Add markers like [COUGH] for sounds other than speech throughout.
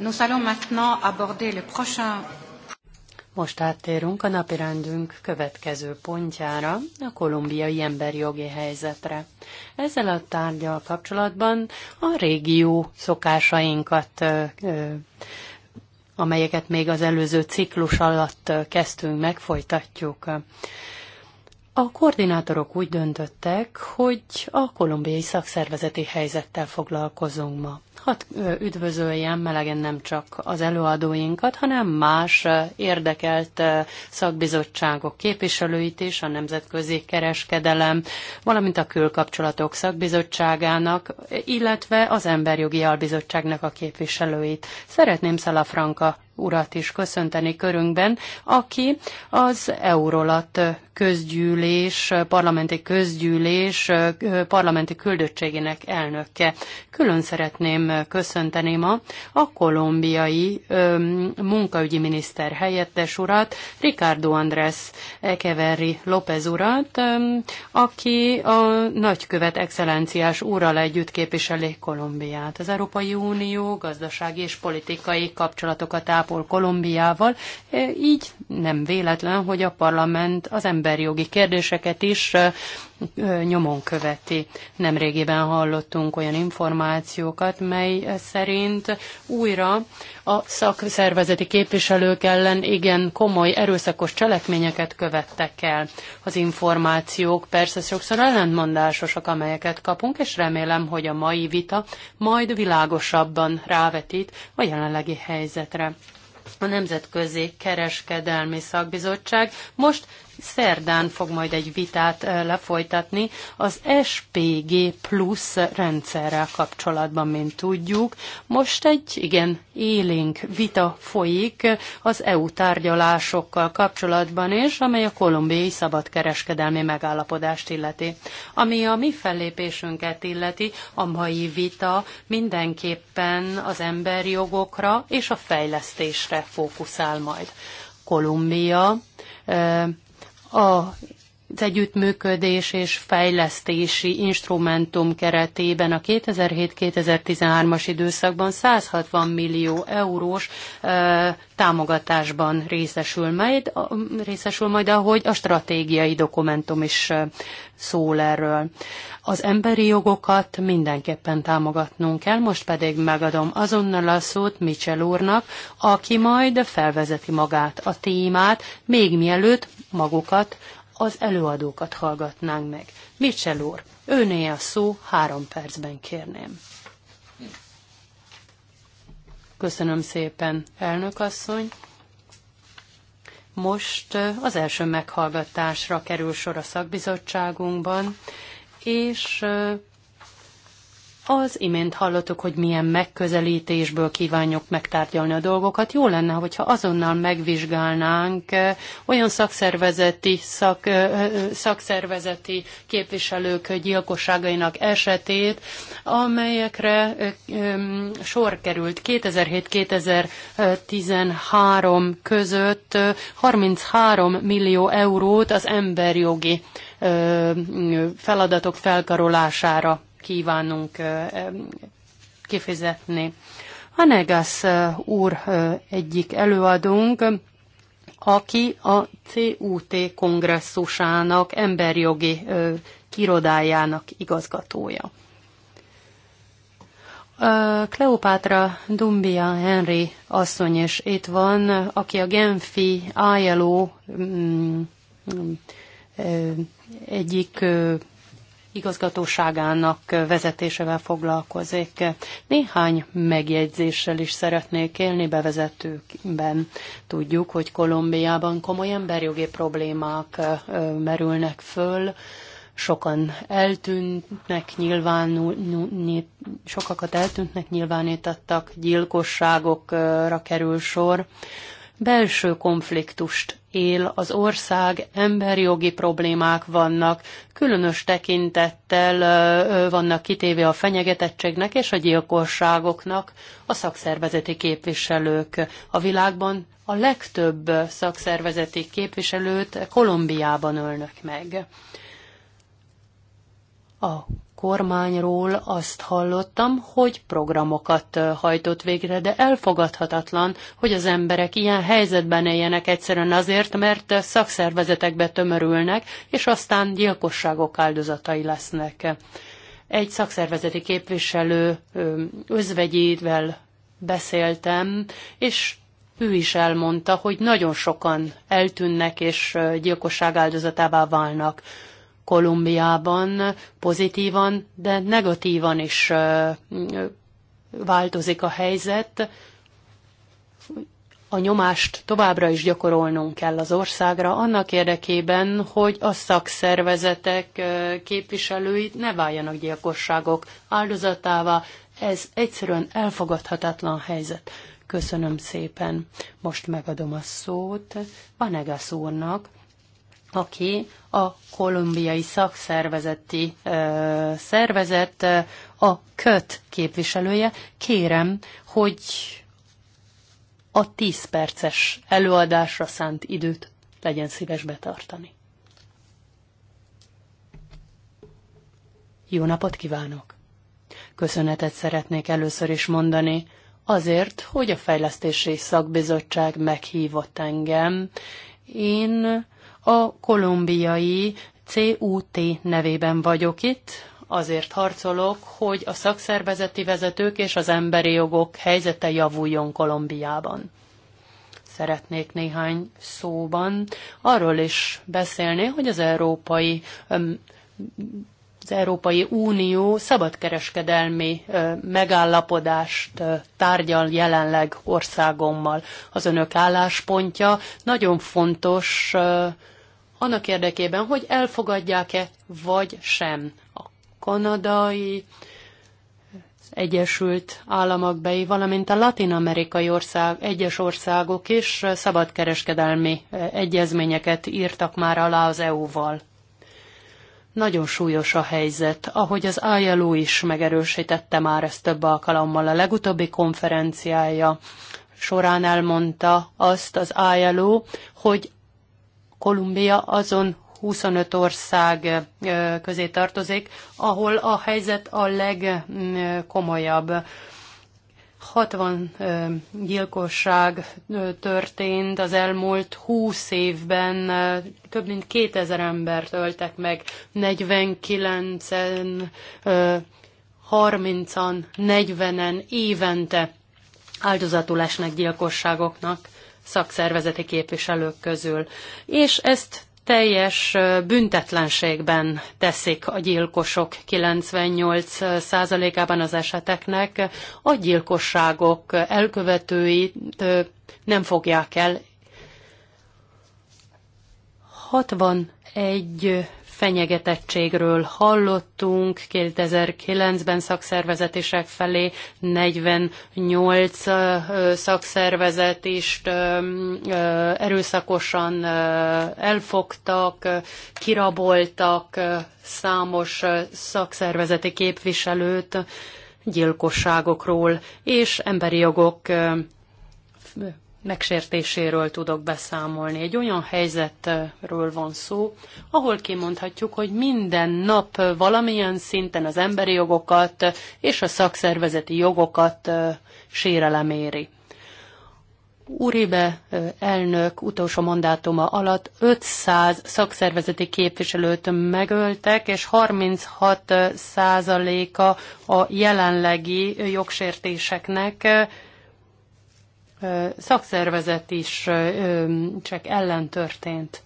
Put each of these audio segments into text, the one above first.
Nous allons maintenant aborder le prochain most áttérünk a napirendünk következő pontjára, a kolumbiai emberjogi helyzetre. Ezzel a tárgyal kapcsolatban a régió szokásainkat, amelyeket még az előző ciklus alatt kezdtünk meg, folytatjuk. A koordinátorok úgy döntöttek, hogy a kolumbiai szakszervezeti helyzettel foglalkozunk ma. Hadd üdvözöljem melegen nem csak az előadóinkat, hanem más érdekelt szakbizottságok képviselőit is, a Nemzetközi Kereskedelem, valamint a Külkapcsolatok Szakbizottságának, illetve az Emberjogi Albizottságnak a képviselőit. Szeretném Szalafranka urat is köszönteni körünkben, aki az Eurolat közgyűlés, parlamenti közgyűlés parlamenti küldöttségének elnöke. Külön szeretném köszönteni ma a kolumbiai munkaügyi miniszter helyettes urat, Ricardo Andrés Ekeverri López urat, aki a nagykövet excellenciás úrral együtt képviseli Kolumbiát. Az Európai Unió gazdasági és politikai kapcsolatokat ápol Kolumbiával, így nem véletlen, hogy a parlament az ember emberjogi kérdéseket is nyomon követi. Nemrégiben hallottunk olyan információkat, mely szerint újra a szakszervezeti képviselők ellen igen komoly erőszakos cselekményeket követtek el. Az információk persze sokszor ellentmondásosak, amelyeket kapunk, és remélem, hogy a mai vita majd világosabban rávetít a jelenlegi helyzetre a Nemzetközi Kereskedelmi Szakbizottság most szerdán fog majd egy vitát lefolytatni az SPG plusz rendszerrel kapcsolatban, mint tudjuk. Most egy igen élénk vita folyik az EU tárgyalásokkal kapcsolatban és amely a kolumbiai szabadkereskedelmi megállapodást illeti. Ami a mi fellépésünket illeti, a mai vita mindenképpen az emberi jogokra és a fejlesztésre fókuszál majd. Kolumbia a együttműködés és fejlesztési instrumentum keretében a 2007-2013-as időszakban 160 millió eurós támogatásban részesül majd, részesül majd, ahogy a stratégiai dokumentum is szól erről. Az emberi jogokat mindenképpen támogatnunk kell, most pedig megadom azonnal a szót Mitchell úrnak, aki majd felvezeti magát a témát, még mielőtt magukat az előadókat hallgatnánk meg. Mitchell úr, őné a szó, három percben kérném. Köszönöm szépen, elnök asszony. Most az első meghallgatásra kerül sor a szakbizottságunkban, és az imént hallottuk, hogy milyen megközelítésből kívánjuk megtárgyalni a dolgokat. Jó lenne, hogyha azonnal megvizsgálnánk eh, olyan szakszervezeti, szak, eh, eh, szakszervezeti képviselők gyilkosságainak esetét, amelyekre sor került 2007-2013 között 33 millió eurót az emberjogi feladatok felkarolására kívánunk kifizetni. Hanegas úr egyik előadónk, aki a CUT kongresszusának emberjogi kirodájának igazgatója. Kleopátra Dumbia Henry asszony is itt van, aki a Genfi ILO mm, mm, egyik igazgatóságának vezetésevel foglalkozik. Néhány megjegyzéssel is szeretnék élni bevezetőkben. Tudjuk, hogy Kolumbiában komoly emberjogi problémák merülnek föl, sokan eltűntnek, nyilvánul, sokakat eltűntnek, nyilvánítattak, gyilkosságokra kerül sor belső konfliktust él az ország, emberjogi problémák vannak, különös tekintettel vannak kitéve a fenyegetettségnek és a gyilkosságoknak a szakszervezeti képviselők. A világban a legtöbb szakszervezeti képviselőt Kolumbiában ölnök meg. A kormányról azt hallottam, hogy programokat hajtott végre, de elfogadhatatlan, hogy az emberek ilyen helyzetben éljenek egyszerűen azért, mert szakszervezetekbe tömörülnek, és aztán gyilkosságok áldozatai lesznek. Egy szakszervezeti képviselő özvegyével beszéltem, és ő is elmondta, hogy nagyon sokan eltűnnek és gyilkosság áldozatává válnak. Kolumbiában pozitívan, de negatívan is változik a helyzet. A nyomást továbbra is gyakorolnunk kell az országra, annak érdekében, hogy a szakszervezetek képviselői ne váljanak gyilkosságok áldozatává. Ez egyszerűen elfogadhatatlan helyzet. Köszönöm szépen. Most megadom a szót Vanegas úrnak aki a kolumbiai szakszervezeti ö, szervezet, ö, a köt képviselője. Kérem, hogy a 10 perces előadásra szánt időt legyen szíves betartani. Jó napot kívánok! Köszönetet szeretnék először is mondani azért, hogy a Fejlesztési Szakbizottság meghívott engem. Én a kolumbiai CUT nevében vagyok itt, azért harcolok, hogy a szakszervezeti vezetők és az emberi jogok helyzete javuljon Kolumbiában. Szeretnék néhány szóban arról is beszélni, hogy az Európai az Európai Unió szabadkereskedelmi megállapodást tárgyal jelenleg országommal. Az önök álláspontja nagyon fontos annak érdekében, hogy elfogadják-e vagy sem a kanadai, az Egyesült Államokbeli, valamint a latin-amerikai ország, egyes országok is szabadkereskedelmi eh, egyezményeket írtak már alá az EU-val. Nagyon súlyos a helyzet, ahogy az ILO is megerősítette már ezt több alkalommal. A legutóbbi konferenciája során elmondta azt az ILO, hogy Kolumbia azon 25 ország közé tartozik, ahol a helyzet a legkomolyabb. 60 gyilkosság történt az elmúlt 20 évben, több mint 2000 embert öltek meg, 49-en, 30-an, 40-en évente áldozatul esnek gyilkosságoknak szakszervezeti képviselők közül. És ezt teljes büntetlenségben teszik a gyilkosok 98%-ában az eseteknek. A gyilkosságok elkövetőit nem fogják el. 61 fenyegetettségről hallottunk. 2009-ben szakszervezetések felé 48 szakszervezet is erőszakosan elfogtak, kiraboltak számos szakszervezeti képviselőt gyilkosságokról és emberi jogok megsértéséről tudok beszámolni. Egy olyan helyzetről van szó, ahol kimondhatjuk, hogy minden nap valamilyen szinten az emberi jogokat és a szakszervezeti jogokat sérelem éri. Uribe elnök utolsó mandátuma alatt 500 szakszervezeti képviselőt megöltek, és 36 százaléka a jelenlegi jogsértéseknek szakszervezet is csak ellen történt.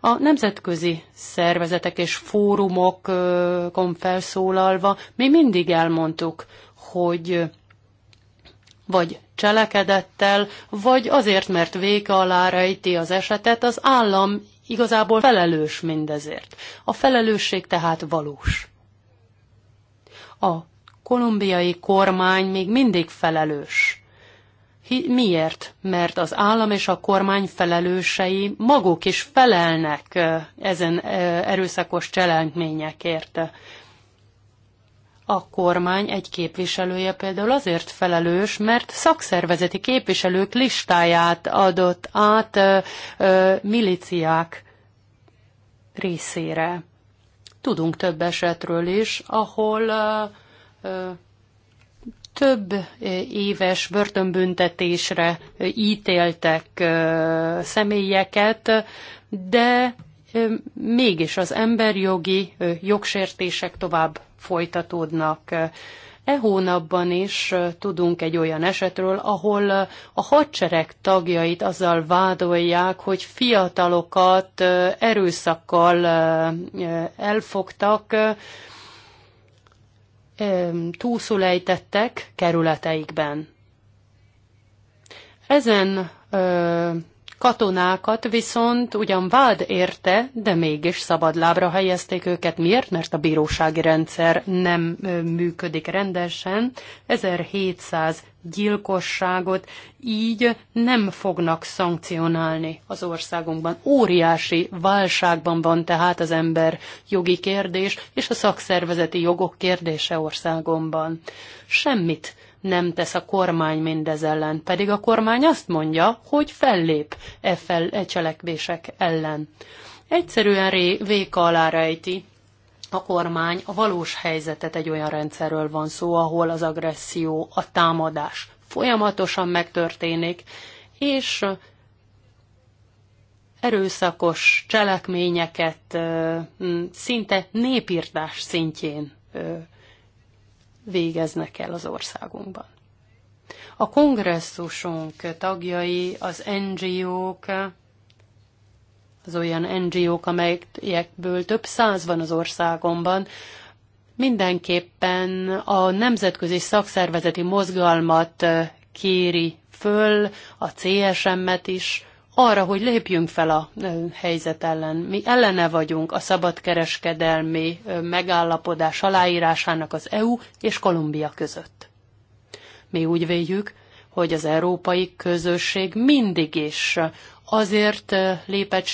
A nemzetközi szervezetek és fórumokon felszólalva mi mindig elmondtuk, hogy vagy cselekedettel, vagy azért, mert véka alá rejti az esetet, az állam igazából felelős mindezért. A felelősség tehát valós. A kolumbiai kormány még mindig felelős Miért? Mert az állam és a kormány felelősei maguk is felelnek ezen erőszakos cselekményekért. A kormány egy képviselője például azért felelős, mert szakszervezeti képviselők listáját adott át miliciák részére. Tudunk több esetről is, ahol több eh, éves börtönbüntetésre eh, ítéltek eh, személyeket, de mégis az emberjogi jogsértések tovább folytatódnak. E hónapban is tudunk egy olyan esetről, ahol a hadsereg tagjait azzal vádolják, hogy fiatalokat erőszakkal elfogtak, túlszulejtettek kerületeikben. Ezen Katonákat viszont ugyan vád érte, de mégis szabadlábra helyezték őket. Miért? Mert a bírósági rendszer nem működik rendesen. 1700 gyilkosságot így nem fognak szankcionálni az országunkban. Óriási válságban van tehát az ember jogi kérdés és a szakszervezeti jogok kérdése országomban. Semmit nem tesz a kormány mindez ellen, pedig a kormány azt mondja, hogy fellép e, fel, e cselekvések ellen. Egyszerűen ré, véka alá rejti a kormány a valós helyzetet, egy olyan rendszerről van szó, ahol az agresszió, a támadás folyamatosan megtörténik, és erőszakos cselekményeket szinte népírtás szintjén végeznek el az országunkban. A kongresszusunk tagjai, az NGO-k, az olyan NGO-k, amelyekből több száz van az országomban, mindenképpen a nemzetközi szakszervezeti mozgalmat eh, kéri föl, a CSM-et is, arra, hogy lépjünk fel a helyzet ellen. Mi ellene vagyunk a szabadkereskedelmi megállapodás aláírásának az EU és Kolumbia között. Mi úgy véljük, hogy az európai közösség mindig is azért lépett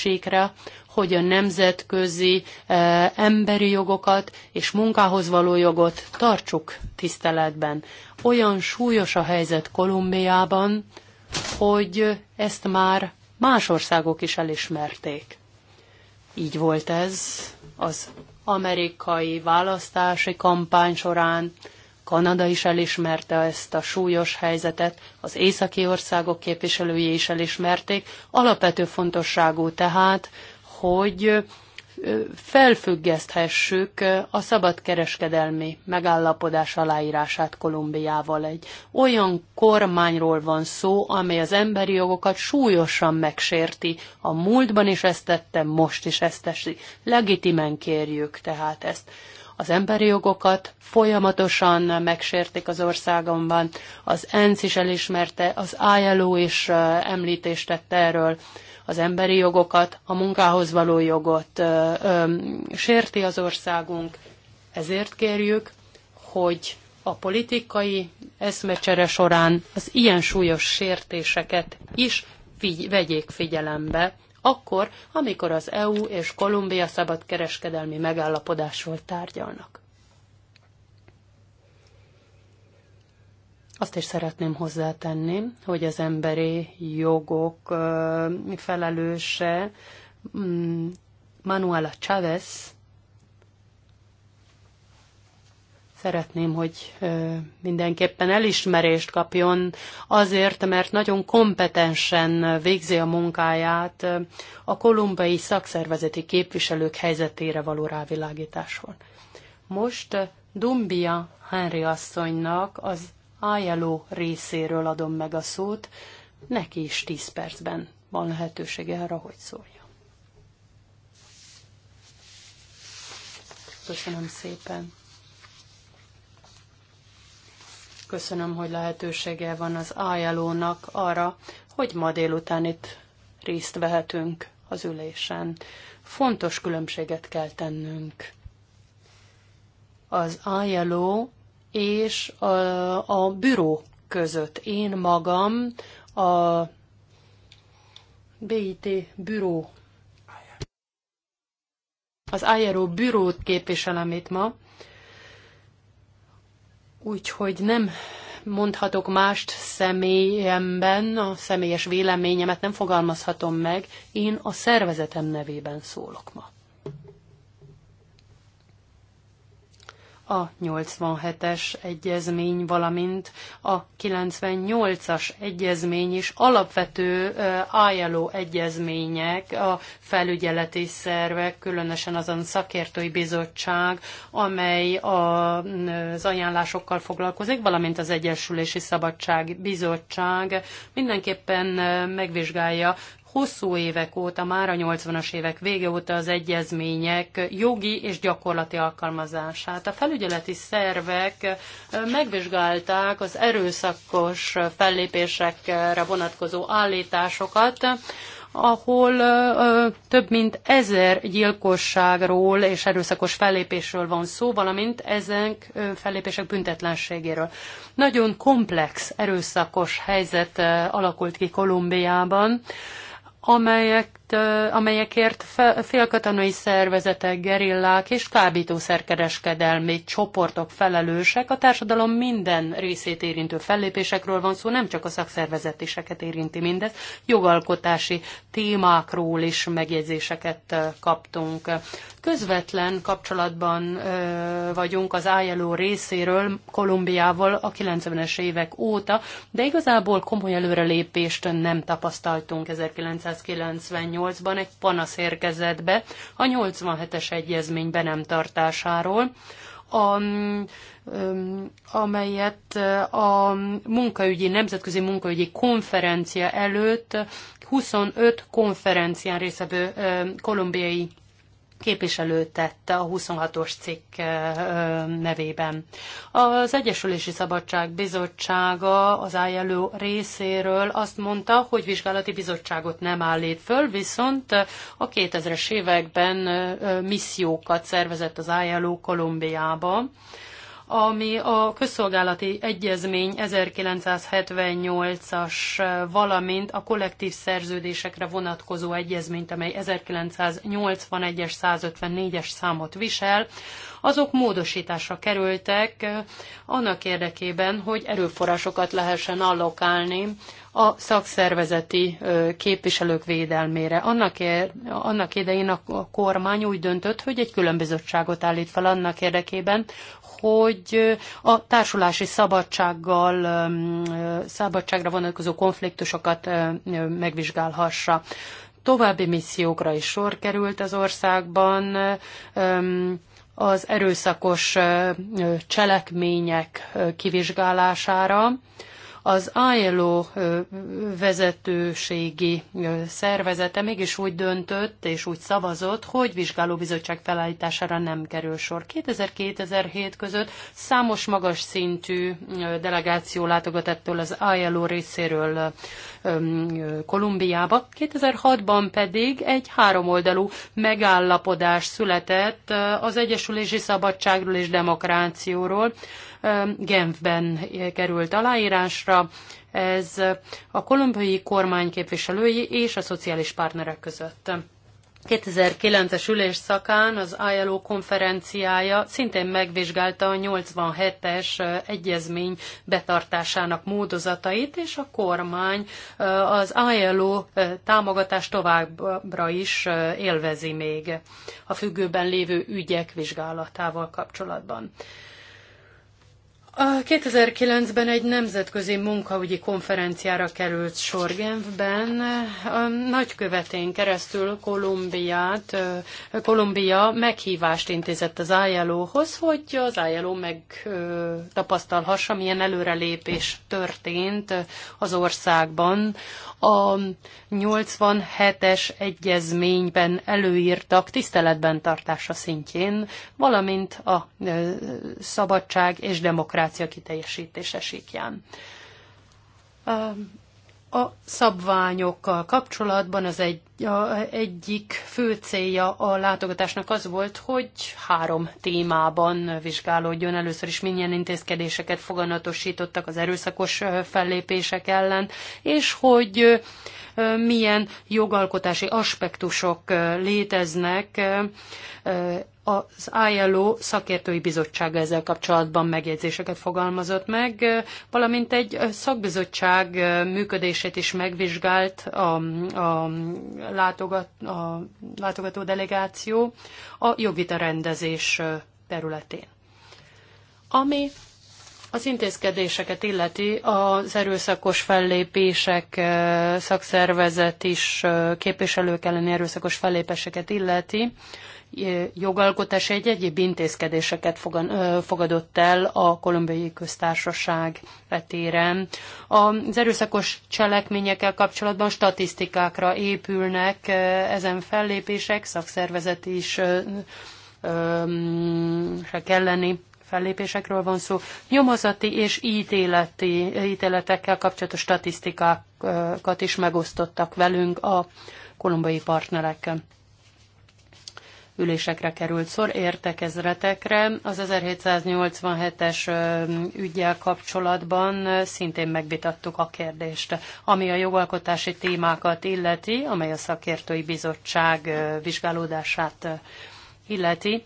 hogy a nemzetközi eh, emberi jogokat és munkához való jogot tartsuk tiszteletben. Olyan súlyos a helyzet Kolumbiában, hogy ezt már más országok is elismerték. Így volt ez az amerikai választási kampány során, Kanada is elismerte ezt a súlyos helyzetet, az északi országok képviselői is elismerték. Alapvető fontosságú tehát, hogy felfüggeszthessük a szabadkereskedelmi megállapodás aláírását Kolumbiával. Egy olyan kormányról van szó, amely az emberi jogokat súlyosan megsérti. A múltban is ezt tette, most is ezt teszi. Legitimen kérjük tehát ezt az emberi jogokat folyamatosan megsértik az országomban. Az ENSZ is elismerte, az ILO is említést tette erről az emberi jogokat, a munkához való jogot ö, ö, sérti az országunk. Ezért kérjük, hogy a politikai eszmecsere során az ilyen súlyos sértéseket is figy- vegyék figyelembe, akkor, amikor az EU és Kolumbia szabadkereskedelmi megállapodásról tárgyalnak. Azt is szeretném hozzátenni, hogy az emberi jogok felelőse mm, Manuela Chávez, szeretném, hogy mindenképpen elismerést kapjon azért, mert nagyon kompetensen végzi a munkáját a kolumbai szakszervezeti képviselők helyzetére való rávilágításon. Most Dumbia Henry asszonynak az Ájeló részéről adom meg a szót, neki is tíz percben van lehetősége arra, hogy szólja. Köszönöm szépen. Köszönöm, hogy lehetősége van az ájelónak arra, hogy ma délután itt részt vehetünk az ülésen. Fontos különbséget kell tennünk. Az ájeló és a, a büró között. Én magam a BIT büró, az IRO bürót képviselem itt ma, úgyhogy nem mondhatok mást személyemben, a személyes véleményemet nem fogalmazhatom meg, én a szervezetem nevében szólok ma. a 87-es egyezmény, valamint a 98-as egyezmény is alapvető ILO egyezmények, a felügyeleti szervek, különösen azon szakértői bizottság, amely az ajánlásokkal foglalkozik, valamint az Egyesülési Szabadság Bizottság mindenképpen megvizsgálja hosszú évek óta, már a 80-as évek vége óta az egyezmények jogi és gyakorlati alkalmazását. A felügyeleti szervek megvizsgálták az erőszakos fellépésekre vonatkozó állításokat, ahol ö, több mint ezer gyilkosságról és erőszakos fellépésről van szó, valamint ezek fellépések büntetlenségéről. Nagyon komplex erőszakos helyzet alakult ki Kolumbiában. Ö, amelyek amelyekért félkatonai szervezetek, gerillák és kábítószerkereskedelmi csoportok felelősek. A társadalom minden részét érintő fellépésekről van szó, nem csak a szakszervezetéseket érinti mindez. Jogalkotási témákról is megjegyzéseket kaptunk. Közvetlen kapcsolatban vagyunk az ILO részéről Kolumbiával a 90-es évek óta, de igazából komoly előrelépést nem tapasztaltunk 1998 2008-ban egy panasz érkezett be a 87-es egyezmény be nem tartásáról, a, amelyet a munkaügyi, nemzetközi munkaügyi konferencia előtt 25 konferencián részevő kolumbiai képviselő tette a 26-os cikk nevében. Az Egyesülési Szabadság Bizottsága az álljelő részéről azt mondta, hogy vizsgálati bizottságot nem állít föl, viszont a 2000-es években missziókat szervezett az álljelő Kolumbiába, ami a közszolgálati egyezmény 1978-as, valamint a kollektív szerződésekre vonatkozó egyezményt, amely 1981-es 154-es számot visel, azok módosításra kerültek eh, annak érdekében, hogy erőforrásokat lehessen allokálni a szakszervezeti eh, képviselők védelmére. Annak, ér, annak idején a kormány úgy döntött, hogy egy különbizottságot állít fel annak érdekében, hogy a társulási szabadsággal, szabadságra vonatkozó konfliktusokat megvizsgálhassa. További missziókra is sor került az országban az erőszakos cselekmények kivizsgálására az ILO vezetőségi szervezete mégis úgy döntött és úgy szavazott, hogy vizsgálóbizottság felállítására nem kerül sor. 2000-2007 között számos magas szintű delegáció ettől az ILO részéről Kolumbiába. 2006-ban pedig egy háromoldalú megállapodás született az Egyesülési Szabadságról és Demokrációról, Genfben került aláírásra. Ez a kolumbiai kormány képviselői és a szociális partnerek között. 2009-es ülés szakán az ILO konferenciája szintén megvizsgálta a 87-es egyezmény betartásának módozatait, és a kormány az ILO támogatást továbbra is élvezi még a függőben lévő ügyek vizsgálatával kapcsolatban. A 2009-ben egy nemzetközi munkaügyi konferenciára került sor Genfben. A nagykövetén keresztül Kolumbiát, Kolumbia meghívást intézett az ILO-hoz, hogy az ILO megtapasztalhassa, milyen előrelépés történt az országban. A 87-es egyezményben előírtak tiszteletben tartása szintjén, valamint a szabadság és demokrácia demokrácia kiteljesítése síkján. A szabványokkal kapcsolatban az egy, a, egyik fő célja a látogatásnak az volt, hogy három témában vizsgálódjon. Először is milyen intézkedéseket foganatosítottak az erőszakos fellépések ellen, és hogy milyen jogalkotási aspektusok léteznek az ILO szakértői bizottsága ezzel kapcsolatban megjegyzéseket fogalmazott meg, valamint egy szakbizottság működését is megvizsgált a, a, látogat, a látogató delegáció a jogvita rendezés területén. Ami az intézkedéseket illeti az erőszakos fellépések szakszervezet is képviselők elleni erőszakos fellépéseket illeti. Jogalkotás egy egyéb intézkedéseket fogadott el a kolumbiai köztársaság vetéren. Az erőszakos cselekményekkel kapcsolatban statisztikákra épülnek ezen fellépések, szakszervezet is kelleni fellépésekről van szó, nyomozati és ítéleti, ítéletekkel kapcsolatos statisztikákat is megosztottak velünk a kolumbai partnerekkel ülésekre került szor, értekezretekre. Az 1787-es ügyel kapcsolatban szintén megvitattuk a kérdést, ami a jogalkotási témákat illeti, amely a szakértői bizottság vizsgálódását illeti.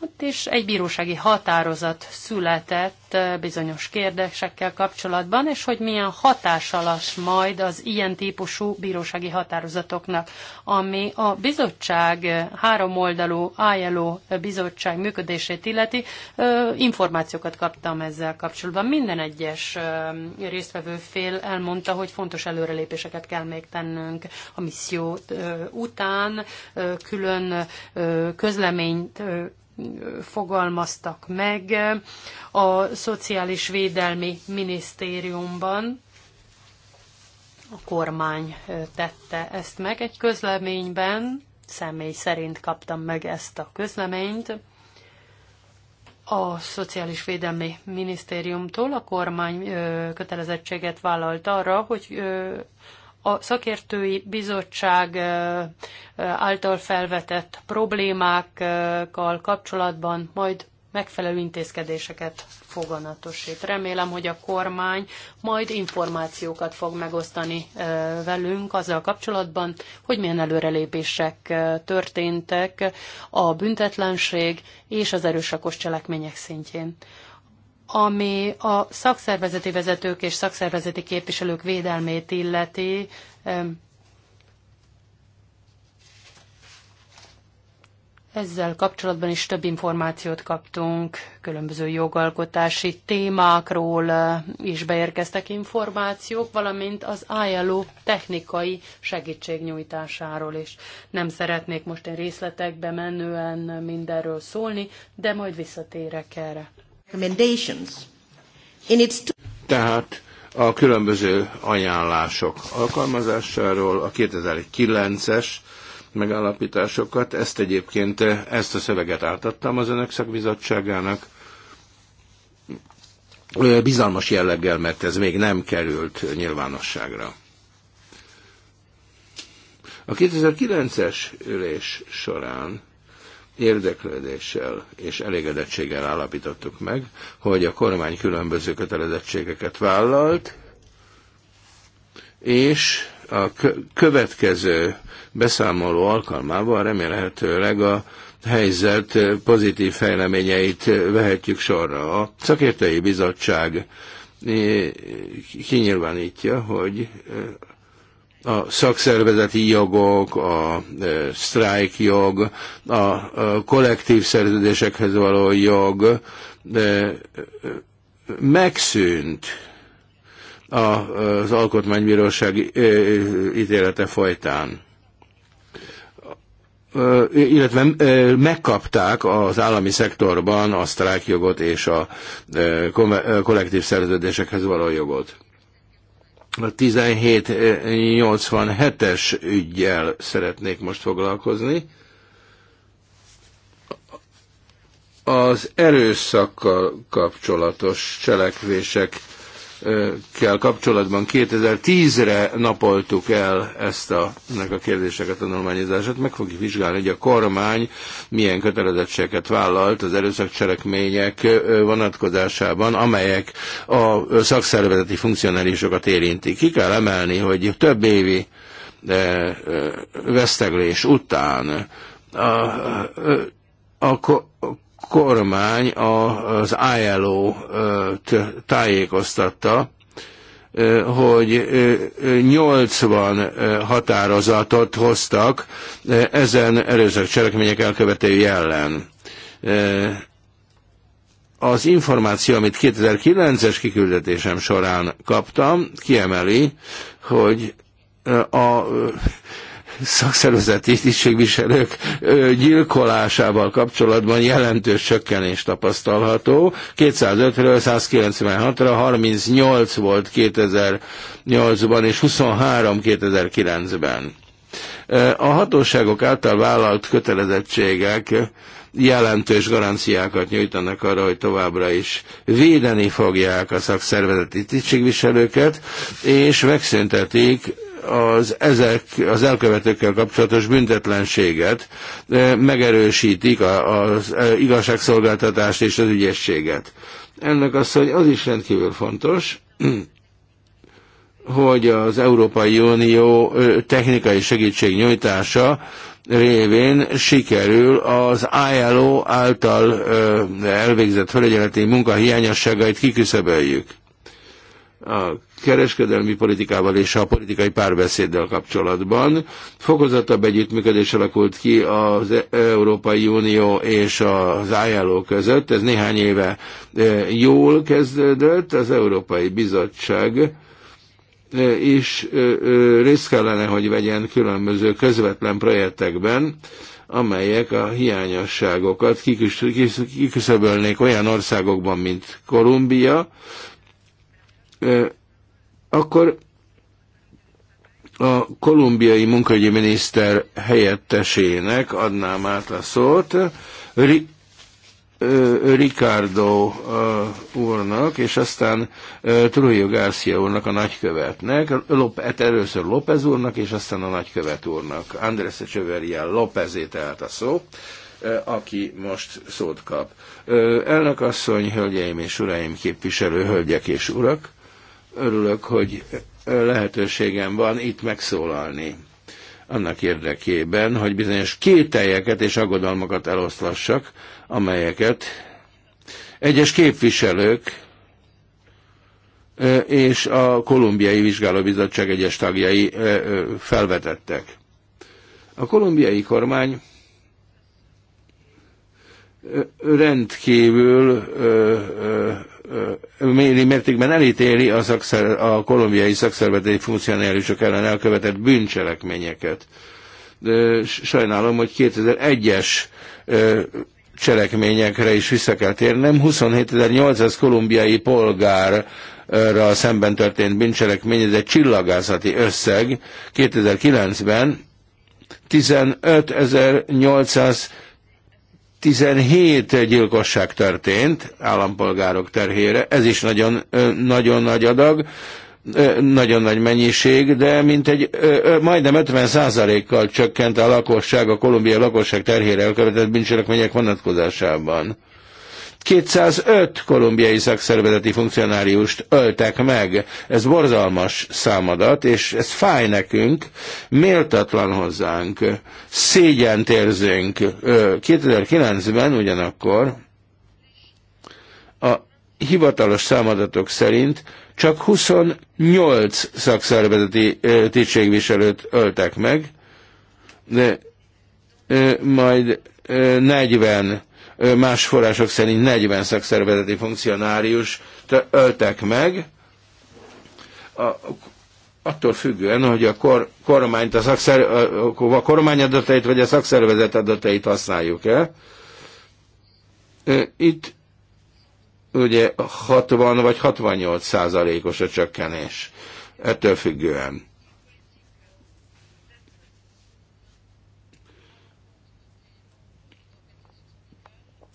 Ott is egy bírósági határozat született bizonyos kérdésekkel kapcsolatban, és hogy milyen hatásalas majd az ilyen típusú bírósági határozatoknak, ami a bizottság háromoldalú ILO bizottság működését illeti. Információkat kaptam ezzel kapcsolatban. Minden egyes résztvevő fél elmondta, hogy fontos előrelépéseket kell még tennünk a misszió után, külön közleményt fogalmaztak meg a Szociális Védelmi Minisztériumban. A kormány tette ezt meg egy közleményben, személy szerint kaptam meg ezt a közleményt a Szociális Védelmi Minisztériumtól a kormány kötelezettséget vállalt arra, hogy a szakértői bizottság által felvetett problémákkal kapcsolatban majd megfelelő intézkedéseket foganatosít. Remélem, hogy a kormány majd információkat fog megosztani velünk azzal kapcsolatban, hogy milyen előrelépések történtek a büntetlenség és az erőszakos cselekmények szintjén ami a szakszervezeti vezetők és szakszervezeti képviselők védelmét illeti, Ezzel kapcsolatban is több információt kaptunk, különböző jogalkotási témákról eh, is beérkeztek információk, valamint az ILO technikai segítségnyújtásáról is. Nem szeretnék most én részletekbe menően mindenről szólni, de majd visszatérek erre. Tehát a különböző ajánlások alkalmazásáról, a 2009-es megállapításokat, ezt egyébként, ezt a szöveget átadtam az Önök Szakbizottságának, bizalmas jelleggel, mert ez még nem került nyilvánosságra. A 2009-es ülés során érdeklődéssel és elégedettséggel állapítottuk meg, hogy a kormány különböző kötelezettségeket vállalt, és a következő beszámoló alkalmával remélhetőleg a helyzet pozitív fejleményeit vehetjük sorra. A szakértői bizottság kinyilvánítja, hogy a szakszervezeti jogok, a e, strike jog, a e, kollektív szerződésekhez való jog e, megszűnt az alkotmánybíróság ítélete folytán illetve megkapták az állami szektorban a sztrájkjogot és a kollektív szerződésekhez való jogot a 1787-es ügyjel szeretnék most foglalkozni. Az erőszakkal kapcsolatos cselekvések kell kapcsolatban 2010-re napoltuk el ezt a, ennek a kérdéseket a tanulmányozását, meg fogjuk vizsgálni, hogy a kormány milyen kötelezettségeket vállalt az erőszakcselekmények vonatkozásában, amelyek a szakszervezeti funkcionálisokat érintik. Ki kell emelni, hogy több évi veszteglés után a, a, a, kormány az ilo tájékoztatta, hogy 80 határozatot hoztak ezen erőszak cselekmények elkövetői ellen. Az információ, amit 2009-es kiküldetésem során kaptam, kiemeli, hogy a szakszervezeti tisztségviselők gyilkolásával kapcsolatban jelentős csökkenés tapasztalható. 205 ről 196-ra, 38 volt 2008-ban és 23 2009-ben. A hatóságok által vállalt kötelezettségek jelentős garanciákat nyújtanak arra, hogy továbbra is védeni fogják a szakszervezeti tisztségviselőket, és megszüntetik az ezek az elkövetőkkel kapcsolatos büntetlenséget eh, megerősítik az eh, igazságszolgáltatást és az ügyességet. Ennek az, hogy az is rendkívül fontos, [CLEARS THROAT] hogy az Európai Unió technikai segítség nyújtása révén sikerül az ILO által elvégzett felügyeleti munka hiányosságait kiküszöböljük a kereskedelmi politikával és a politikai párbeszéddel kapcsolatban. Fokozatabb együttműködés alakult ki az e- Európai Unió és az ILO között. Ez néhány éve e, jól kezdődött. Az Európai Bizottság e, is részt kellene, hogy vegyen különböző közvetlen projektekben, amelyek a hiányosságokat kiküszöbölnék olyan országokban, mint Kolumbia, akkor a kolumbiai munkahogyi miniszter helyettesének adnám át a szót Ri, Ricardo úrnak, és aztán Trujillo Garcia úrnak, a nagykövetnek, Lopet, hát először López úrnak, és aztán a nagykövet úrnak. Andrés Echeverria Lópezé tehát a szó, aki most szót kap. Elnök asszony, hölgyeim és uraim, képviselő hölgyek és urak! örülök, hogy lehetőségem van itt megszólalni annak érdekében, hogy bizonyos kételjeket és aggodalmakat eloszlassak, amelyeket egyes képviselők és a kolumbiai vizsgálóbizottság egyes tagjai felvetettek. A kolumbiai kormány rendkívül mértékben elítéli a, szakszer, a kolumbiai szakszervezeti funkcionálisok ellen elkövetett bűncselekményeket. De sajnálom, hogy 2001-es cselekményekre is vissza kell térnem. 27.800 kolumbiai polgár szemben történt bűncselekmény, ez egy csillagászati összeg. 2009-ben 15.800 17 gyilkosság történt állampolgárok terhére, ez is nagyon, nagyon nagy adag, nagyon nagy mennyiség, de mint egy majdnem 50%-kal csökkent a lakosság, a kolumbiai lakosság terhére elkövetett bűncselekmények vonatkozásában. 205 kolumbiai szakszervezeti funkcionáriust öltek meg. Ez borzalmas számadat, és ez fáj nekünk, méltatlan hozzánk, szégyent érzünk. 2009-ben ugyanakkor a hivatalos számadatok szerint csak 28 szakszervezeti tisztségviselőt öltek meg, de majd 40 más források szerint 40 szakszervezeti funkcionárius öltek meg, a, attól függően, hogy a, kor, kormányt, a, szakszer, a kormány adatait vagy a szakszervezet adatait használjuk el. Itt ugye 60 vagy 68 százalékos a csökkenés. Ettől függően.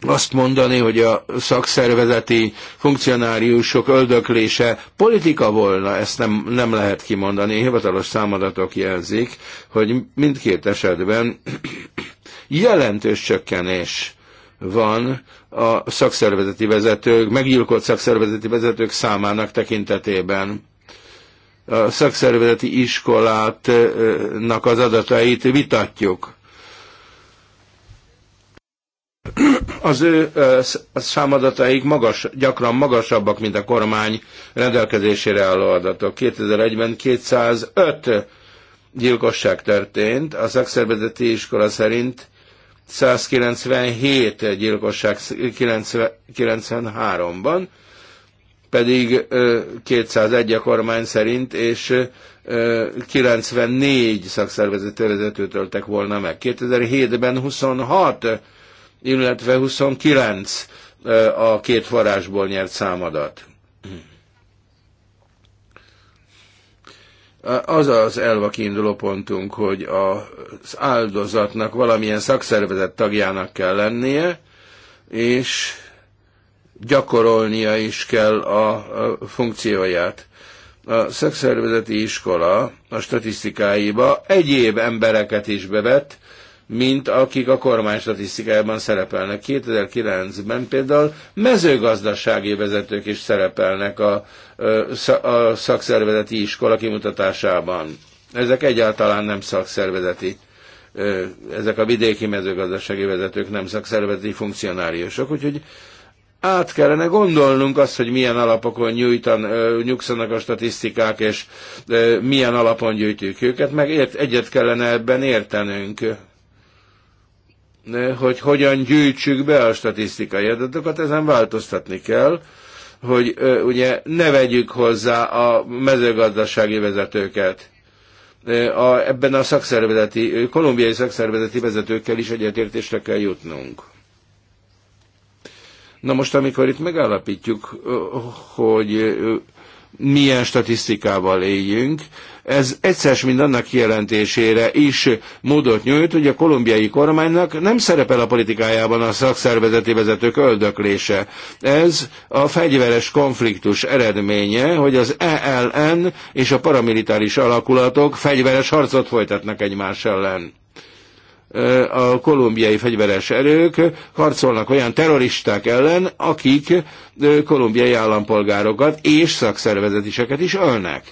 azt mondani, hogy a szakszervezeti funkcionáriusok öldöklése politika volna, ezt nem, nem lehet kimondani. Hivatalos számadatok jelzik, hogy mindkét esetben [CLEARS THROAT] jelentős csökkenés van a szakszervezeti vezetők, meggyilkolt szakszervezeti vezetők számának tekintetében. A szakszervezeti iskolátnak az adatait vitatjuk az ő számadataik magas, gyakran magasabbak, mint a kormány rendelkezésére álló adatok. 2001-ben 205 gyilkosság történt, a szakszervezeti iskola szerint 197 gyilkosság 93-ban, pedig 201 a kormány szerint, és 94 szakszervezeti vezetőt öltek volna meg. 2007-ben 26 illetve 29 a két forrásból nyert számadat. az az elva kiinduló pontunk, hogy az áldozatnak valamilyen szakszervezet tagjának kell lennie, és gyakorolnia is kell a funkcióját. A szakszervezeti iskola a statisztikáiba egyéb embereket is bevet, mint akik a kormány statisztikájában szerepelnek. 2009-ben például mezőgazdasági vezetők is szerepelnek a, a szakszervezeti iskola kimutatásában. Ezek egyáltalán nem szakszervezeti ezek a vidéki mezőgazdasági vezetők nem szakszervezeti funkcionáriusok, úgyhogy át kellene gondolnunk azt, hogy milyen alapokon nyújtan, nyugszanak a statisztikák, és milyen alapon gyűjtjük őket, meg ért, egyet kellene ebben értenünk hogy hogyan gyűjtsük be a statisztikai adatokat, ezen változtatni kell, hogy ugye ne vegyük hozzá a mezőgazdasági vezetőket. A, ebben a szakszervezeti, kolumbiai szakszervezeti vezetőkkel is egyetértésre kell jutnunk. Na most, amikor itt megállapítjuk, hogy milyen statisztikával éljünk, ez egyszer mind annak kijelentésére is módot nyújt, hogy a kolumbiai kormánynak nem szerepel a politikájában a szakszervezeti vezetők öldöklése. Ez a fegyveres konfliktus eredménye, hogy az ELN és a paramilitáris alakulatok fegyveres harcot folytatnak egymás ellen a kolumbiai fegyveres erők harcolnak olyan terroristák ellen, akik kolumbiai állampolgárokat és szakszervezetiseket is ölnek.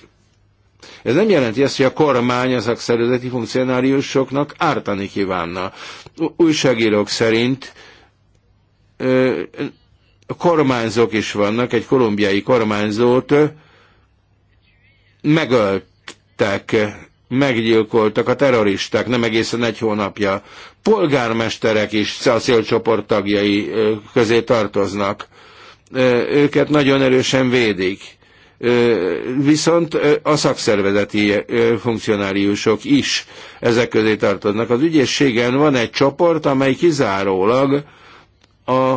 Ez nem jelenti azt, hogy a kormány az a szakszervezeti funkcionáriusoknak ártani kívánna. Újságírók szerint a kormányzók is vannak, egy kolumbiai kormányzót megöltek, meggyilkoltak a terroristák nem egészen egy hónapja. Polgármesterek is a szélcsoport tagjai közé tartoznak. Őket nagyon erősen védik viszont a szakszervezeti funkcionáriusok is ezek közé tartoznak. Az ügyészségen van egy csoport, amely kizárólag a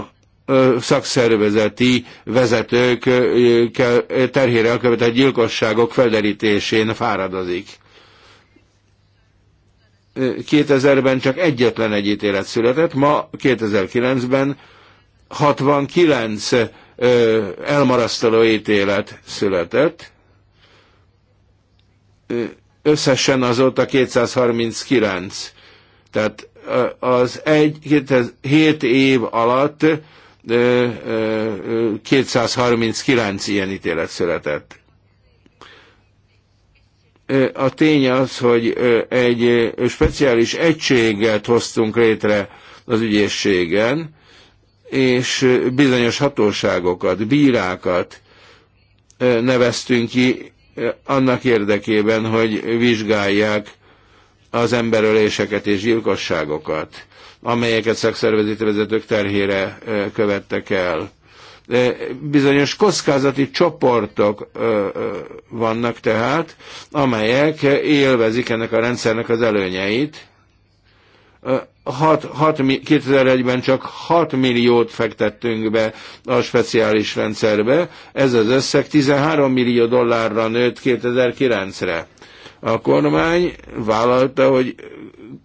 szakszervezeti vezetők terhére elkövetett gyilkosságok felderítésén fáradozik. 2000-ben csak egyetlen egy ítélet született, ma 2009-ben 69 elmarasztaló ítélet született. Összesen azóta 239. Tehát az egy, 7 év alatt 239 ilyen ítélet született. A tény az, hogy egy speciális egységet hoztunk létre az ügyészségen, és bizonyos hatóságokat, bírákat neveztünk ki annak érdekében, hogy vizsgálják az emberöléseket és gyilkosságokat, amelyeket szakszervezeti vezetők terhére követtek el. Bizonyos kockázati csoportok vannak tehát, amelyek élvezik ennek a rendszernek az előnyeit, 2001-ben csak 6 milliót fektettünk be a speciális rendszerbe, ez az összeg 13 millió dollárra nőtt 2009-re. A kormány vállalta, hogy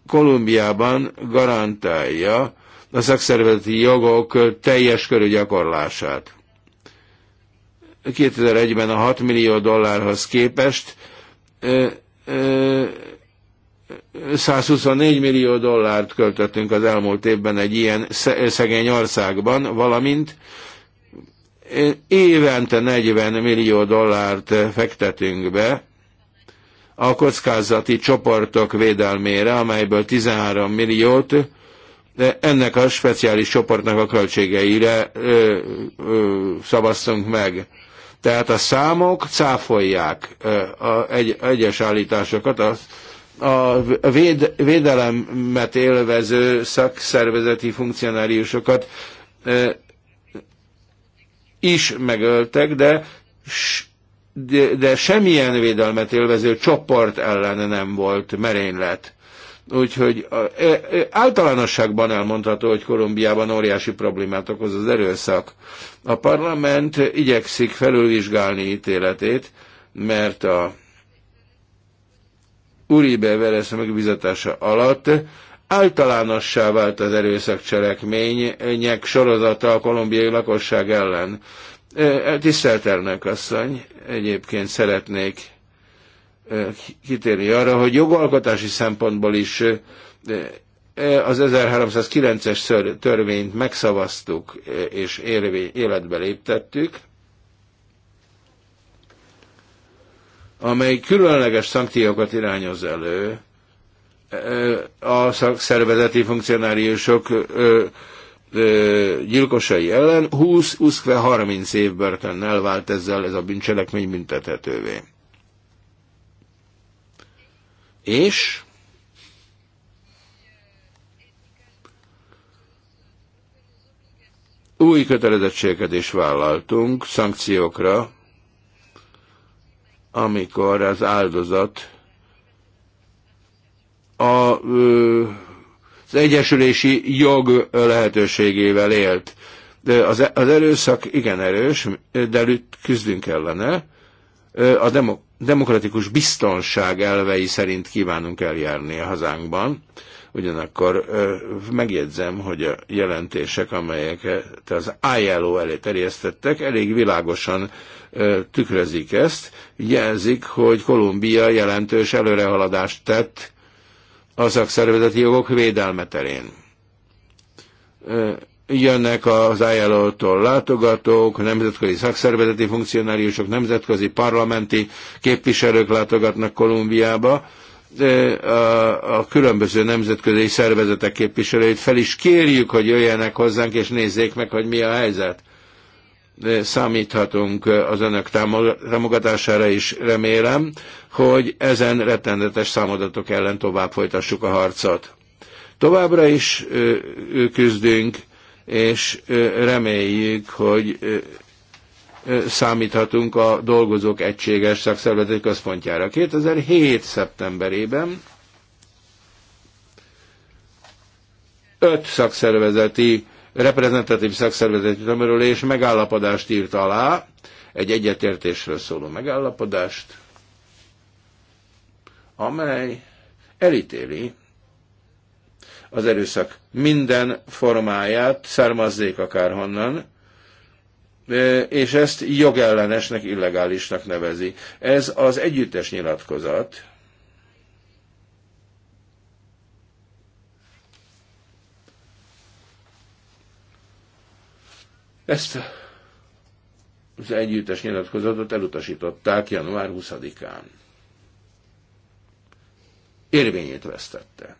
Kolumbiában garantálja a szakszervezeti jogok teljes körű gyakorlását. 2001-ben a 6 millió dollárhoz képest ö, ö, 124 millió dollárt költöttünk az elmúlt évben egy ilyen szegény országban, valamint évente 40 millió dollárt fektetünk be a kockázati csoportok védelmére, amelyből 13 milliót ennek a speciális csoportnak a költségeire ö, ö, szavaztunk meg. Tehát a számok cáfolják ö, a, egy, egyes állításokat, az, a véd, védelemet élvező szakszervezeti funkcionáriusokat is megöltek, de, de, de semmilyen védelmet élvező csoport ellen nem volt merénylet. Úgyhogy általánosságban elmondható, hogy Kolumbiában óriási problémát okoz az erőszak. A parlament igyekszik felülvizsgálni ítéletét, mert a Uribe Veres megbizatása alatt általánossá vált az erőszak cselekmények sorozata a kolumbiai lakosság ellen. E, e, tisztelt elnök asszony, egyébként szeretnék e, kitérni arra, hogy jogalkotási szempontból is az 1309-es törvényt megszavaztuk és életbe léptettük, amely különleges szankciókat irányoz elő a szakszervezeti funkcionáriusok gyilkosai ellen 20-30 év börtönnel vált ezzel ez a bűncselekmény büntethetővé. És új kötelezettséget is vállaltunk szankciókra amikor az áldozat a, az egyesülési jog lehetőségével élt. De az, az erőszak igen erős, de előtt küzdünk ellene. A demok demokratikus biztonság elvei szerint kívánunk eljárni a hazánkban. Ugyanakkor megjegyzem, hogy a jelentések, amelyeket az ILO elé terjesztettek, elég világosan tükrözik ezt, jelzik, hogy Kolumbia jelentős előrehaladást tett a szakszervezeti jogok védelme terén. Jönnek az ilo látogatók, nemzetközi szakszervezeti funkcionáriusok, nemzetközi parlamenti képviselők látogatnak Kolumbiába, a, a különböző nemzetközi szervezetek képviselőit fel is kérjük, hogy jöjjenek hozzánk, és nézzék meg, hogy mi a helyzet számíthatunk az önök támogatására is remélem, hogy ezen rettenetes számadatok ellen tovább folytassuk a harcot. Továbbra is küzdünk, és reméljük, hogy számíthatunk a dolgozók egységes szakszervezeti központjára. 2007. szeptemberében öt szakszervezeti reprezentatív szakszervezeti amiről és megállapodást írt alá, egy egyetértésről szóló megállapodást, amely elítéli az erőszak minden formáját, származzék akárhonnan, e, és ezt jogellenesnek, illegálisnak nevezi. Ez az együttes nyilatkozat Ezt az együttes nyilatkozatot elutasították január 20-án. Érvényét vesztette.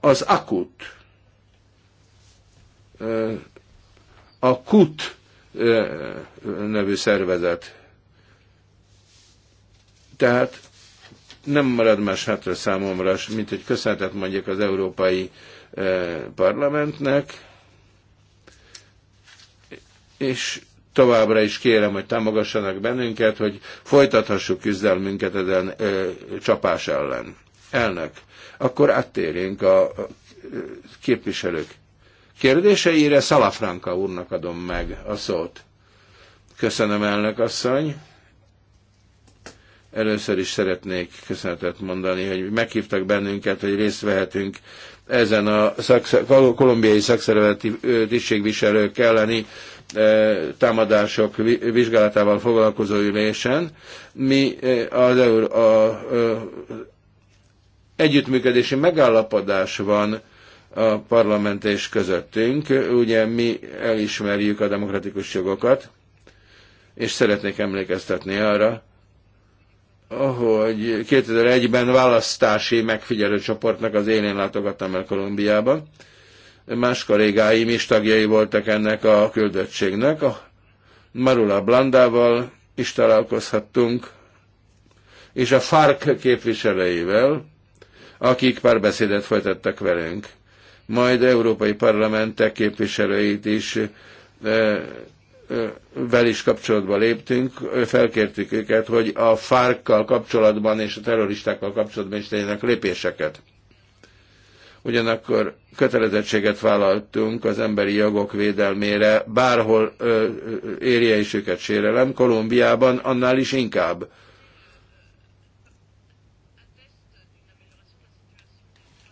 Az akut, a KUT nevű szervezet, tehát nem marad más hátra számomra, mint hogy köszönetet mondjak az Európai eh, Parlamentnek, és továbbra is kérem, hogy támogassanak bennünket, hogy folytathassuk küzdelmünket ezen ö, eh, csapás ellen. Elnök, akkor áttérjünk a eh, képviselők kérdéseire. Szalafranka úrnak adom meg a szót. Köszönöm, elnök asszony. Először is szeretnék köszönetet mondani, hogy meghívtak bennünket, hogy részt vehetünk ezen a szakszer, kolumbiai szakszervezeti tisztségviselők elleni támadások vizsgálatával foglalkozó ülésen. Mi az eur, a, a, együttműködési megállapodás van a parlament és közöttünk. Ugye mi elismerjük a demokratikus jogokat, és szeretnék emlékeztetni arra, hogy 2001-ben választási megfigyelő csoportnak az élén látogattam el Kolumbiában. Más kollégáim is tagjai voltak ennek a küldöttségnek. A Marula Blandával is találkozhattunk, és a FARC képviselőivel, akik párbeszédet folytattak velünk. Majd európai parlamentek képviselőit is eh, vel is kapcsolatba léptünk, felkértük őket, hogy a fárkkal kapcsolatban és a terroristákkal kapcsolatban is tegyenek lépéseket. Ugyanakkor kötelezettséget vállaltunk az emberi jogok védelmére, bárhol ö, érje is őket sérelem, Kolumbiában annál is inkább.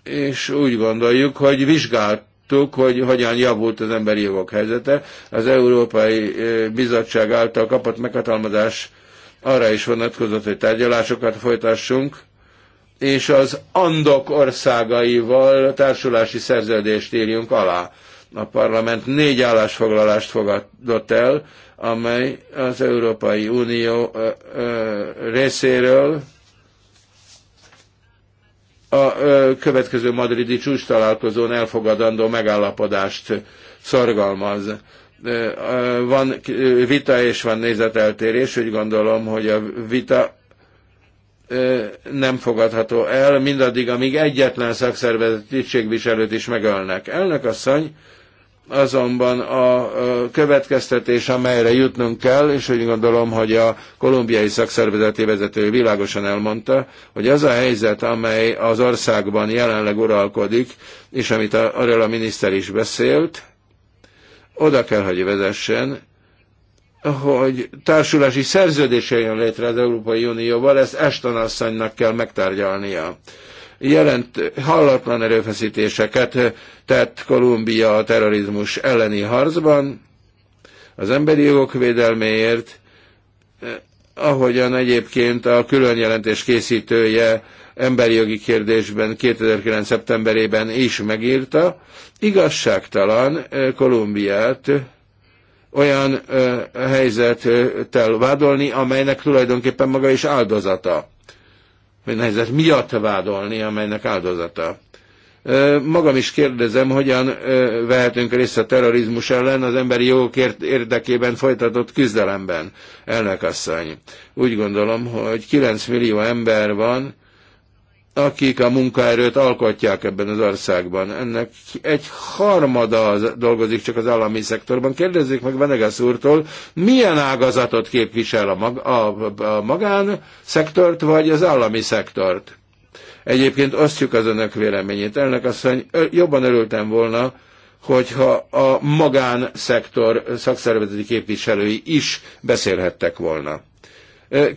És úgy gondoljuk, hogy vizsgált láttuk, hogy hogyan javult az emberi jogok helyzete. Az Európai Bizottság által kapott meghatalmazás arra is vonatkozott, hogy tárgyalásokat folytassunk, és az Andok országaival társulási szerződést írjunk alá. A parlament négy állásfoglalást fogadott el, amely az Európai Unió részéről a következő madridi csúcs találkozón elfogadandó megállapodást szorgalmaz. Van vita és van nézeteltérés, úgy gondolom, hogy a vita nem fogadható el, mindaddig, amíg egyetlen szakszervezet tisztségviselőt is megölnek. Elnök asszony, azonban a következtetés, amelyre jutnunk kell, és úgy gondolom, hogy a kolumbiai szakszervezeti vezető világosan elmondta, hogy az a helyzet, amely az országban jelenleg uralkodik, és amit arról a miniszter is beszélt, oda kell, hogy vezessen, hogy társulási szerződése jön létre az Európai Unióval, ezt Eston asszonynak kell megtárgyalnia jelent hallatlan erőfeszítéseket tett Kolumbia a terrorizmus elleni harcban, az emberi jogok védelméért, eh, ahogyan egyébként a külön jelentés készítője emberi jogi kérdésben 2009. szeptemberében is megírta, igazságtalan eh, Kolumbiát eh, olyan helyzettel vádolni, amelynek tulajdonképpen maga is áldozata vagy nehezet miatt vádolni, amelynek áldozata. Magam is kérdezem, hogyan vehetünk részt a terrorizmus ellen az emberi jogok érdekében folytatott küzdelemben, elnök asszony. Úgy gondolom, hogy 9 millió ember van, akik a munkaerőt alkotják ebben az országban. Ennek egy harmada dolgozik csak az állami szektorban. Kérdezzük meg Venegas úrtól, milyen ágazatot képvisel a, mag, a, a magánszektort, vagy az állami szektort? Egyébként osztjuk az önök véleményét. Elnök asszony, jobban örültem volna, hogyha a magánszektor szakszervezeti képviselői is beszélhettek volna.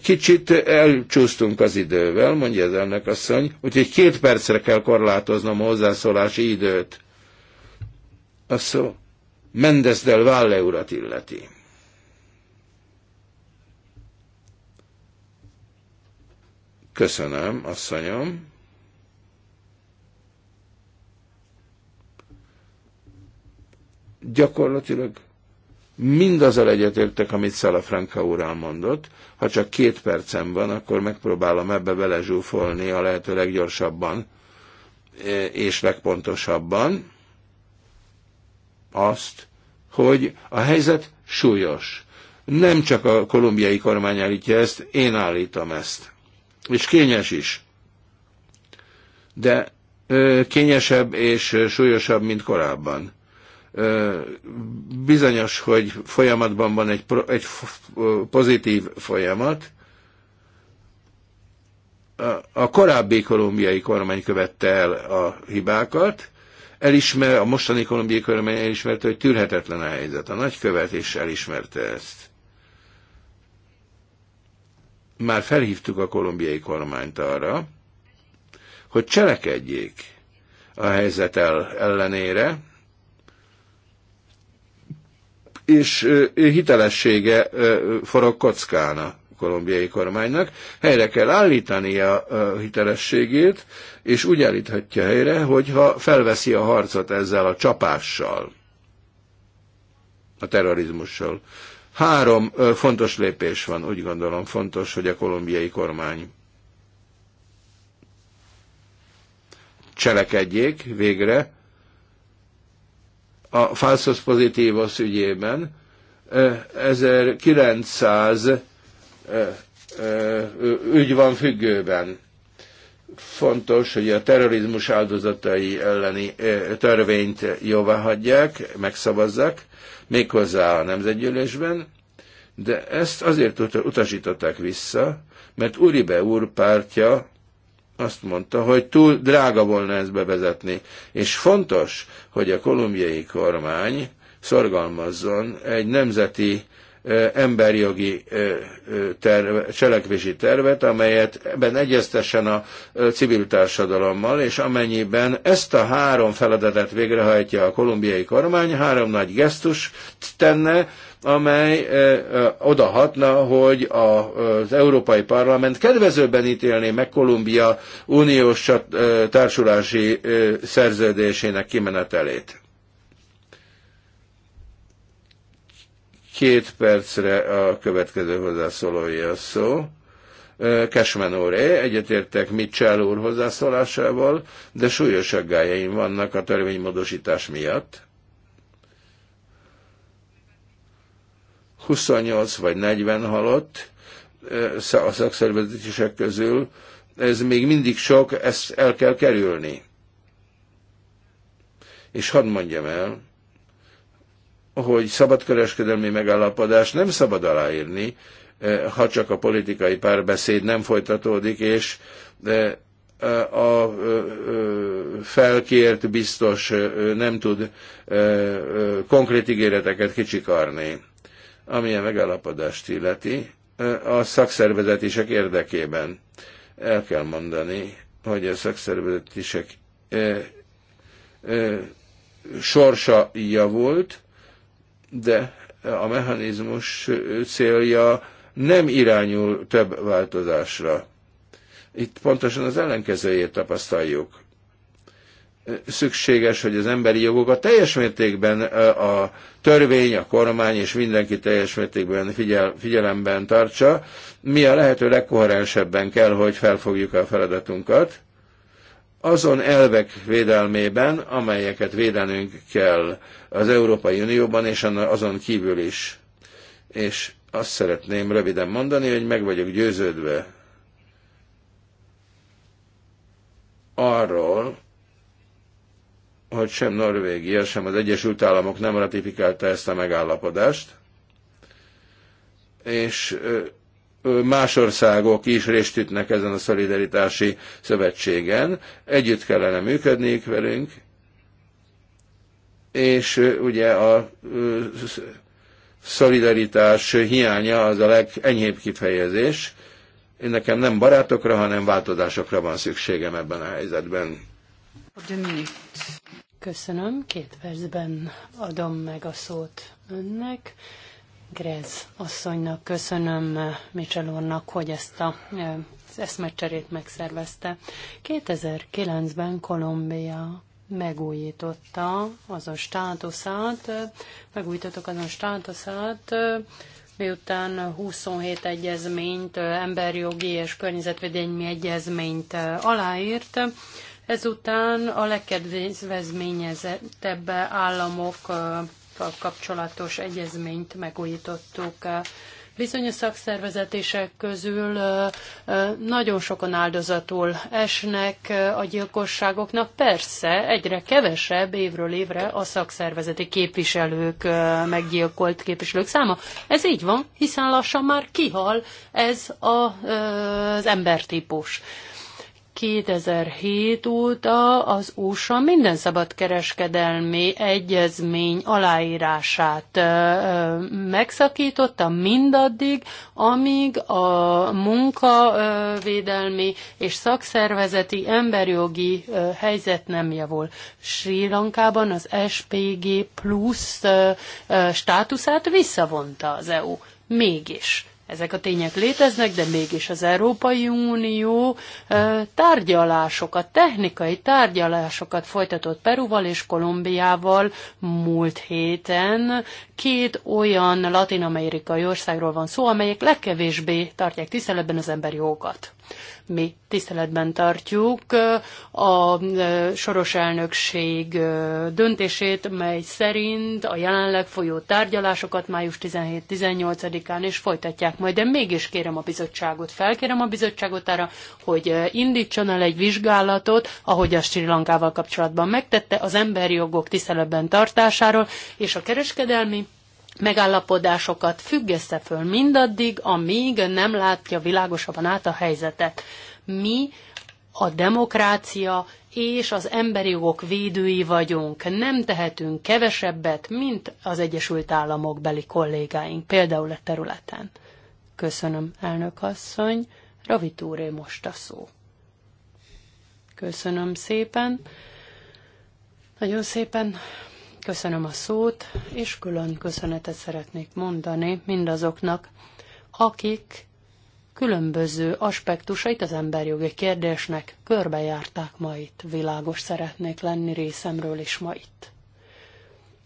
Kicsit elcsúsztunk az idővel, mondja az elnök asszony, úgyhogy két percre kell korlátoznom a hozzászólási időt. A szó Mendes del Valle urat illeti. Köszönöm, asszonyom. Gyakorlatilag Mindazzal egyetértek, amit Szala Franka úr elmondott. Ha csak két percem van, akkor megpróbálom ebbe belezsúfolni a lehető leggyorsabban e, és legpontosabban azt, hogy a helyzet súlyos. Nem csak a kolumbiai kormány állítja ezt, én állítom ezt. És kényes is. De ö, e, kényesebb és súlyosabb, mint korábban Bizonyos, hogy folyamatban van egy, egy pozitív folyamat. A korábbi kolumbiai kormány követte el a hibákat, elismer, a mostani kolumbiai kormány elismerte, hogy tűrhetetlen a helyzet. A nagykövet is elismerte ezt. Már felhívtuk a kolumbiai kormányt arra, hogy cselekedjék a helyzet ellenére, és hitelessége forog kockána kolumbiai kormánynak. Helyre kell állítania a hitelességét, és úgy állíthatja helyre, hogyha felveszi a harcot ezzel a csapással, a terrorizmussal. Három fontos lépés van, úgy gondolom fontos, hogy a kolumbiai kormány cselekedjék végre, a falsos pozitívos ügyében 1900 ügy van függőben. Fontos, hogy a terrorizmus áldozatai elleni törvényt jóvá hagyják, megszavazzák, méghozzá a nemzetgyűlésben, de ezt azért utasították vissza, mert Uribe úr pártja azt mondta, hogy túl drága volna ezt bevezetni. És fontos, hogy a kolumbiai kormány szorgalmazzon egy nemzeti emberjogi terve, cselekvési tervet, amelyet ebben egyeztessen a civil társadalommal, és amennyiben ezt a három feladatot végrehajtja a kolumbiai kormány, három nagy gesztus tenne, amely odahatna, hogy az Európai Parlament kedvezőben ítélné meg Kolumbia uniós társulási szerződésének kimenetelét. Két percre a következő hozzászólója a szó. Kesmen úr, egyetértek Mitchell úr hozzászólásával, de súlyos aggájaim vannak a törvénymódosítás miatt. 28 vagy 40 halott a szakszervezetések közül, ez még mindig sok, ezt el kell kerülni. És hadd mondjam el, hogy szabadkereskedelmi megállapodás nem szabad aláírni, eh, ha csak a politikai párbeszéd nem folytatódik, és eh, eh, a felkért biztos nem tud konkrét ígéreteket kicsikarni, amilyen megállapodást illeti a szakszervezetések érdekében. El kell mondani, hogy a szakszervezetések sorsa javult, de a mechanizmus célja nem irányul több változásra. Itt pontosan az ellenkezőjét tapasztaljuk. Szükséges, hogy az emberi jogokat teljes mértékben a törvény, a kormány és mindenki teljes mértékben figyel, figyelemben tartsa. Mi a lehető legkoherensebben kell, hogy felfogjuk a feladatunkat, azon elvek védelmében, amelyeket védenünk kell az Európai Unióban és azon kívül is. És azt szeretném röviden mondani, hogy meg vagyok győződve arról, hogy sem Norvégia, sem az Egyesült Államok nem ratifikálta ezt a megállapodást, és más országok is részt ütnek ezen a szolidaritási szövetségen, együtt kellene működniük velünk, és ugye a szolidaritás hiánya az a legenyhébb kifejezés. Én nekem nem barátokra, hanem változásokra van szükségem ebben a helyzetben. Köszönöm. Két percben adom meg a szót önnek. Grez asszonynak köszönöm Michel úrnak, hogy ezt a eszmecserét megszervezte. 2009-ben Kolumbia megújította azon státuszát, megújítottak azon státuszát, miután 27 egyezményt, emberjogi és környezetvédelmi egyezményt aláírt, ezután a legkedvezményezettebb államokkal kapcsolatos egyezményt megújítottuk Bizonyos szakszervezetések közül nagyon sokan áldozatul esnek a gyilkosságoknak. Persze, egyre kevesebb évről évre a szakszervezeti képviselők, meggyilkolt képviselők száma. Ez így van, hiszen lassan már kihal ez az embertípus. 2007 óta az USA minden szabadkereskedelmi egyezmény aláírását megszakította mindaddig, amíg a munkavédelmi és szakszervezeti emberjogi helyzet nem javul. Sri Lankában az SPG plusz státuszát visszavonta az EU. Mégis ezek a tények léteznek, de mégis az Európai Unió tárgyalásokat, technikai tárgyalásokat folytatott Peruval és Kolumbiával múlt héten. Két olyan latin-amerikai országról van szó, amelyek legkevésbé tartják tiszteletben az emberi jogokat. Mi tiszteletben tartjuk a soros elnökség döntését, mely szerint a jelenleg folyó tárgyalásokat május 17-18-án is folytatják majd, de mégis kérem a bizottságot, felkérem a bizottságot arra, hogy indítson el egy vizsgálatot, ahogy a Sri Lankával kapcsolatban megtette, az emberi jogok tiszteletben tartásáról és a kereskedelmi megállapodásokat függesse föl mindaddig, amíg nem látja világosabban át a helyzetet. Mi a demokrácia és az emberi jogok védői vagyunk. Nem tehetünk kevesebbet, mint az Egyesült Államok beli kollégáink, például a e területen. Köszönöm, elnök asszony. Ravitúré most a szó. Köszönöm szépen. Nagyon szépen köszönöm a szót, és külön köszönetet szeretnék mondani mindazoknak, akik különböző aspektusait az emberjogi kérdésnek körbejárták ma itt. Világos szeretnék lenni részemről is ma itt.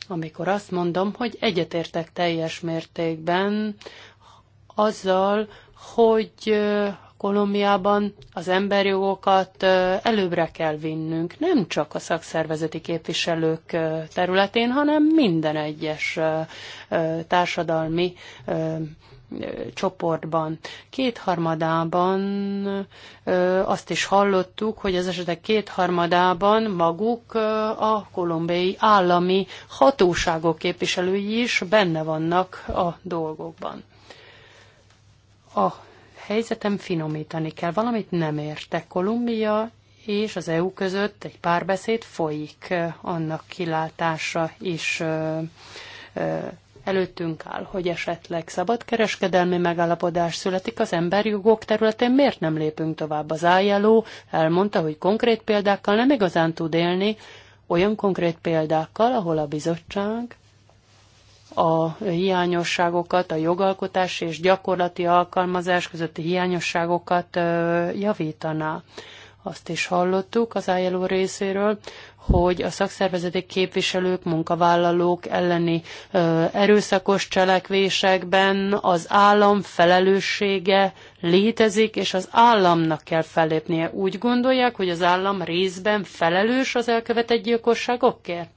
Amikor azt mondom, hogy egyetértek teljes mértékben azzal, hogy Kolumbiában az emberjogokat előbbre kell vinnünk, nem csak a szakszervezeti képviselők területén, hanem minden egyes társadalmi csoportban. Kétharmadában azt is hallottuk, hogy az esetek kétharmadában maguk a kolumbiai állami hatóságok képviselői is benne vannak a dolgokban. A helyzetem finomítani kell. Valamit nem értek. Kolumbia és az EU között egy párbeszéd folyik, annak kilátása is előttünk áll, hogy esetleg szabadkereskedelmi megállapodás születik az emberjogok területén, miért nem lépünk tovább? Az ájáló elmondta, hogy konkrét példákkal nem igazán tud élni, olyan konkrét példákkal, ahol a bizottság a hiányosságokat, a jogalkotás és gyakorlati alkalmazás közötti hiányosságokat javítaná. Azt is hallottuk az ILO részéről, hogy a szakszervezeti képviselők, munkavállalók elleni ö, erőszakos cselekvésekben az állam felelőssége létezik, és az államnak kell fellépnie. Úgy gondolják, hogy az állam részben felelős az elkövetett gyilkosságokért?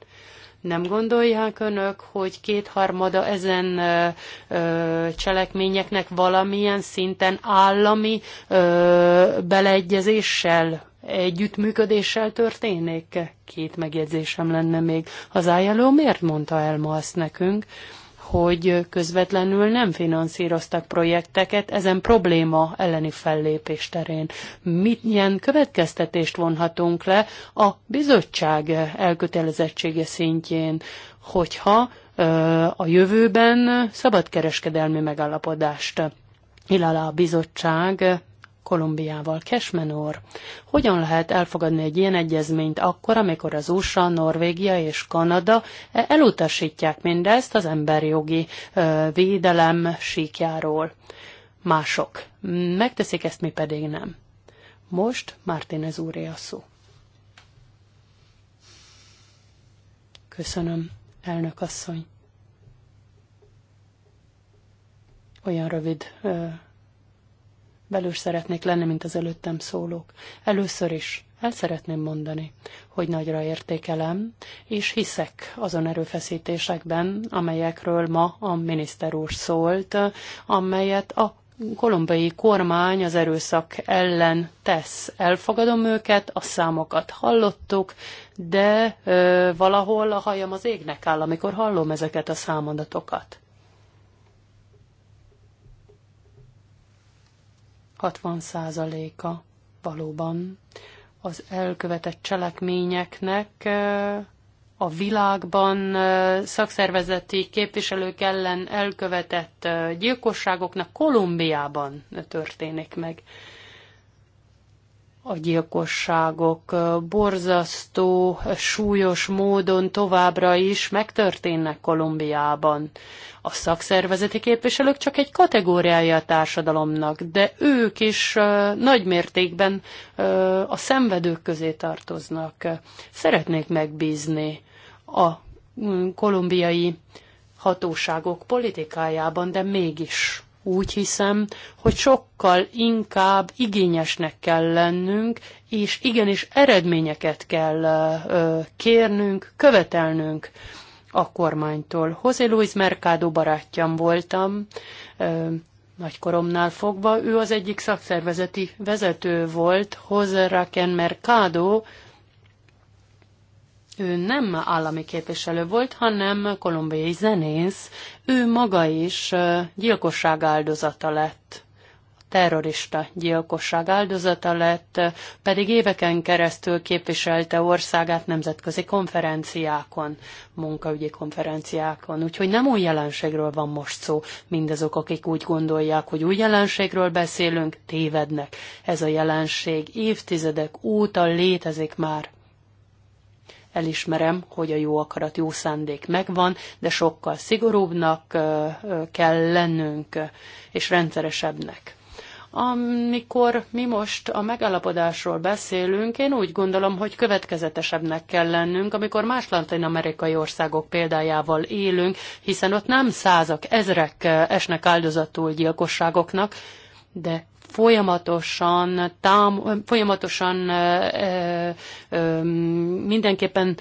Nem gondolják önök, hogy kétharmada ezen ö, ö, cselekményeknek valamilyen szinten állami ö, beleegyezéssel, együttműködéssel történik? Két megjegyzésem lenne még. Az álljáló miért mondta el ma azt nekünk? hogy közvetlenül nem finanszíroztak projekteket ezen probléma elleni fellépés terén. Mit, milyen következtetést vonhatunk le a bizottság elkötelezettsége szintjén, hogyha a jövőben szabadkereskedelmi megállapodást illetve a bizottság Kolumbiával. Cashman úr, hogyan lehet elfogadni egy ilyen egyezményt akkor, amikor az USA, Norvégia és Kanada e- elutasítják mindezt az emberjogi védelem síkjáról? Mások. Megteszik ezt, mi pedig nem. Most Martínez úré a szó. Köszönöm, elnök asszony. Olyan rövid Belül szeretnék lenni, mint az előttem szólók. Először is el szeretném mondani, hogy nagyra értékelem, és hiszek azon erőfeszítésekben, amelyekről ma a miniszter úr szólt, amelyet a kolumbiai kormány az erőszak ellen tesz. Elfogadom őket, a számokat hallottuk, de ö, valahol a hajam az égnek áll, amikor hallom ezeket a számadatokat. 60 százaléka valóban az elkövetett cselekményeknek a világban szakszervezeti képviselők ellen elkövetett gyilkosságoknak Kolumbiában történik meg a gyilkosságok borzasztó, súlyos módon továbbra is megtörténnek Kolumbiában. A szakszervezeti képviselők csak egy kategóriája a társadalomnak, de ők is nagy mértékben a szenvedők közé tartoznak. Szeretnék megbízni a kolumbiai hatóságok politikájában, de mégis úgy hiszem, hogy sokkal inkább igényesnek kell lennünk, és igenis eredményeket kell kérnünk, követelnünk a kormánytól. José Luis Mercado barátjam voltam, nagykoromnál fogva, ő az egyik szakszervezeti vezető volt, José Raquel Mercado, ő nem állami képviselő volt, hanem kolumbiai zenész. Ő maga is gyilkosság áldozata lett terrorista gyilkosság áldozata lett, pedig éveken keresztül képviselte országát nemzetközi konferenciákon, munkaügyi konferenciákon. Úgyhogy nem új jelenségről van most szó. Mindazok, akik úgy gondolják, hogy új jelenségről beszélünk, tévednek. Ez a jelenség évtizedek óta létezik már elismerem, hogy a jó akarat, jó szándék megvan, de sokkal szigorúbbnak kell lennünk, és rendszeresebbnek. Amikor mi most a megállapodásról beszélünk, én úgy gondolom, hogy következetesebbnek kell lennünk, amikor más latin-amerikai országok példájával élünk, hiszen ott nem százak, ezrek esnek áldozatul gyilkosságoknak, de folyamatosan, tám, folyamatosan ö, ö, mindenképpen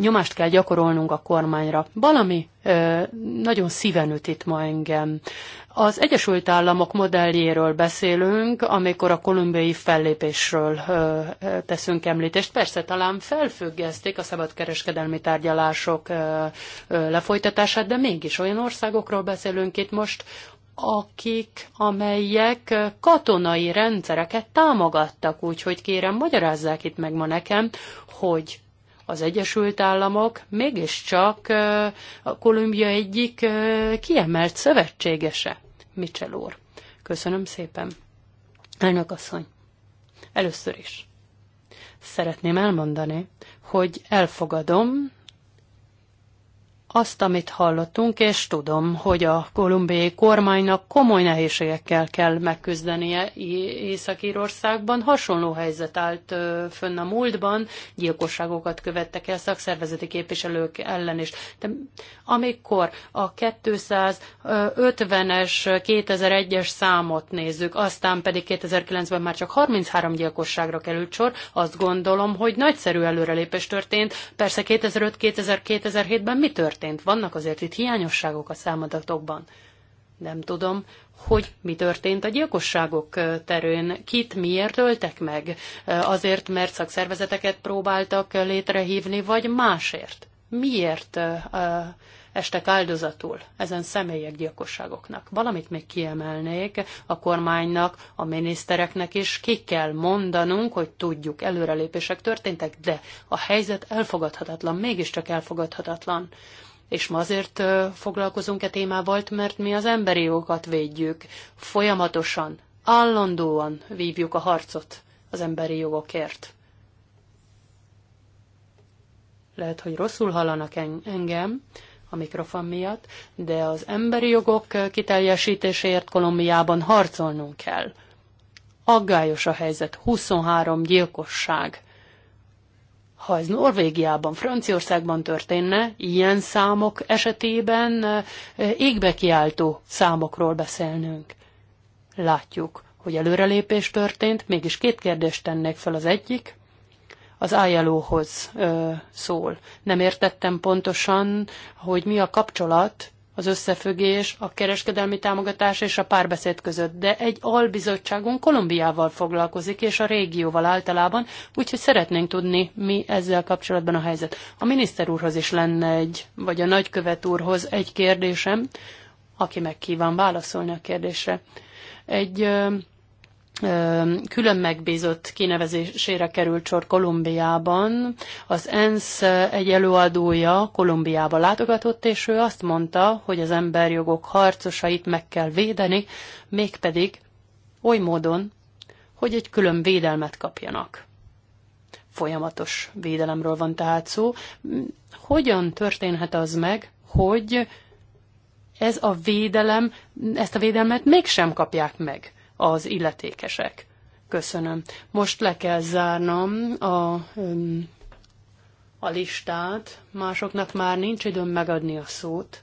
nyomást kell gyakorolnunk a kormányra. Valami ö, nagyon szíven üt itt ma engem. Az Egyesült Államok modelljéről beszélünk, amikor a kolumbiai fellépésről ö, teszünk említést. Persze talán felfüggeszték a szabadkereskedelmi tárgyalások ö, ö, lefolytatását, de mégis olyan országokról beszélünk itt most, akik, amelyek katonai rendszereket támogattak, úgyhogy kérem, magyarázzák itt meg ma nekem, hogy az Egyesült Államok mégiscsak a Kolumbia egyik kiemelt szövetségese. Mitchell úr. Köszönöm szépen. Elnök asszony, először is szeretném elmondani, hogy elfogadom azt, amit hallottunk, és tudom, hogy a kolumbiai kormánynak komoly nehézségekkel kell megküzdenie Észak-Írországban. Hasonló helyzet állt fönn a múltban, gyilkosságokat követtek el szakszervezeti képviselők ellen is. De amikor a 250-es 2001-es számot nézzük, aztán pedig 2009-ben már csak 33 gyilkosságra került sor, azt gondolom, hogy nagyszerű előrelépés történt. Persze 2005-2007-ben mi történt? történt. Vannak azért itt hiányosságok a számadatokban. Nem tudom, hogy mi történt a gyilkosságok terén, kit miért öltek meg, azért, mert szakszervezeteket próbáltak létrehívni, vagy másért. Miért estek áldozatul ezen személyek gyilkosságoknak. Valamit még kiemelnék, a kormánynak, a minisztereknek is ki kell mondanunk, hogy tudjuk, előrelépések történtek, de a helyzet elfogadhatatlan, mégiscsak elfogadhatatlan és ma azért foglalkozunk e témával, mert mi az emberi jogokat védjük. Folyamatosan, állandóan vívjuk a harcot az emberi jogokért. Lehet, hogy rosszul hallanak engem a mikrofon miatt, de az emberi jogok kiteljesítéséért Kolumbiában harcolnunk kell. Aggályos a helyzet, 23 gyilkosság ha ez Norvégiában, Franciaországban történne, ilyen számok esetében égbe kiáltó számokról beszélnünk. Látjuk, hogy előrelépés történt, mégis két kérdést tennék fel az egyik, az ájelóhoz szól. Nem értettem pontosan, hogy mi a kapcsolat az összefüggés a kereskedelmi támogatás és a párbeszéd között, de egy albizottságunk Kolumbiával foglalkozik, és a régióval általában, úgyhogy szeretnénk tudni, mi ezzel kapcsolatban a helyzet. A miniszter úrhoz is lenne egy, vagy a nagykövet úrhoz egy kérdésem, aki meg kíván válaszolni a kérdésre. Egy külön megbízott kinevezésére került sor Kolumbiában. Az ENSZ egy előadója Kolumbiába látogatott, és ő azt mondta, hogy az emberjogok harcosait meg kell védeni, mégpedig oly módon, hogy egy külön védelmet kapjanak. Folyamatos védelemről van tehát szó. Hogyan történhet az meg, hogy ez a védelem, ezt a védelmet mégsem kapják meg? az illetékesek. Köszönöm. Most le kell zárnom a, a listát. Másoknak már nincs időm megadni a szót.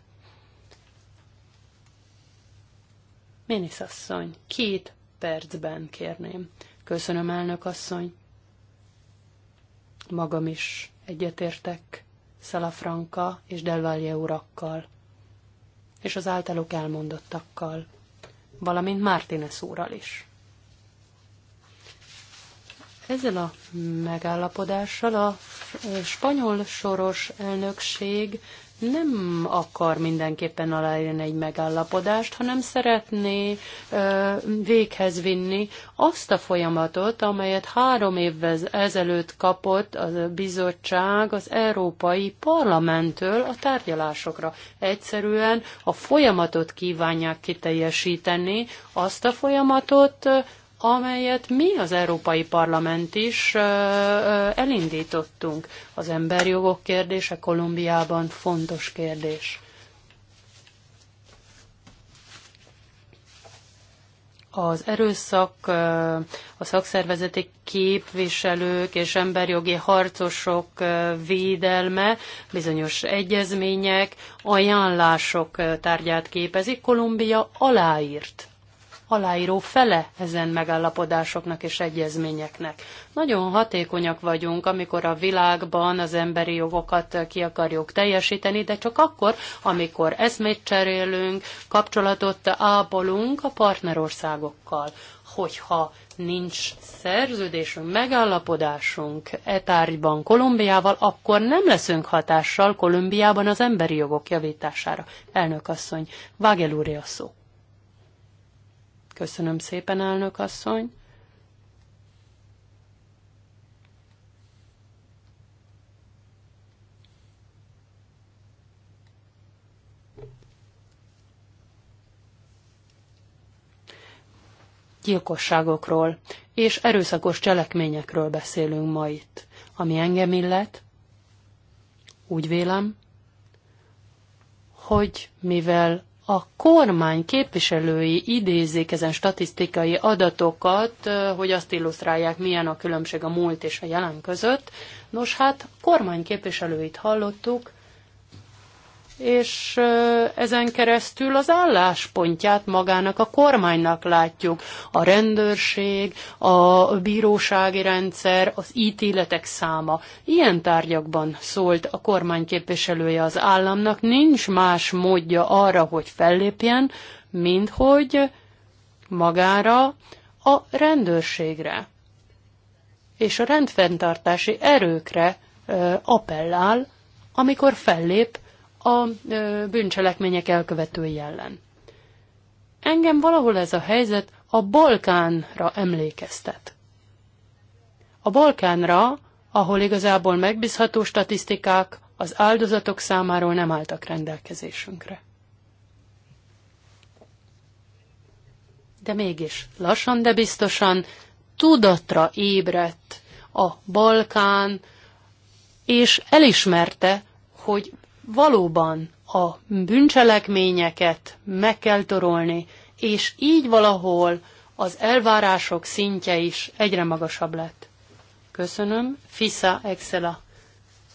Miniszasszony, két percben kérném. Köszönöm, elnök asszony. Magam is egyetértek Szalafranka és Delvalje urakkal, és az általuk elmondottakkal valamint Mártinez úrral is. Ezzel a megállapodással a spanyol soros elnökség nem akar mindenképpen aláírni egy megállapodást, hanem szeretné ö, véghez vinni azt a folyamatot, amelyet három évvel ezelőtt kapott a bizottság az Európai Parlamenttől a tárgyalásokra. Egyszerűen a folyamatot kívánják kiteljesíteni, azt a folyamatot, amelyet mi az Európai Parlament is elindítottunk. Az emberjogok kérdése Kolumbiában fontos kérdés. az erőszak, a szakszervezeti képviselők és emberjogi harcosok védelme, bizonyos egyezmények, ajánlások tárgyát képezik. Kolumbia aláírt aláíró fele ezen megállapodásoknak és egyezményeknek. Nagyon hatékonyak vagyunk, amikor a világban az emberi jogokat ki akarjuk teljesíteni, de csak akkor, amikor eszmét cserélünk, kapcsolatot ápolunk a partnerországokkal hogyha nincs szerződésünk, megállapodásunk e tárgyban Kolumbiával, akkor nem leszünk hatással Kolumbiában az emberi jogok javítására. Elnök asszony, Vágel úr a szó. Köszönöm szépen, elnök asszony. gyilkosságokról és erőszakos cselekményekről beszélünk ma itt. Ami engem illet, úgy vélem, hogy mivel a kormány képviselői idézik ezen statisztikai adatokat, hogy azt illusztrálják, milyen a különbség a múlt és a jelen között. Nos, hát kormány képviselőit hallottuk, és ezen keresztül az álláspontját magának a kormánynak látjuk. A rendőrség, a bírósági rendszer, az ítéletek száma. Ilyen tárgyakban szólt a kormány képviselője az államnak, nincs más módja arra, hogy fellépjen, mint hogy magára a rendőrségre és a rendfenntartási erőkre appellál, amikor fellép a bűncselekmények elkövetői ellen. Engem valahol ez a helyzet a Balkánra emlékeztet. A Balkánra, ahol igazából megbízható statisztikák az áldozatok számáról nem álltak rendelkezésünkre. De mégis lassan, de biztosan tudatra ébredt a Balkán, és elismerte, hogy valóban a bűncselekményeket meg kell torolni, és így valahol az elvárások szintje is egyre magasabb lett. Köszönöm. Fisa Excela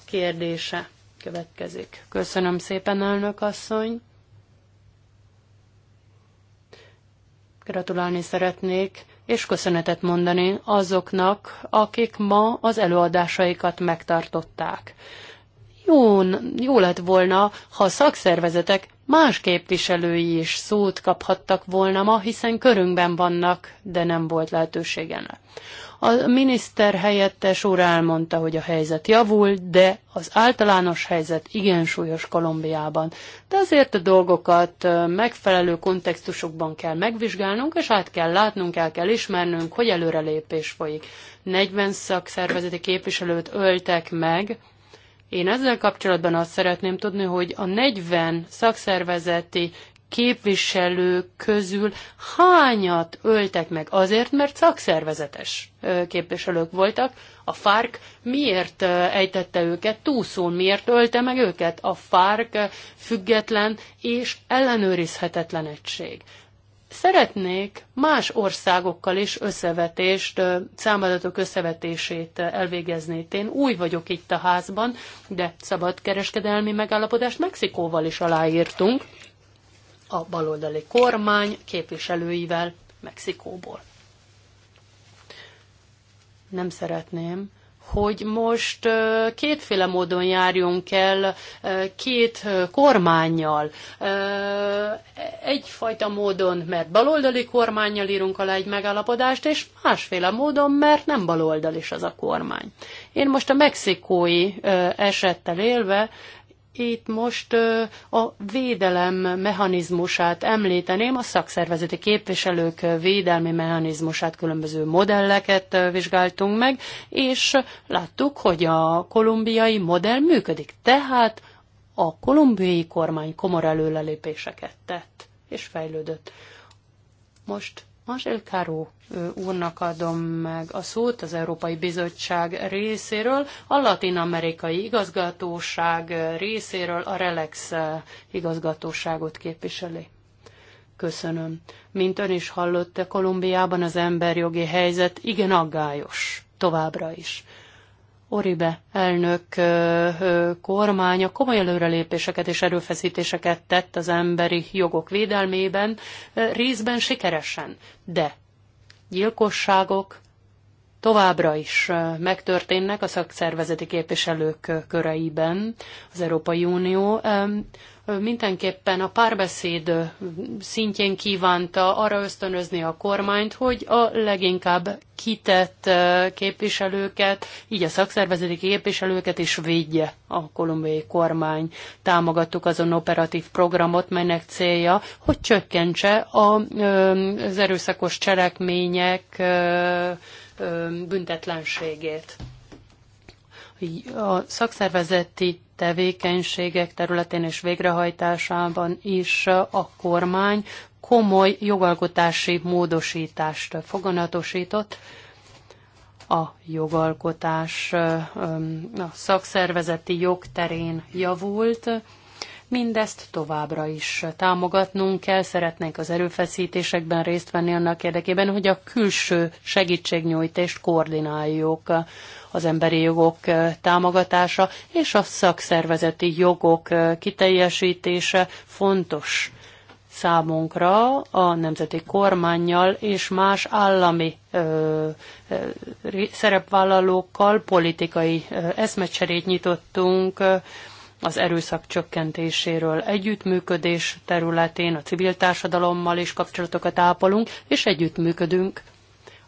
kérdése következik. Köszönöm szépen, elnök asszony. Gratulálni szeretnék, és köszönetet mondani azoknak, akik ma az előadásaikat megtartották. Jó, jó lett volna, ha a szakszervezetek más képviselői is szót kaphattak volna ma, hiszen körünkben vannak, de nem volt lehetőségen. A miniszter helyettes úr elmondta, hogy a helyzet javul, de az általános helyzet igen súlyos Kolumbiában. De azért a dolgokat megfelelő kontextusokban kell megvizsgálnunk, és át kell látnunk, el kell ismernünk, hogy előrelépés folyik. 40 szakszervezeti képviselőt öltek meg, én ezzel kapcsolatban azt szeretném tudni, hogy a 40 szakszervezeti képviselő közül hányat öltek meg azért, mert szakszervezetes képviselők voltak. A FARC miért ejtette őket túlszón, miért ölte meg őket? A FARC független és ellenőrizhetetlen egység. Szeretnék más országokkal is összevetést, számadatok összevetését elvégezni. én új vagyok itt a házban, de szabadkereskedelmi megállapodást Mexikóval is aláírtunk, a baloldali kormány képviselőivel Mexikóból. Nem szeretném, hogy most kétféle módon járjunk el két kormányjal. Egyfajta módon, mert baloldali kormányjal írunk alá egy megállapodást, és másféle módon, mert nem baloldal is az a kormány. Én most a mexikói esettel élve itt most a védelem mechanizmusát említeném, a szakszervezeti képviselők védelmi mechanizmusát, különböző modelleket vizsgáltunk meg, és láttuk, hogy a kolumbiai modell működik. Tehát a kolumbiai kormány komor előlelépéseket tett, és fejlődött. Most Angel Caro úrnak adom meg a szót az Európai Bizottság részéről, a latin-amerikai igazgatóság részéről a Relex igazgatóságot képviseli. Köszönöm. Mint ön is hallotta, Kolumbiában az emberjogi helyzet igen aggályos továbbra is. Oribe elnök kormánya komoly előrelépéseket és erőfeszítéseket tett az emberi jogok védelmében, részben sikeresen, de gyilkosságok, továbbra is megtörténnek a szakszervezeti képviselők köreiben az Európai Unió. Mindenképpen a párbeszéd szintjén kívánta arra ösztönözni a kormányt, hogy a leginkább kitett képviselőket, így a szakszervezeti képviselőket is védje a kolumbiai kormány. Támogattuk azon operatív programot, melynek célja, hogy csökkentse az erőszakos cselekmények büntetlenségét. A szakszervezeti tevékenységek területén és végrehajtásában is a kormány komoly jogalkotási módosítást foganatosított, a jogalkotás a szakszervezeti jogterén javult, Mindezt továbbra is támogatnunk kell, szeretnénk az erőfeszítésekben részt venni annak érdekében, hogy a külső segítségnyújtást koordináljuk az emberi jogok támogatása és a szakszervezeti jogok kiteljesítése fontos számunkra a nemzeti kormányjal és más állami ö, ö, szerepvállalókkal politikai ö, eszmecserét nyitottunk az erőszak csökkentéséről együttműködés területén, a civil társadalommal is kapcsolatokat ápolunk, és együttműködünk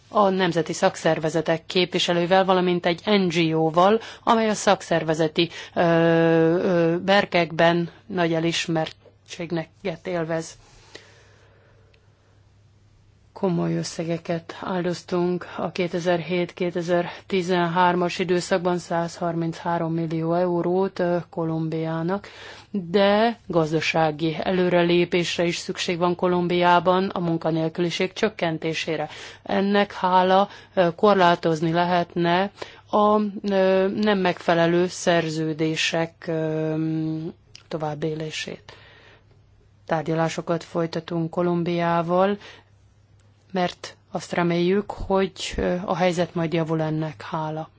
a nemzeti szakszervezetek képviselőivel, valamint egy NGO-val, amely a szakszervezeti ö, ö, berkekben nagy elismertségnek élvez komoly összegeket áldoztunk a 2007-2013-as időszakban 133 millió eurót Kolumbiának, de gazdasági előrelépésre is szükség van Kolumbiában a munkanélküliség csökkentésére. Ennek hála korlátozni lehetne a nem megfelelő szerződések továbbélését tárgyalásokat folytatunk Kolumbiával, mert azt reméljük, hogy a helyzet majd javul ennek hála.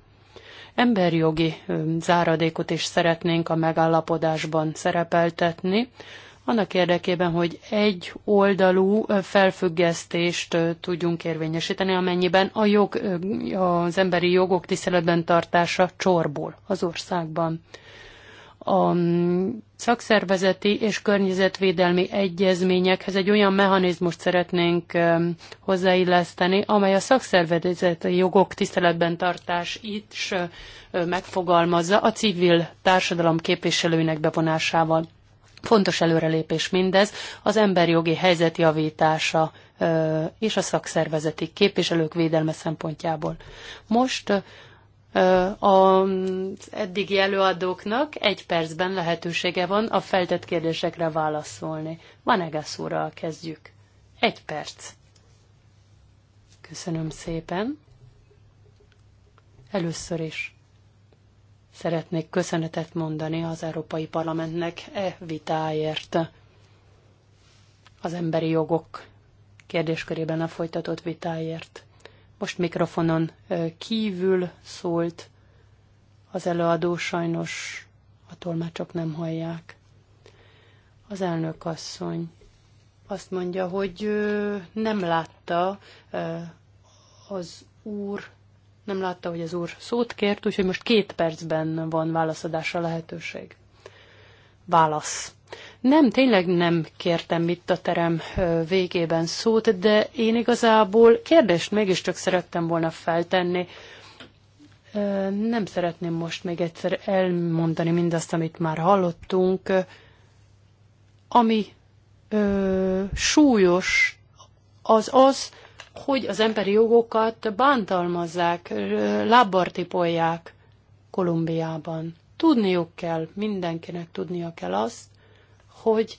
Emberjogi záradékot is szeretnénk a megállapodásban szerepeltetni, annak érdekében, hogy egy oldalú felfüggesztést tudjunk érvényesíteni, amennyiben a jog, az emberi jogok tiszteletben tartása csorbul az országban a szakszervezeti és környezetvédelmi egyezményekhez egy olyan mechanizmust szeretnénk um, hozzáilleszteni, amely a szakszervezeti jogok tiszteletben tartás itt is uh, megfogalmazza a civil társadalom képviselőinek bevonásával. Fontos előrelépés mindez, az emberjogi helyzet javítása uh, és a szakszervezeti képviselők védelme szempontjából. Most uh, az eddigi előadóknak egy percben lehetősége van a feltett kérdésekre válaszolni. Van Egeszúrral kezdjük. Egy perc. Köszönöm szépen. Először is szeretnék köszönetet mondani az Európai Parlamentnek e vitáért. Az emberi jogok kérdéskörében a folytatott vitáért. Most mikrofonon kívül szólt az előadó, sajnos a tolmácsok nem hallják. Az elnök asszony azt mondja, hogy nem látta az úr, nem látta, hogy az úr szót kért, úgyhogy most két percben van válaszadásra lehetőség. Válasz. Nem, tényleg nem kértem itt a terem végében szót, de én igazából kérdést mégiscsak szerettem volna feltenni. Nem szeretném most még egyszer elmondani mindazt, amit már hallottunk, ami ö, súlyos, az az, hogy az emberi jogokat bántalmazzák, lábbartipolják Kolumbiában. Tudniuk kell, mindenkinek tudnia kell azt, hogy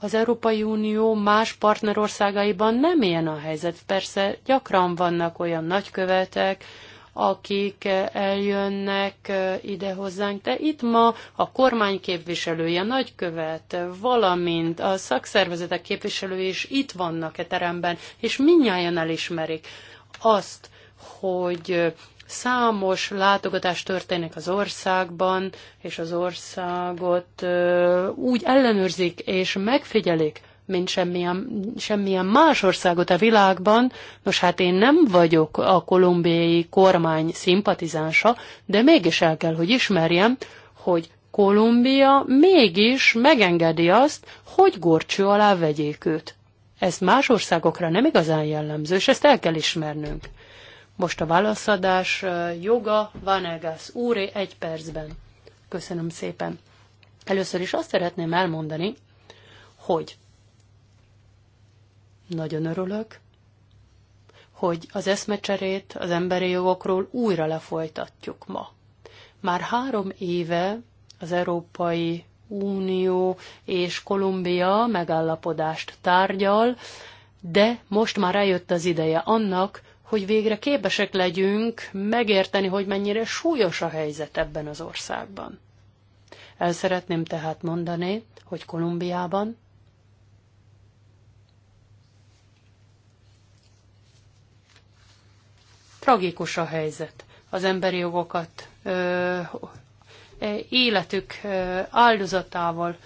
az Európai Unió más partnerországaiban nem ilyen a helyzet. Persze gyakran vannak olyan nagykövetek, akik eljönnek ide hozzánk, de itt ma a kormány képviselője, a nagykövet, valamint a szakszervezetek képviselői is itt vannak e teremben, és minnyáján elismerik azt, hogy Számos látogatás történik az országban, és az országot úgy ellenőrzik és megfigyelik, mint semmilyen, semmilyen más országot a világban. Nos, hát én nem vagyok a kolumbiai kormány szimpatizánsa, de mégis el kell, hogy ismerjem, hogy Kolumbia mégis megengedi azt, hogy gorcső alá vegyék őt. Ez más országokra nem igazán jellemző, és ezt el kell ismernünk. Most a válaszadás joga Vanegas úré egy percben. Köszönöm szépen. Először is azt szeretném elmondani, hogy nagyon örülök, hogy az eszmecserét az emberi jogokról újra lefolytatjuk ma. Már három éve az Európai Unió és Kolumbia megállapodást tárgyal, de most már eljött az ideje annak, hogy végre képesek legyünk megérteni, hogy mennyire súlyos a helyzet ebben az országban. El szeretném tehát mondani, hogy Kolumbiában tragikus a helyzet. Az emberi jogokat életük áldozatával,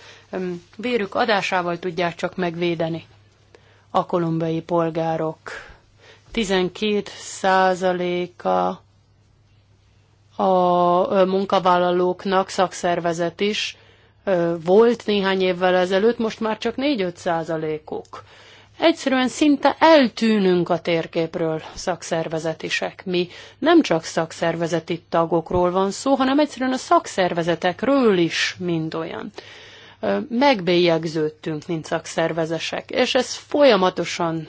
vérük adásával tudják csak megvédeni a kolumbiai polgárok 12 százaléka a munkavállalóknak szakszervezet is volt néhány évvel ezelőtt, most már csak 4-5 százalékuk. Egyszerűen szinte eltűnünk a térképről szakszervezetisek. Mi nem csak szakszervezeti tagokról van szó, hanem egyszerűen a szakszervezetekről is mind olyan megbélyegződtünk, mint szakszervezesek. És ez folyamatosan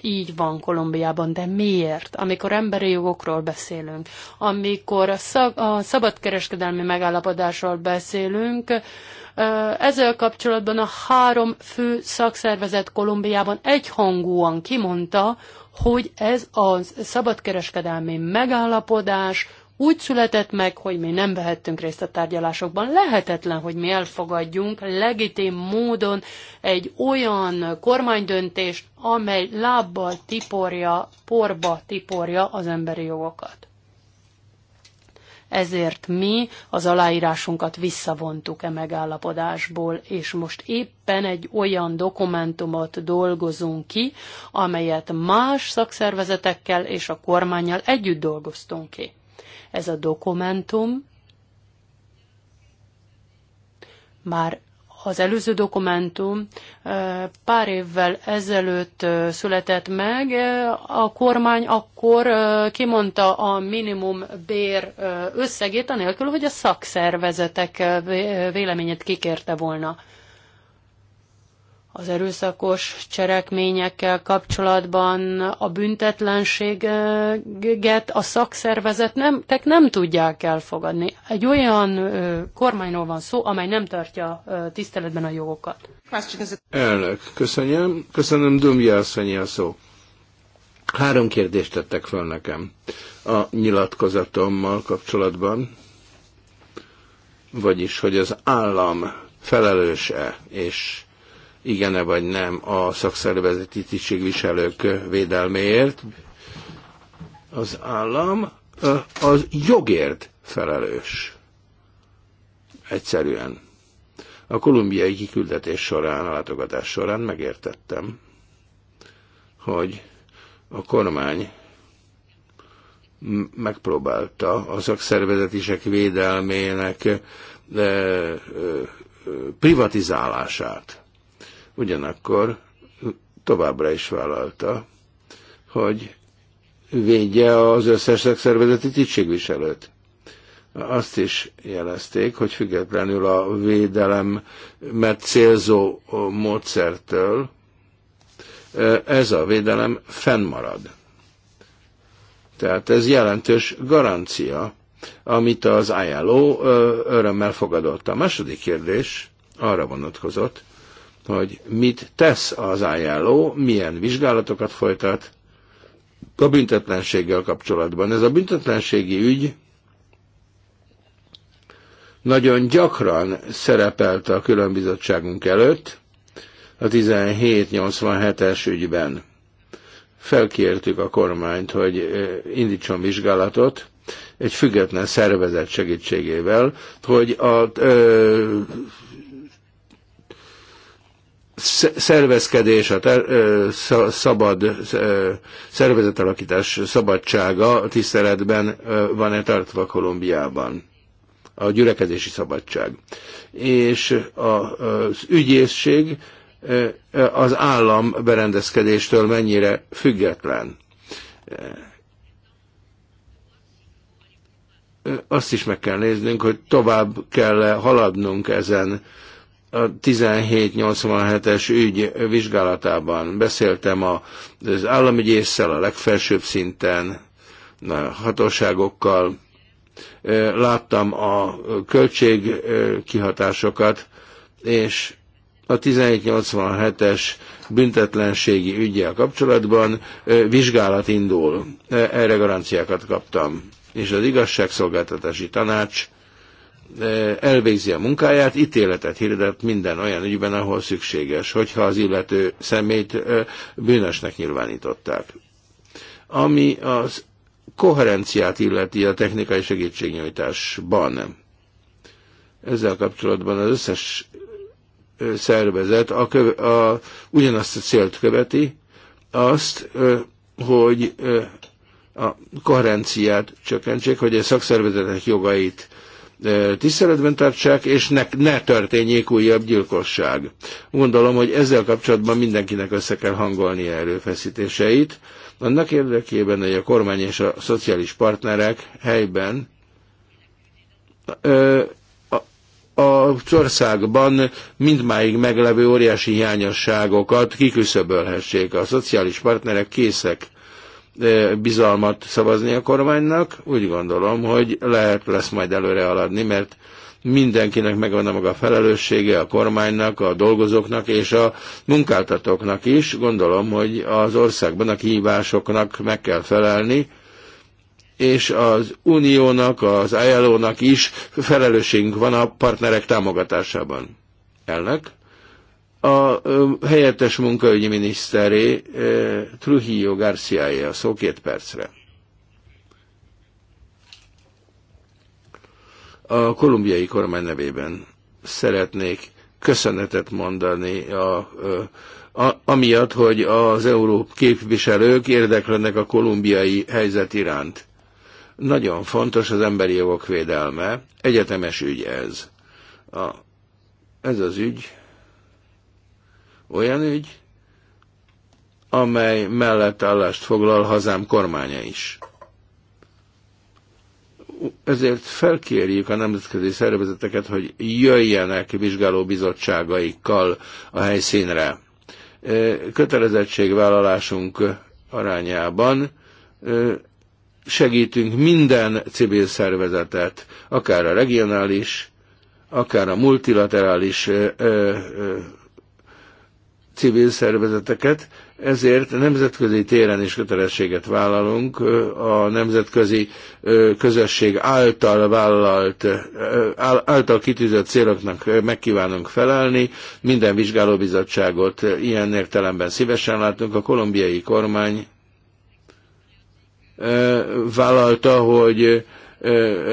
így van Kolumbiában, de miért? Amikor emberi jogokról beszélünk, amikor a, szab- a szabadkereskedelmi megállapodásról beszélünk, ezzel kapcsolatban a három fő szakszervezet Kolumbiában egyhangúan kimondta, hogy ez a szabadkereskedelmi megállapodás úgy született meg, hogy mi nem vehettünk részt a tárgyalásokban. Lehetetlen, hogy mi elfogadjunk legitim módon egy olyan kormánydöntést, amely lábbal tiporja, porba tiporja az emberi jogokat. Ezért mi az aláírásunkat visszavontuk e megállapodásból, és most éppen egy olyan dokumentumot dolgozunk ki, amelyet más szakszervezetekkel és a kormányjal együtt dolgoztunk ki. Ez a dokumentum már az előző dokumentum pár évvel ezelőtt született meg. A kormány akkor kimondta a minimum bér összegét, anélkül, hogy a szakszervezetek véleményét kikérte volna az erőszakos cselekményekkel kapcsolatban a büntetlenséget a szakszervezet nem, tek nem tudják elfogadni. Egy olyan ö, kormányról van szó, amely nem tartja ö, tiszteletben a jogokat. Elnök, köszönöm. Köszönöm, Dumja asszonyi a szó. Három kérdést tettek fel nekem a nyilatkozatommal kapcsolatban, vagyis, hogy az állam felelőse és igen-e vagy nem a szakszervezeti tisztségviselők védelméért, az állam az jogért felelős. Egyszerűen. A kolumbiai kiküldetés során, a látogatás során megértettem, hogy a kormány megpróbálta a szakszervezetisek védelmének privatizálását ugyanakkor továbbra is vállalta, hogy védje az összes szervezeti tisztségviselőt. Azt is jelezték, hogy függetlenül a védelem, mert célzó módszertől ez a védelem fennmarad. Tehát ez jelentős garancia, amit az ILO örömmel fogadott. A második kérdés arra vonatkozott, hogy mit tesz az ajánló, milyen vizsgálatokat folytat a büntetlenséggel kapcsolatban. Ez a büntetlenségi ügy nagyon gyakran szerepelt a különbizottságunk előtt, a 1787-es ügyben. Felkértük a kormányt, hogy indítson vizsgálatot egy független szervezet segítségével, hogy a ö, szervezkedés, a ter, szabad szervezetalakítás szabadsága tiszteletben van-e tartva Kolumbiában? A gyülekezési szabadság. És az ügyészség az állam berendezkedéstől mennyire független. Azt is meg kell néznünk, hogy tovább kell haladnunk ezen a 1787-es ügy vizsgálatában beszéltem az államügyésszel a legfelsőbb szinten, a hatóságokkal, láttam a költség kihatásokat, és a 1787-es büntetlenségi ügyjel kapcsolatban vizsgálat indul. Erre garanciákat kaptam. És az igazságszolgáltatási tanács elvégzi a munkáját, ítéletet hirdet minden olyan ügyben, ahol szükséges, hogyha az illető szemét bűnösnek nyilvánították. Ami az koherenciát illeti a technikai segítségnyújtásban. Ezzel kapcsolatban az összes szervezet a köve, a, ugyanazt a célt követi, azt, hogy a koherenciát csökkentsék, hogy a szakszervezetek jogait tiszteletben tartsák, és ne, ne történjék újabb gyilkosság. Gondolom, hogy ezzel kapcsolatban mindenkinek össze kell hangolnia erőfeszítéseit, annak érdekében, hogy a kormány és a szociális partnerek helyben ö, országban mindmáig meglevő óriási hiányosságokat kiküszöbölhessék. A szociális partnerek készek bizalmat szavazni a kormánynak. Úgy gondolom, hogy lehet lesz majd előre aladni, mert mindenkinek megvan a maga felelőssége, a kormánynak, a dolgozóknak és a munkáltatóknak is. Gondolom, hogy az országban a kihívásoknak meg kell felelni, és az uniónak, az ILO-nak is felelősségünk van a partnerek támogatásában. Elnök? a helyettes munkaügyi miniszteré Trujillo Garciája, a szó két percre. A kolumbiai kormány nevében szeretnék köszönetet mondani a, a, amiatt, hogy az Európ képviselők érdeklődnek a kolumbiai helyzet iránt. Nagyon fontos az emberi jogok védelme, egyetemes ügy ez. A, ez az ügy olyan ügy, amely mellett állást foglal hazám kormánya is. Ezért felkérjük a nemzetközi szervezeteket, hogy jöjjenek vizsgáló bizottságaikkal a helyszínre. Kötelezettségvállalásunk arányában segítünk minden civil szervezetet, akár a regionális, akár a multilaterális civil szervezeteket, ezért nemzetközi téren is kötelességet vállalunk a nemzetközi közösség által vállalt, által kitűzött céloknak megkívánunk felelni. Minden vizsgálóbizottságot ilyen értelemben szívesen látunk. A kolumbiai kormány vállalta, hogy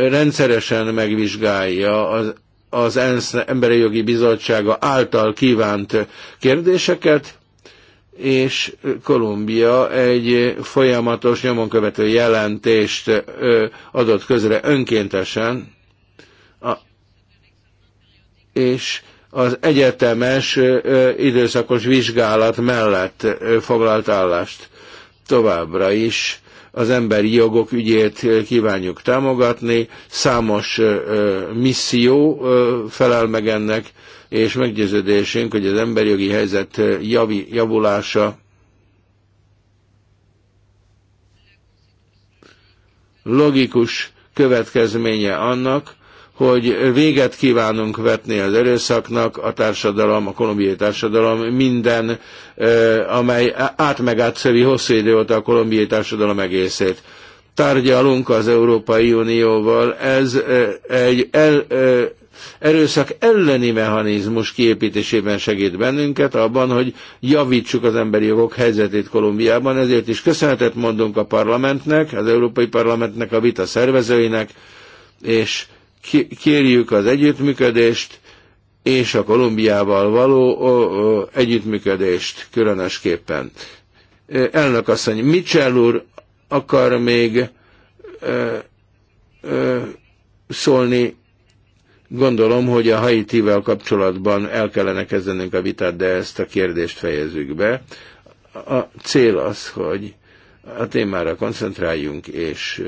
rendszeresen megvizsgálja az az ENSZ Emberi Jogi Bizottsága által kívánt kérdéseket, és Kolumbia egy folyamatos nyomon követő jelentést adott közre önkéntesen, és az egyetemes időszakos vizsgálat mellett foglalt állást továbbra is az emberi jogok ügyét kívánjuk támogatni, számos misszió felel meg ennek, és meggyőződésünk, hogy az emberi jogi helyzet javi, javulása logikus következménye annak, hogy véget kívánunk vetni az erőszaknak, a társadalom, a kolumbiai társadalom minden, amely átmegátszövi hosszú idő óta a kolumbiai társadalom egészét. Tárgyalunk az Európai Unióval, ez egy el, erőszak elleni mechanizmus kiépítésében segít bennünket, abban, hogy javítsuk az emberi jogok helyzetét Kolumbiában, ezért is köszönetet mondunk a parlamentnek, az Európai Parlamentnek, a vita szervezőinek, és kérjük az együttműködést, és a Kolumbiával való ö, ö, együttműködést különösképpen. Elnök asszony, Mitchell úr akar még ö, ö, szólni, gondolom, hogy a Haitivel kapcsolatban el kellene kezdenünk a vitát, de ezt a kérdést fejezzük be. A cél az, hogy a témára koncentráljunk, és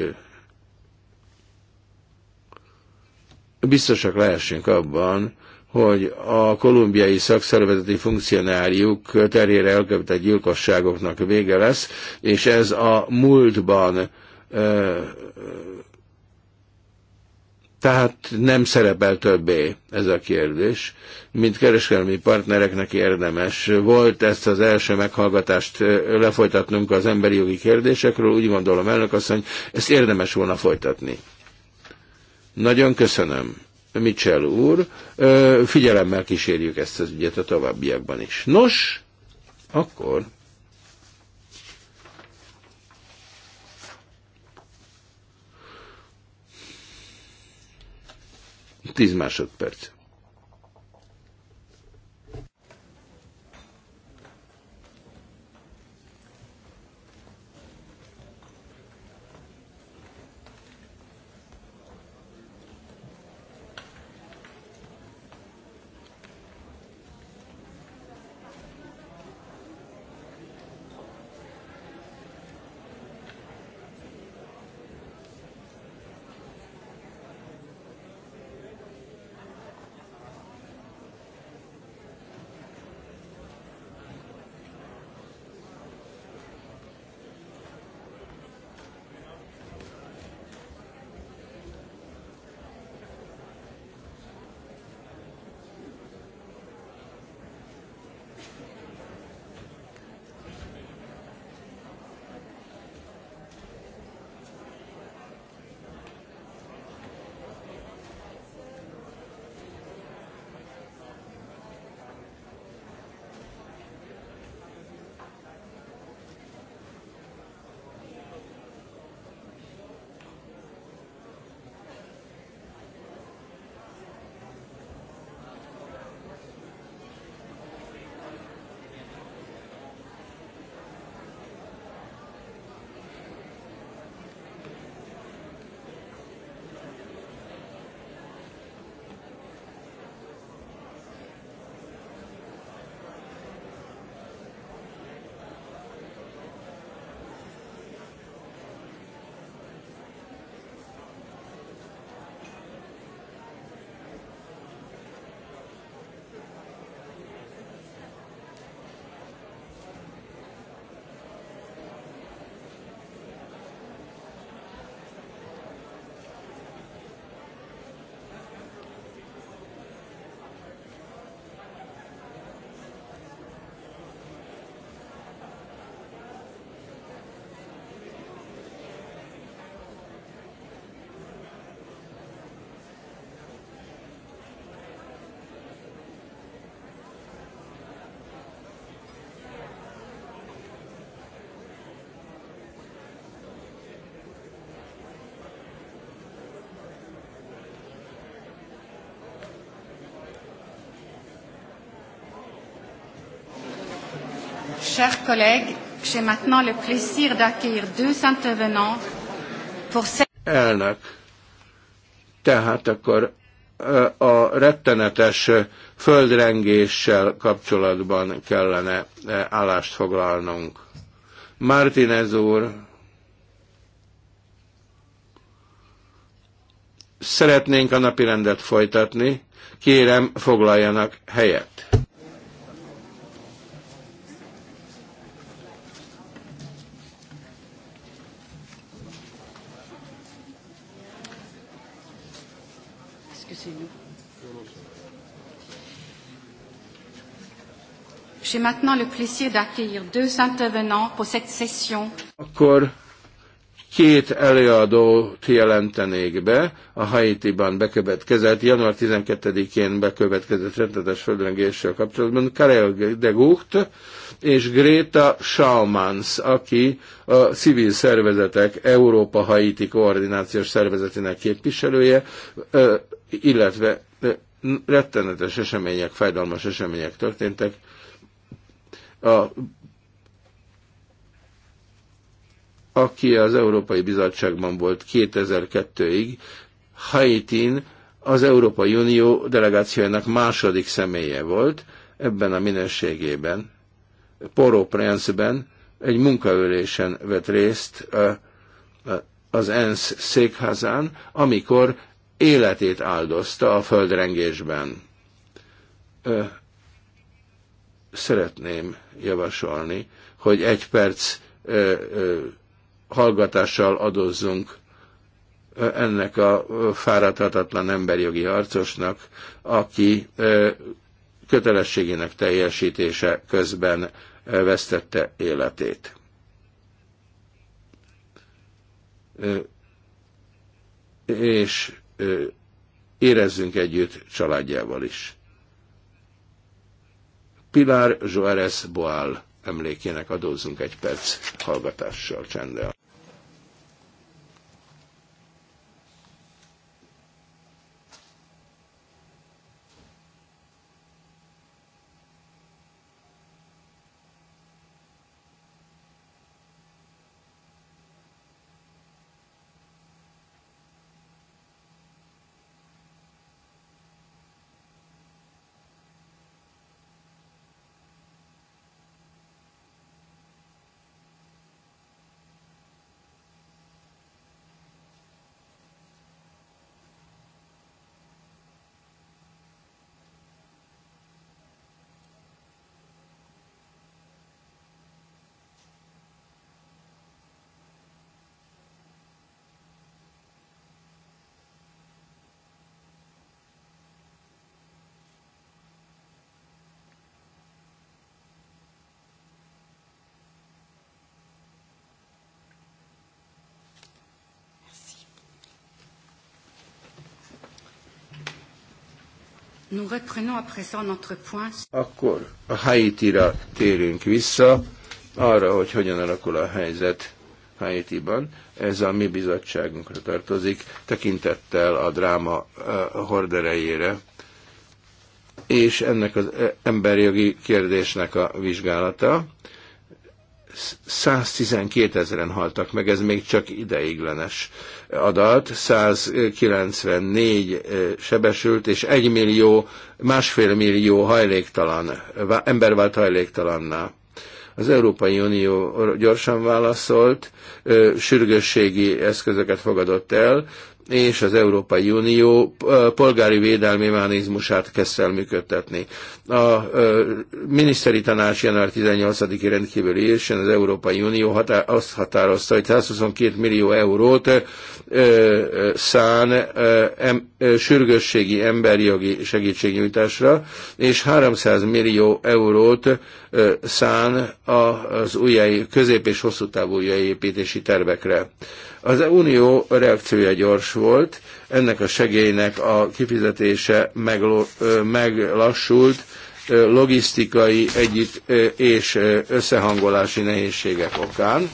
biztosak lehessünk abban, hogy a kolumbiai szakszervezeti funkcionáriuk terhére elkövetett gyilkosságoknak vége lesz, és ez a múltban ö, tehát nem szerepel többé ez a kérdés. Mint kereskedelmi partnereknek érdemes volt ezt az első meghallgatást lefolytatnunk az emberi jogi kérdésekről, úgy gondolom elnök asszony, ezt érdemes volna folytatni. Nagyon köszönöm, Mitchell úr. Figyelemmel kísérjük ezt az ügyet a továbbiakban is. Nos, akkor... Tíz másodperc. Chers collègues, j'ai maintenant le plaisir d'accueillir deux intervenants pour cette... Elnök. Tehát akkor a rettenetes földrengéssel kapcsolatban kellene állást foglalnunk. Martinez úr, szeretnénk a napi rendet folytatni, kérem foglaljanak helyet. J'ai maintenant le plaisir d'accueillir deux intervenants pour cette session. Akkor két előadót jelentenék be a Haiti-ban bekövetkezett, január 12-én bekövetkezett rendetes földrengéssel kapcsolatban, Karel de Gucht és Greta Schaumans, aki a civil szervezetek Európa Haiti koordinációs szervezetének képviselője, illetve rettenetes események, fájdalmas események történtek a, aki az Európai Bizottságban volt 2002-ig, Haitin az Európai Unió delegációjának második személye volt, ebben a minőségében, Poroprenzben egy munkaülésen vett részt az ENSZ székházán, amikor életét áldozta a földrengésben szeretném javasolni, hogy egy perc ö, ö, hallgatással adozzunk ennek a fáradhatatlan emberjogi harcosnak, aki ö, kötelességének teljesítése közben vesztette életét. És érezzünk együtt családjával is. Pilar Joares Boal emlékének adózzunk egy perc hallgatással, csenddel. Akkor a Haitira térünk vissza, arra, hogy hogyan alakul a helyzet Haitiban. Ez a mi bizottságunkra tartozik, tekintettel a dráma horderejére, és ennek az emberjogi kérdésnek a vizsgálata. 112 ezeren haltak meg, ez még csak ideiglenes adat, 194 eh, sebesült, és 1 millió, másfél millió hajléktalan, ember vált hajléktalanná. Az Európai Unió gyorsan válaszolt, eh, sürgősségi eszközöket fogadott el, és az Európai Unió polgári védelmi mechanizmusát kezd el működtetni. A miniszteri tanács január 18-i rendkívüli ülésen az Európai Unió hatá- azt határozta, hogy 122 millió eurót szán sürgősségi emberjogi segítségnyújtásra, és 300 millió eurót szán az újjai, közép- és hosszú távú építési tervekre. Az Unió reakciója gyors volt, ennek a segélynek a kifizetése meglassult, logisztikai együtt és összehangolási nehézségek okán.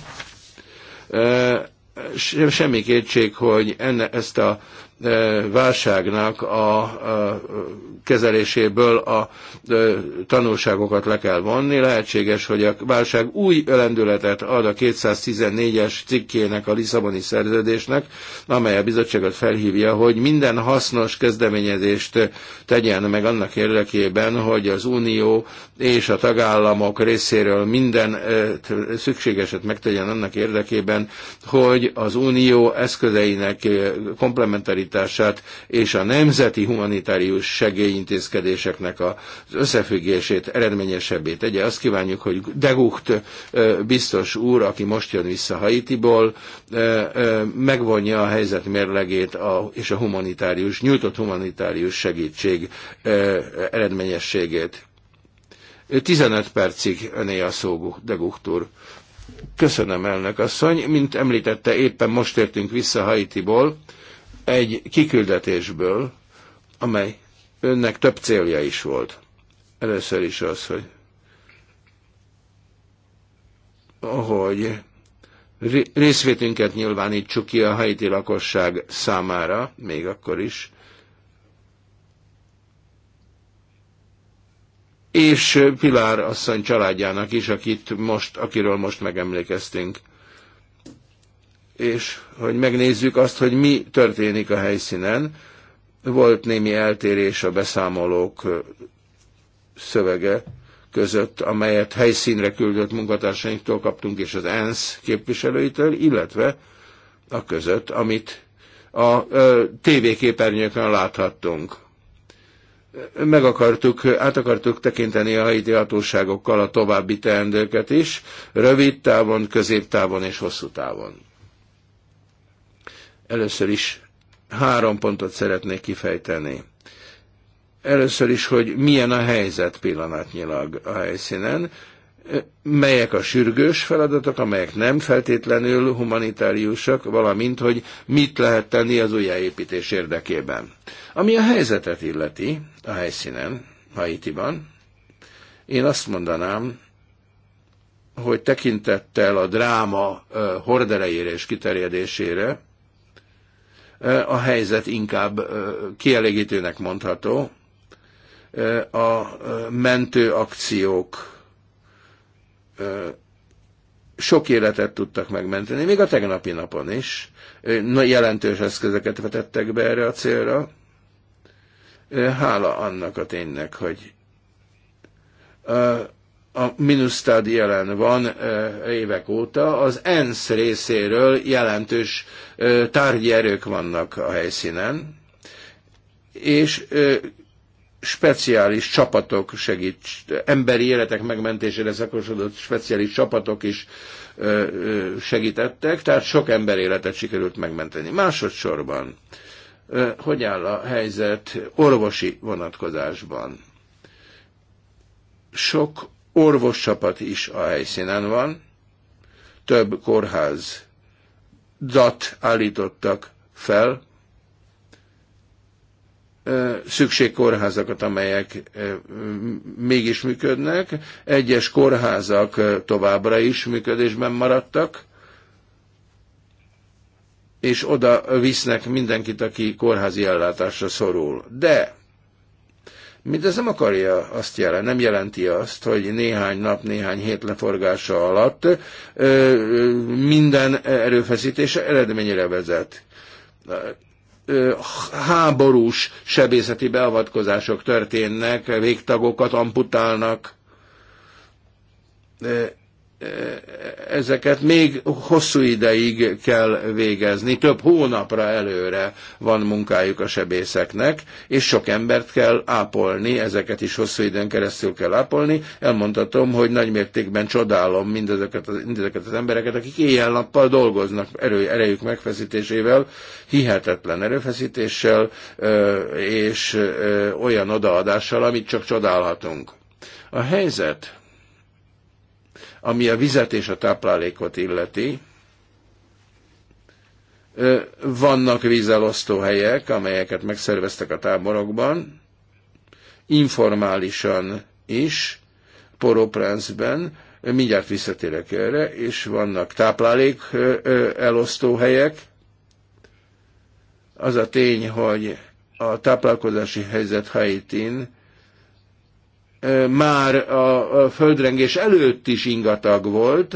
Semmi kétség, hogy enne, ezt a válságnak a kezeléséből a tanulságokat le kell vonni. Lehetséges, hogy a válság új ölendületet ad a 214-es cikkének a Lisszaboni szerződésnek, amely a bizottságot felhívja, hogy minden hasznos kezdeményezést tegyen meg annak érdekében, hogy az Unió és a tagállamok részéről minden szükségeset megtegyen annak érdekében, hogy az Unió eszközeinek komplementari megvalósítását és a nemzeti humanitárius segélyintézkedéseknek az összefüggését eredményesebbé tegye. Azt kívánjuk, hogy Degucht biztos úr, aki most jön vissza Haitiból, megvonja a helyzet mérlegét a, és a humanitárius, nyújtott humanitárius segítség eredményességét. 15 percig öné a szó, Degucht úr. Köszönöm, elnök asszony. Mint említette, éppen most értünk vissza Haitiból, egy kiküldetésből, amely önnek több célja is volt. Először is az, hogy ahogy részvétünket nyilvánítsuk ki a haiti lakosság számára, még akkor is, és Pilár asszony családjának is, akit most, akiről most megemlékeztünk és hogy megnézzük azt, hogy mi történik a helyszínen. Volt némi eltérés a beszámolók szövege között, amelyet helyszínre küldött munkatársainktól kaptunk, és az ENSZ képviselőitől, illetve a között, amit a tévéképernyőkön láthattunk. Meg akartuk, át akartuk tekinteni a helyi hatóságokkal a további teendőket is, rövid távon, középtávon és hosszú távon. Először is három pontot szeretnék kifejteni. Először is, hogy milyen a helyzet pillanatnyilag a helyszínen, melyek a sürgős feladatok, amelyek nem feltétlenül humanitáriusak, valamint, hogy mit lehet tenni az újjáépítés érdekében. Ami a helyzetet illeti a helyszínen, Haitiban, én azt mondanám, hogy tekintettel a dráma horderejére és kiterjedésére, a helyzet inkább kielégítőnek mondható. A mentő akciók sok életet tudtak megmenteni, még a tegnapi napon is. Jelentős eszközöket vetettek be erre a célra. Hála annak a ténynek, hogy a Minusztad jelen van évek óta, az ENSZ részéről jelentős tárgyi erők vannak a helyszínen, és speciális csapatok segít, emberi életek megmentésére szakosodott speciális csapatok is segítettek, tehát sok ember életet sikerült megmenteni. Másodszorban, hogy áll a helyzet orvosi vonatkozásban? Sok orvoscsapat is a helyszínen van, több kórház dat állítottak fel, szükségkórházakat, amelyek mégis működnek, egyes kórházak továbbra is működésben maradtak, és oda visznek mindenkit, aki kórházi ellátásra szorul. De Mindez nem akarja azt jelenti, nem jelenti azt, hogy néhány nap, néhány hét leforgása alatt minden erőfeszítése eredményre vezet háborús sebészeti beavatkozások történnek, végtagokat amputálnak ezeket még hosszú ideig kell végezni, több hónapra előre van munkájuk a sebészeknek, és sok embert kell ápolni, ezeket is hosszú időn keresztül kell ápolni. Elmondhatom, hogy nagymértékben csodálom mindezeket, az, mindezeket az embereket, akik éjjel-nappal dolgoznak erő, erejük megfeszítésével, hihetetlen erőfeszítéssel és olyan odaadással, amit csak csodálhatunk. A helyzet ami a vizet és a táplálékot illeti, vannak vízelosztó helyek, amelyeket megszerveztek a táborokban, informálisan is, Poroprenzben, mindjárt visszatérek erre, és vannak táplálék elosztó helyek. Az a tény, hogy a táplálkozási helyzet Haitin már a földrengés előtt is ingatag volt,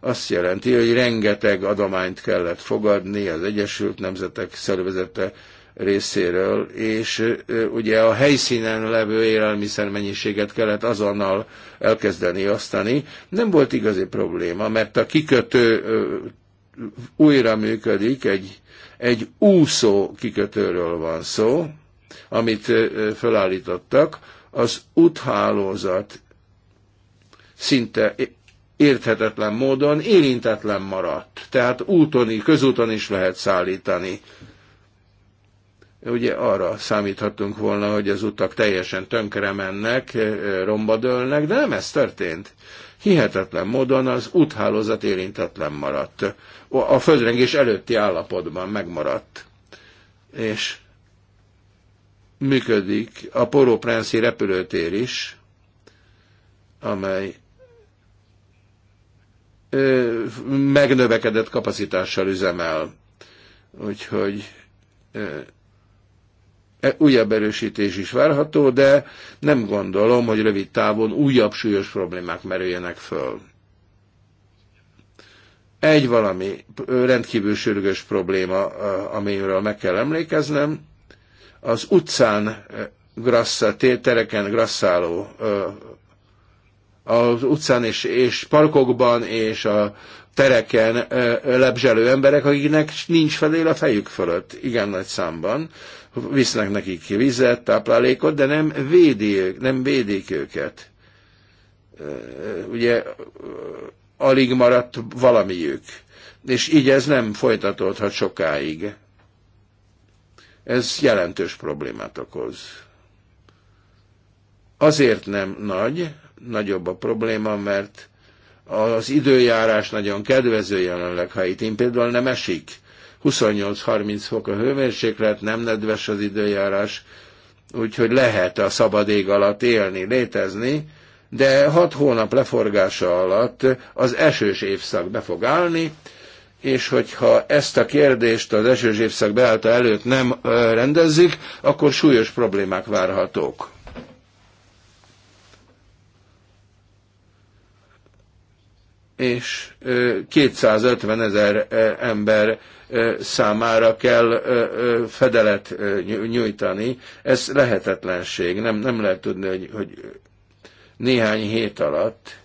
azt jelenti, hogy rengeteg adományt kellett fogadni az Egyesült Nemzetek Szervezete részéről, és ugye a helyszínen levő élelmiszer mennyiséget kellett azonnal elkezdeni osztani. Nem volt igazi probléma, mert a kikötő újra működik, egy, egy úszó kikötőről van szó, amit felállítottak az úthálózat szinte érthetetlen módon érintetlen maradt. Tehát úton, közúton is lehet szállítani. Ugye arra számíthatunk volna, hogy az utak teljesen tönkre mennek, eh, romba dőlnek, de nem ez történt. Hihetetlen módon az úthálózat érintetlen maradt. A földrengés előtti állapotban megmaradt. És működik a poró repülőtér is, amely megnövekedett kapacitással üzemel. Úgyhogy e, újabb erősítés is várható, de nem gondolom, hogy rövid távon újabb súlyos problémák merüljenek föl. Egy valami rendkívül sürgős probléma, amiről meg kell emlékeznem, az utcán eh, grassza, tereken grasszáló, eh, az utcán és, és parkokban és a tereken eh, lebzselő emberek, akiknek nincs felél a fejük fölött, igen nagy számban, visznek nekik vizet, táplálékot, de nem, védi, nem védik őket. Ugye alig maradt valamiük, és így ez nem folytatódhat sokáig. Ez jelentős problémát okoz. Azért nem nagy, nagyobb a probléma, mert az időjárás nagyon kedvező jelenleg Haitin, például nem esik. 28-30 fok a hőmérséklet, nem nedves az időjárás, úgyhogy lehet a szabad ég alatt élni, létezni, de hat hónap leforgása alatt az esős évszak be fog állni, és hogyha ezt a kérdést az esős évszak beállta előtt nem rendezzük, akkor súlyos problémák várhatók. és 250 ezer ember számára kell fedelet nyújtani. Ez lehetetlenség. Nem, nem lehet tudni, hogy, hogy néhány hét alatt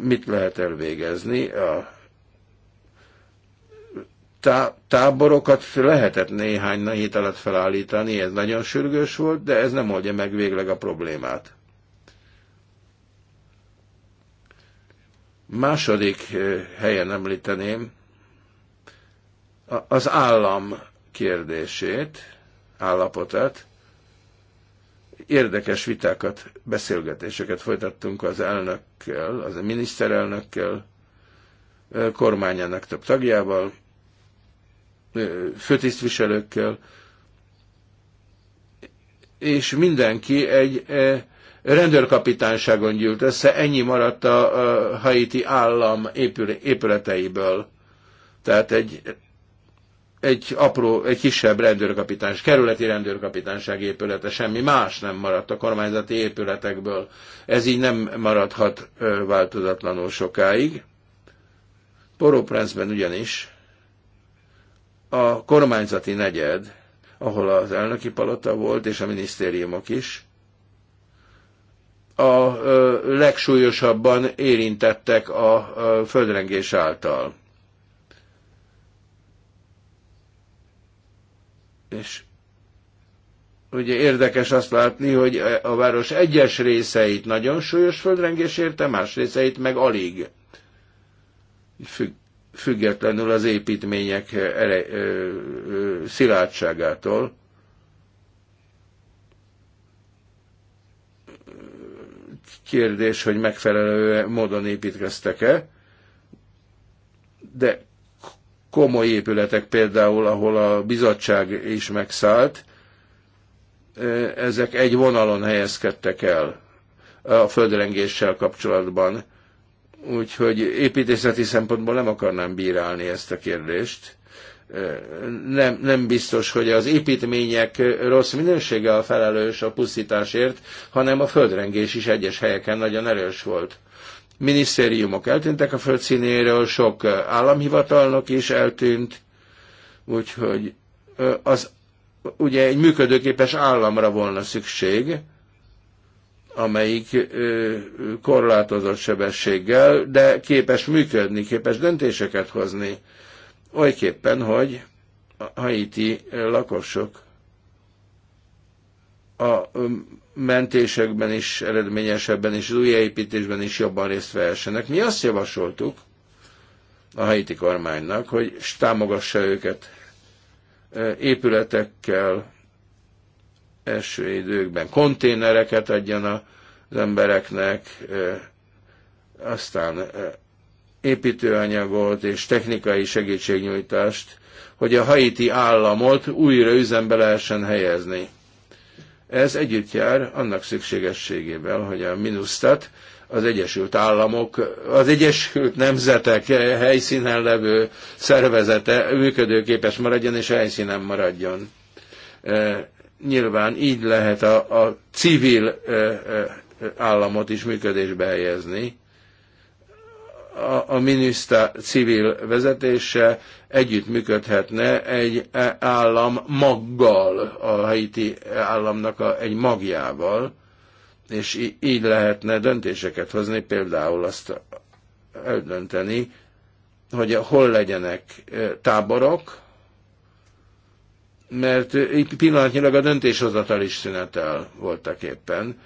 mit lehet elvégezni a tá- táborokat lehetett néhány hét alatt felállítani, ez nagyon sürgős volt, de ez nem oldja meg végleg a problémát. Második eh, helyen említeném az állam kérdését, állapotát. Érdekes vitákat, beszélgetéseket folytattunk az elnökkel, az a miniszterelnökkel, eh, kormányának több tagjával, főtisztviselőkkel, és mindenki egy rendőrkapitányságon gyűlt össze, ennyi maradt a haiti állam épületeiből. Tehát egy, egy apró, egy kisebb rendőrkapitányság, kerületi rendőrkapitányság épülete, semmi más nem maradt a kormányzati épületekből. Ez így nem maradhat változatlanul sokáig. Poró ugyanis a kormányzati negyed, ahol az elnöki palota volt, és a minisztériumok is, a legsúlyosabban érintettek a földrengés által. És ugye érdekes azt látni, hogy a város egyes részeit nagyon súlyos földrengés érte, más részeit meg alig. Függ, függetlenül az építmények ere, ö, ö, szilárdságától. Kérdés, hogy megfelelő módon építkeztek-e, de komoly épületek például, ahol a bizottság is megszállt, ezek egy vonalon helyezkedtek el a földrengéssel kapcsolatban Úgyhogy építészeti szempontból nem akarnám bírálni ezt a kérdést. Nem, nem biztos, hogy az építmények rossz minősége a felelős a pusztításért, hanem a földrengés is egyes helyeken nagyon erős volt minisztériumok eltűntek a földszínéről, sok államhivatalnok is eltűnt, úgyhogy az ugye egy működőképes államra volna szükség, amelyik korlátozott sebességgel, de képes működni, képes döntéseket hozni. Olyképpen, hogy a haiti lakosok a mentésekben is, eredményesebben és az újjáépítésben is jobban részt vehessenek. Mi azt javasoltuk a haiti kormánynak, hogy támogassa őket épületekkel, első időkben konténereket adjon az embereknek, aztán építőanyagot és technikai segítségnyújtást, hogy a haiti államot újra üzembe lehessen helyezni. Ez együtt jár annak szükségességével, hogy a minusztat az Egyesült Államok, az Egyesült Nemzetek helyszínen levő szervezete működőképes maradjon és helyszínen maradjon nyilván így lehet a, a civil ö, ö, államot is működésbe helyezni. A, a miniszter civil vezetése együtt működhetne egy e, állam maggal, a haiti államnak a, egy magjával, és így lehetne döntéseket hozni, például azt eldönteni, hogy hol legyenek táborok, mert pillanatnyilag a döntéshozatal is szünetel voltak éppen.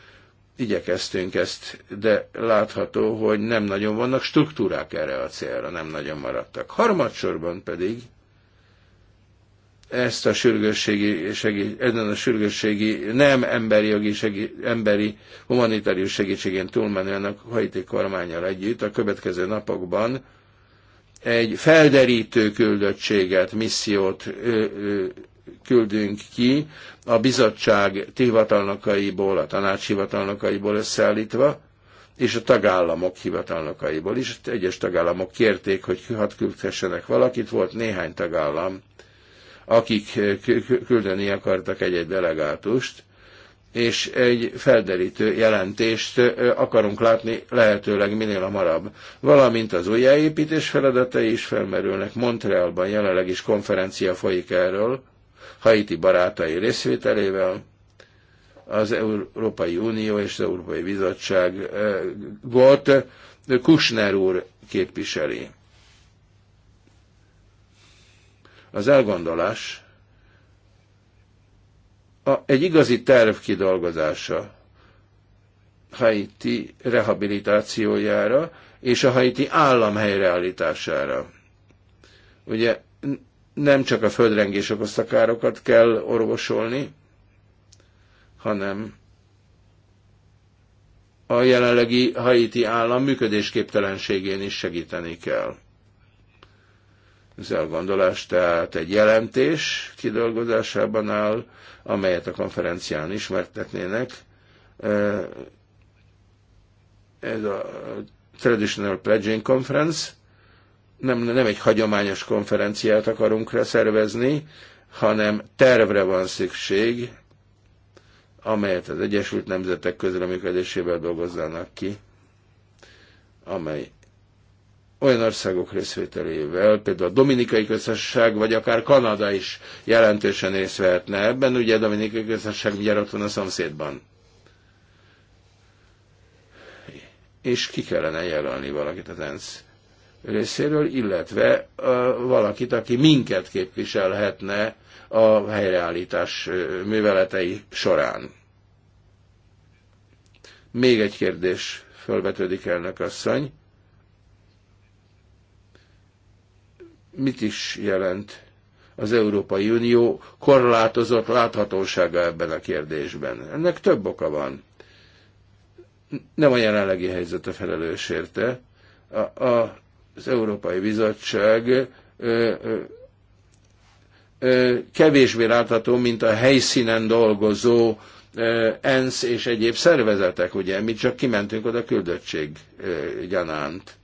Igyekeztünk ezt, de látható, hogy nem nagyon vannak struktúrák erre a célra, nem nagyon maradtak. Harmadsorban pedig ezt a sürgősségi segí, ezen a sürgősségi, nem emberi jogi segí, emberi humanitárius segítségén túlmenően a haiti kormányjal együtt a következő napokban egy felderítő küldöttséget, missziót ö, ö, küldünk ki a bizottság hivatalnokaiból, a tanács hivatalnokaiból összeállítva, és a tagállamok hivatalnokaiból is. Egyes tagállamok kérték, hogy hadd küldhessenek valakit, volt néhány tagállam, akik küldeni akartak egy-egy delegátust, és egy felderítő jelentést akarunk látni lehetőleg minél hamarabb. Valamint az újjáépítés feladatai is felmerülnek. Montrealban jelenleg is konferencia folyik erről, Haiti barátai részvételével, az Európai Unió és az Európai Bizottság volt eh, Kushner úr képviseli. Az elgondolás a, egy igazi terv kidolgozása Haiti rehabilitációjára és a Haiti állam helyreállítására. Ugye nem csak a földrengés okozta károkat kell orvosolni, hanem a jelenlegi haiti állam működésképtelenségén is segíteni kell. Ez elgondolás tehát egy jelentés kidolgozásában áll, amelyet a konferencián ismertetnének. Ez a Traditional Pledging Conference, nem, nem egy hagyományos konferenciát akarunk szervezni, hanem tervre van szükség, amelyet az Egyesült Nemzetek közreműködésével dolgozzanak ki, amely olyan országok részvételével, például a Dominikai Köztársaság, vagy akár Kanada is jelentősen részt vehetne ebben, ugye a Dominikai Köztársaság mindjárt ott van a szomszédban. És ki kellene jelölni valakit az ENSZ részéről, illetve valakit, aki minket képviselhetne a helyreállítás műveletei során. Még egy kérdés felvetődik elnök asszony. Mit is jelent az Európai Unió korlátozott láthatósága ebben a kérdésben? Ennek több oka van. Nem a jelenlegi helyzet a felelős érte. A, a az Európai Bizottság kevésbé látható, mint a helyszínen dolgozó ENSZ és egyéb szervezetek, ugye, mi csak kimentünk oda küldöttség gyanánt.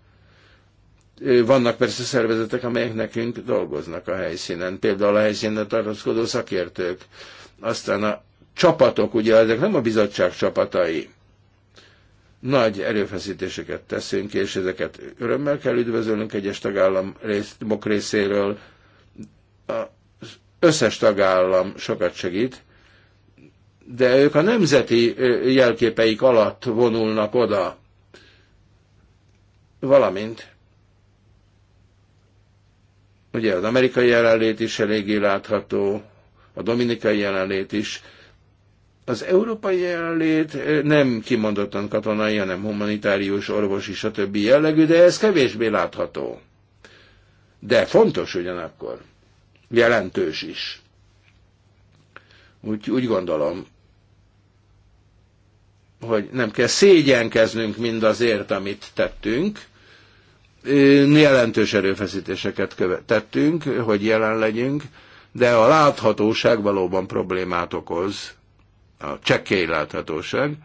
Vannak persze szervezetek, amelyek nekünk dolgoznak a helyszínen, például a helyszínen tartózkodó szakértők. Aztán a csapatok, ugye ezek nem a bizottság csapatai, nagy erőfeszítéseket teszünk, és ezeket örömmel kell üdvözölnünk egyes tagállamok részéről. Az összes tagállam sokat segít, de ők a nemzeti jelképeik alatt vonulnak oda, valamint ugye az amerikai jelenlét is eléggé látható, a dominikai jelenlét is, az európai jelenlét eh, nem kimondottan katonai, hanem humanitárius, orvosi, stb. jellegű, de ez kevésbé látható. De fontos ugyanakkor. Jelentős is. Úgy, úgy gondolom, hogy nem kell szégyenkeznünk mindazért, amit tettünk. Jelentős erőfeszítéseket tettünk, hogy jelen legyünk, de a láthatóság valóban problémát okoz a csekély láthatóság,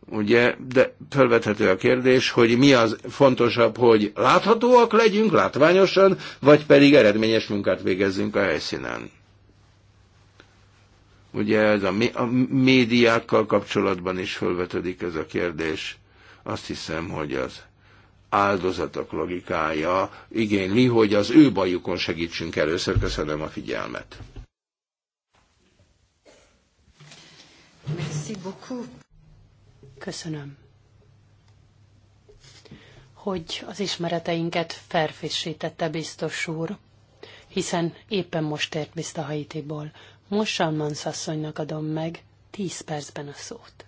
ugye, de felvethető a kérdés, hogy mi az fontosabb, hogy láthatóak legyünk látványosan, vagy pedig eredményes munkát végezzünk a helyszínen. Ugye ez a, a médiákkal kapcsolatban is felvetődik ez a kérdés. Azt hiszem, hogy az áldozatok logikája igényli, hogy az ő bajukon segítsünk először. Köszönöm a figyelmet. Merci beaucoup. Köszönöm. Hogy az ismereteinket felfrissítette biztos úr, hiszen éppen most ért vissza Haitiból. Most Salmansz asszonynak adom meg tíz percben a szót.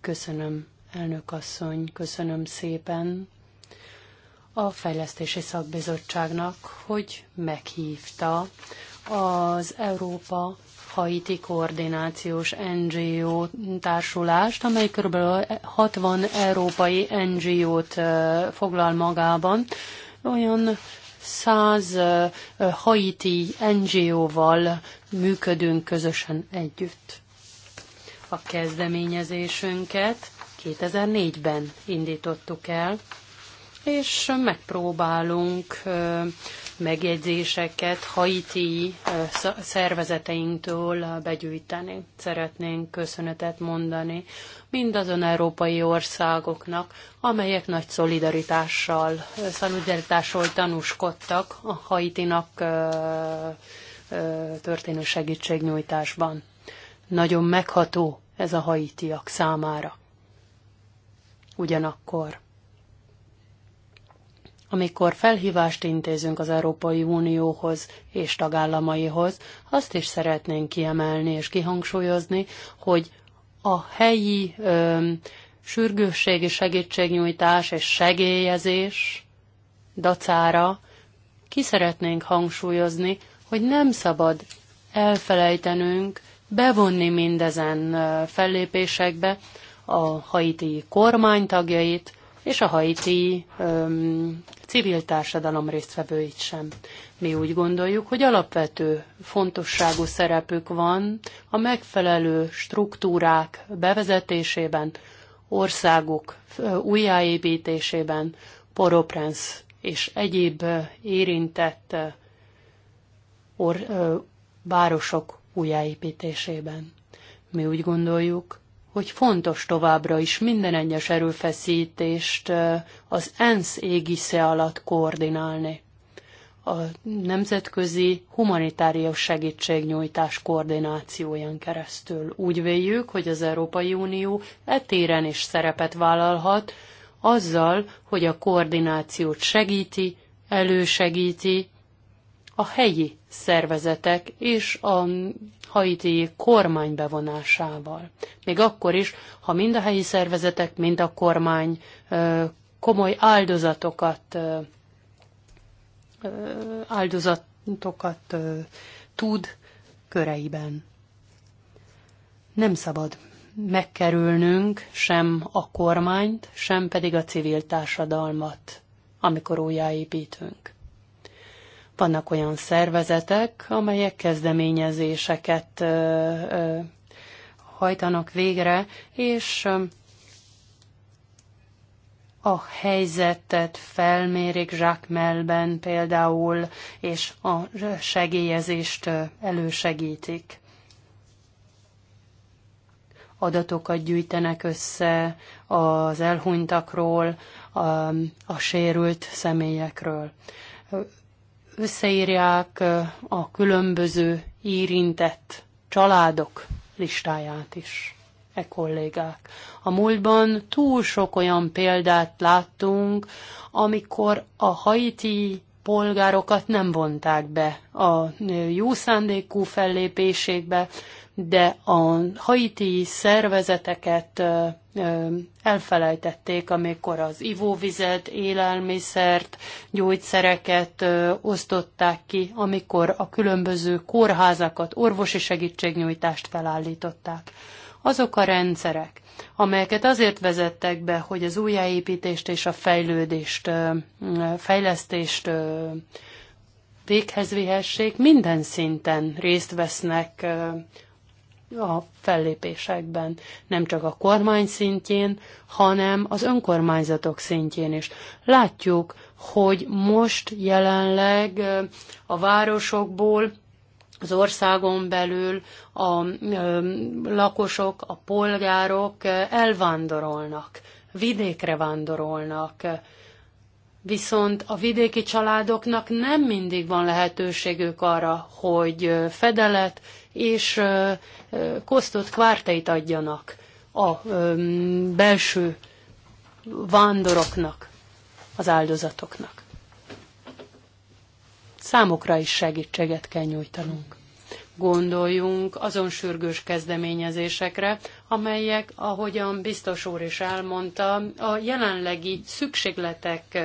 Köszönöm, elnök asszony, köszönöm szépen a Fejlesztési Szakbizottságnak, hogy meghívta az Európa Haiti koordinációs NGO társulást, amely kb. 60 európai NGO-t foglal magában. Olyan 100 haiti NGO-val működünk közösen együtt. A kezdeményezésünket 2004-ben indítottuk el, és megpróbálunk megjegyzéseket haiti szervezeteinktől begyűjteni. Szeretnénk köszönetet mondani mindazon európai országoknak, amelyek nagy szolidaritással, szolidaritásról tanúskodtak a haitinak történő segítségnyújtásban. Nagyon megható ez a haitiak számára. Ugyanakkor amikor felhívást intézünk az Európai Unióhoz és tagállamaihoz, azt is szeretnénk kiemelni és kihangsúlyozni, hogy a helyi ö, sürgősségi segítségnyújtás és segélyezés dacára ki szeretnénk hangsúlyozni, hogy nem szabad elfelejtenünk bevonni mindezen fellépésekbe a haiti kormánytagjait, és a haiti um, civil társadalom résztvevőit sem. Mi úgy gondoljuk, hogy alapvető fontosságú szerepük van a megfelelő struktúrák bevezetésében, országok újjáépítésében, Poroprens és egyéb érintett or, városok újjáépítésében. Mi úgy gondoljuk, hogy fontos továbbra is minden egyes erőfeszítést az ENSZ égisze alatt koordinálni. A nemzetközi humanitárius segítségnyújtás koordinációján keresztül úgy véljük, hogy az Európai Unió etéren is szerepet vállalhat, azzal, hogy a koordinációt segíti, elősegíti, a helyi szervezetek és a haiti kormány bevonásával. Még akkor is, ha mind a helyi szervezetek, mind a kormány komoly áldozatokat áldozatokat tud köreiben. Nem szabad megkerülnünk sem a kormányt, sem pedig a civil társadalmat, amikor újjáépítünk. Vannak olyan szervezetek, amelyek kezdeményezéseket hajtanak végre, és a helyzetet felmérik zsákmelben például, és a segélyezést elősegítik. Adatokat gyűjtenek össze az elhunytakról, a, a sérült személyekről összeírják a különböző érintett családok listáját is, e kollégák. A múltban túl sok olyan példát láttunk, amikor a haiti polgárokat nem vonták be a jó szándékú fellépésékbe, de a haiti szervezeteket elfelejtették, amikor az ivóvizet, élelmiszert, gyógyszereket osztották ki, amikor a különböző kórházakat, orvosi segítségnyújtást felállították. Azok a rendszerek, amelyeket azért vezettek be, hogy az újjáépítést és a fejlődést, fejlesztést véghez vihessék, minden szinten részt vesznek a fellépésekben, nem csak a kormány szintjén, hanem az önkormányzatok szintjén is. Látjuk, hogy most jelenleg a városokból, az országon belül a lakosok, a polgárok elvándorolnak, vidékre vándorolnak. Viszont a vidéki családoknak nem mindig van lehetőségük arra, hogy fedelet, és kosztott kvárteit adjanak a belső vándoroknak, az áldozatoknak. Számokra is segítséget kell nyújtanunk. Gondoljunk azon sürgős kezdeményezésekre, amelyek, ahogyan biztos úr is elmondta, a jelenlegi szükségletek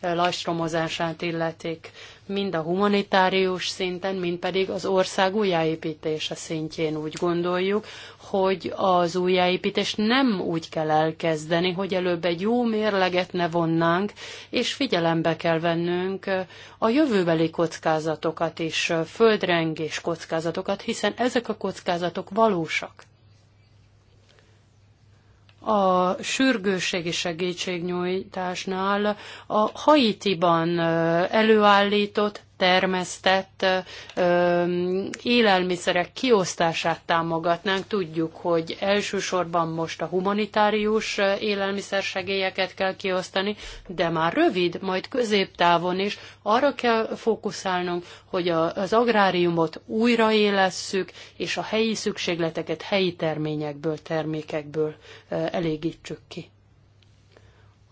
lajstromozását illetik mind a humanitárius szinten, mind pedig az ország újjáépítése szintjén úgy gondoljuk, hogy az újjáépítést nem úgy kell elkezdeni, hogy előbb egy jó mérleget ne vonnánk, és figyelembe kell vennünk a jövőbeli kockázatokat és földrengés kockázatokat, hiszen ezek a kockázatok valósak a sürgősségi segítségnyújtásnál a Haitiban előállított termesztett élelmiszerek kiosztását támogatnánk. Tudjuk, hogy elsősorban most a humanitárius élelmiszersegélyeket kell kiosztani, de már rövid, majd középtávon is arra kell fókuszálnunk, hogy az agráriumot újraélesszük, és a helyi szükségleteket helyi terményekből, termékekből elégítsük ki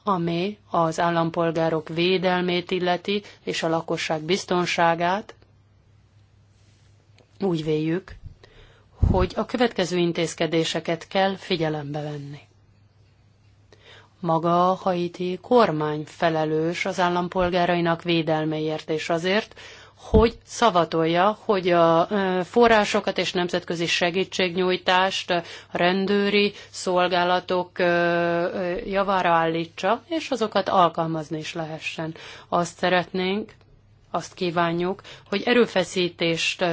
ami az állampolgárok védelmét illeti, és a lakosság biztonságát, úgy véljük, hogy a következő intézkedéseket kell figyelembe venni. Maga a haiti kormány felelős az állampolgárainak védelméért és azért, hogy szavatolja, hogy a forrásokat és nemzetközi segítségnyújtást a rendőri szolgálatok javára állítsa, és azokat alkalmazni is lehessen. Azt szeretnénk, azt kívánjuk, hogy erőfeszítést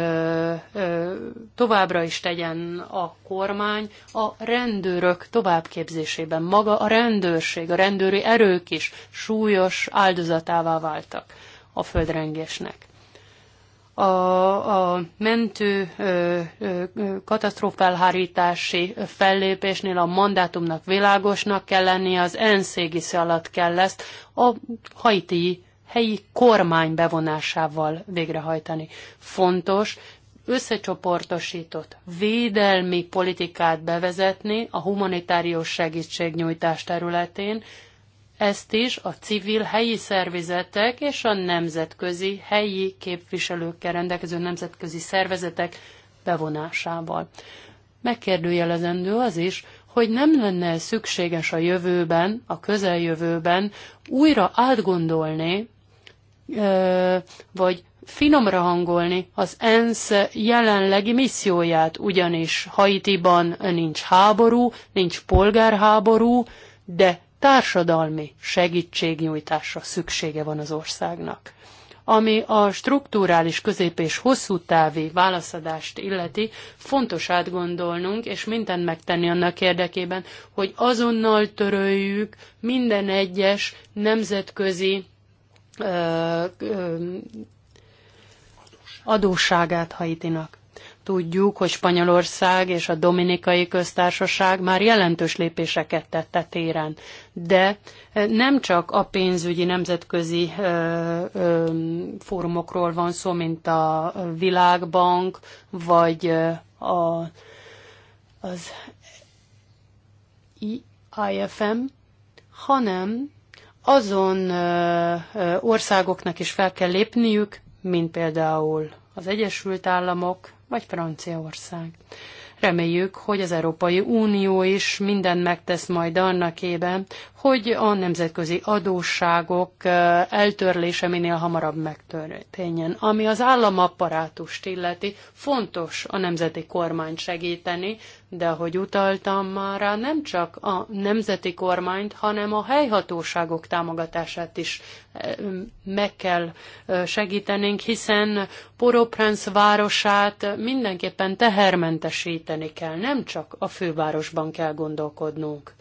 továbbra is tegyen a kormány a rendőrök továbbképzésében. Maga a rendőrség, a rendőri erők is súlyos áldozatává váltak a földrengésnek a, a mentő katasztrófelhárítási fellépésnél a mandátumnak világosnak kell lennie, az ENSZ alatt kell ezt a haiti helyi kormány bevonásával végrehajtani. Fontos, összecsoportosított védelmi politikát bevezetni a humanitárius segítségnyújtás területén, ezt is a civil helyi szervezetek és a nemzetközi helyi képviselőkkel rendelkező nemzetközi szervezetek bevonásával. Megkérdőjelezendő az is, hogy nem lenne szükséges a jövőben, a közeljövőben újra átgondolni, vagy finomra hangolni az ENSZ jelenlegi misszióját, ugyanis Haitiban nincs háború, nincs polgárháború, de társadalmi segítségnyújtásra szüksége van az országnak. Ami a strukturális közép és hosszú távi válaszadást illeti, fontos átgondolnunk és mindent megtenni annak érdekében, hogy azonnal töröljük minden egyes nemzetközi ö, ö, adósságát Haitinak. Tudjuk, hogy Spanyolország és a Dominikai Köztársaság már jelentős lépéseket tett a e téren, de eh, nem csak a pénzügyi nemzetközi ö, eh, ö, eh, fórumokról van szó, mint a Világbank, vagy a, az IFM, hanem azon országoknak is fel kell lépniük, mint például az Egyesült Államok, vagy Franciaország. Reméljük, hogy az Európai Unió is mindent megtesz majd annak ébe, hogy a nemzetközi adósságok eltörlése minél hamarabb megtörténjen. Ami az államapparátust illeti, fontos a nemzeti kormány segíteni, de ahogy utaltam már rá, nem csak a nemzeti kormányt, hanem a helyhatóságok támogatását is eh, meg kell eh, segítenünk, hiszen Poroprens városát mindenképpen tehermentesíteni kell, nem csak a fővárosban kell gondolkodnunk.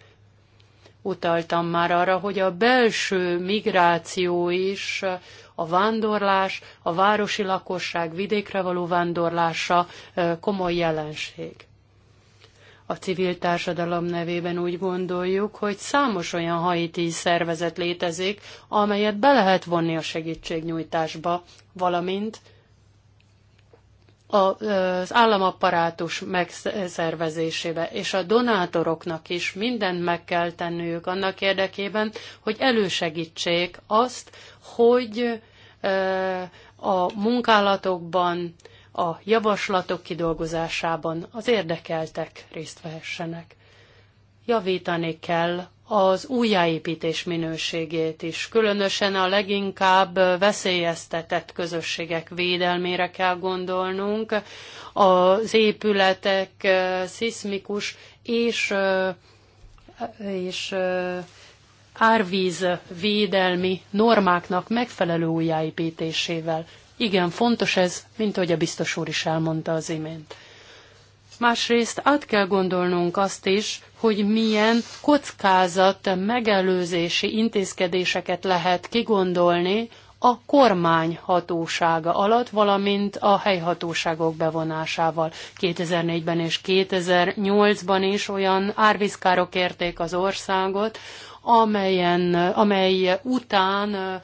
Utaltam már arra, hogy a belső migráció is a vándorlás, a városi lakosság vidékre való vándorlása eh, komoly jelenség a civil társadalom nevében úgy gondoljuk, hogy számos olyan haiti szervezet létezik, amelyet be lehet vonni a segítségnyújtásba, valamint az államapparátus megszervezésébe, és a donátoroknak is mindent meg kell tenniük annak érdekében, hogy elősegítsék azt, hogy a munkálatokban a javaslatok kidolgozásában az érdekeltek részt vehessenek. Javítani kell az újjáépítés minőségét is. Különösen a leginkább veszélyeztetett közösségek védelmére kell gondolnunk. Az épületek szismikus és, és árvíz védelmi normáknak megfelelő újjáépítésével igen, fontos ez, mint ahogy a biztos úr is elmondta az imént. Másrészt át kell gondolnunk azt is, hogy milyen kockázat megelőzési intézkedéseket lehet kigondolni a kormány hatósága alatt, valamint a helyhatóságok bevonásával. 2004-ben és 2008-ban is olyan árvízkárok érték az országot, amelyen, amely után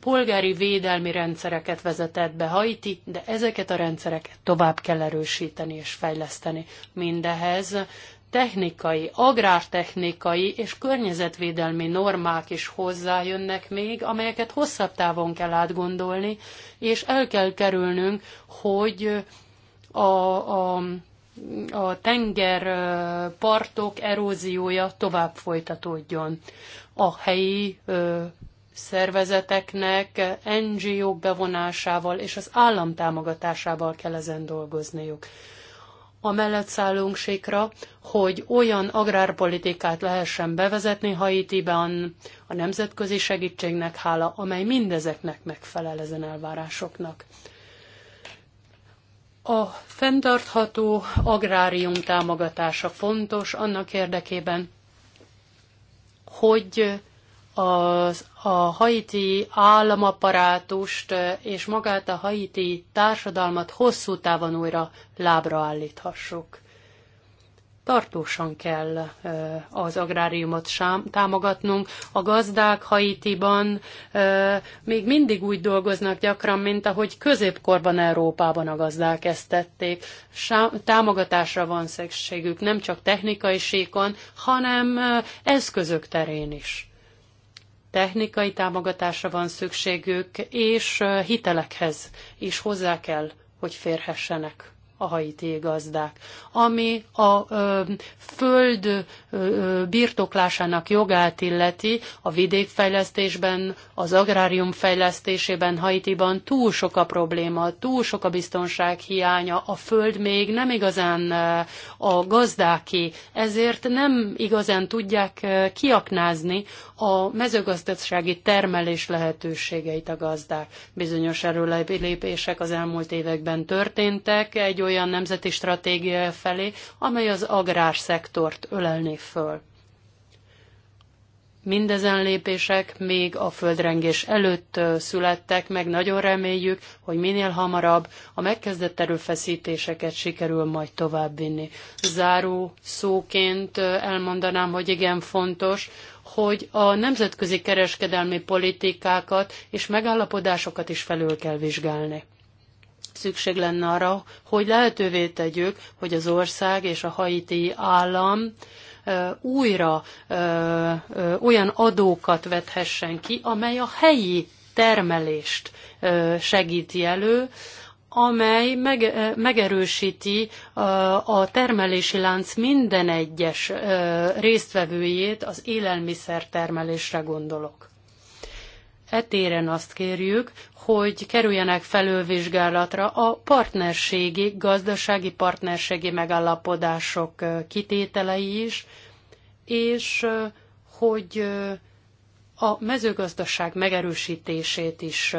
polgári védelmi rendszereket vezetett be Haiti, de ezeket a rendszereket tovább kell erősíteni és fejleszteni. Mindehez technikai, agrártechnikai és környezetvédelmi normák is hozzájönnek még, amelyeket hosszabb távon kell átgondolni, és el kell kerülnünk, hogy a, a a tengerpartok eróziója tovább folytatódjon. A helyi szervezeteknek, NGO-k bevonásával és az állam támogatásával kell ezen dolgozniuk. mellett szállunk sékra, hogy olyan agrárpolitikát lehessen bevezetni Haitiban a nemzetközi segítségnek hála, amely mindezeknek megfelel ezen elvárásoknak. A fenntartható agrárium támogatása fontos annak érdekében, hogy az, a haiti államaparátust és magát a haiti társadalmat hosszú távon újra lábra állíthassuk tartósan kell az agráriumot támogatnunk. A gazdák Haitiban még mindig úgy dolgoznak gyakran, mint ahogy középkorban Európában a gazdák ezt tették. Támogatásra van szükségük nem csak technikai síkon, hanem eszközök terén is. Technikai támogatásra van szükségük, és hitelekhez is hozzá kell, hogy férhessenek a haiti gazdák, ami a ö, föld ö, birtoklásának jogát illeti a vidékfejlesztésben, az agrárium fejlesztésében Haitiban túl sok a probléma, túl sok a biztonság hiánya, a föld még nem igazán a gazdáké, ezért nem igazán tudják kiaknázni a mezőgazdasági termelés lehetőségeit a gazdák. Bizonyos erőlépések az elmúlt években történtek, egy olyan olyan nemzeti stratégia felé, amely az agrárszektort ölelné föl. Mindezen lépések még a földrengés előtt születtek, meg nagyon reméljük, hogy minél hamarabb a megkezdett erőfeszítéseket sikerül majd továbbvinni. Záró szóként elmondanám, hogy igen fontos, hogy a nemzetközi kereskedelmi politikákat és megállapodásokat is felül kell vizsgálni szükség lenne arra, hogy lehetővé tegyük, hogy az ország és a haiti állam újra olyan adókat vethessen ki, amely a helyi termelést segíti elő, amely meg, megerősíti a termelési lánc minden egyes résztvevőjét, az élelmiszer termelésre gondolok. Etéren azt kérjük, hogy kerüljenek felülvizsgálatra a partnerségi, gazdasági partnerségi megállapodások kitételei is, és hogy a mezőgazdaság megerősítését is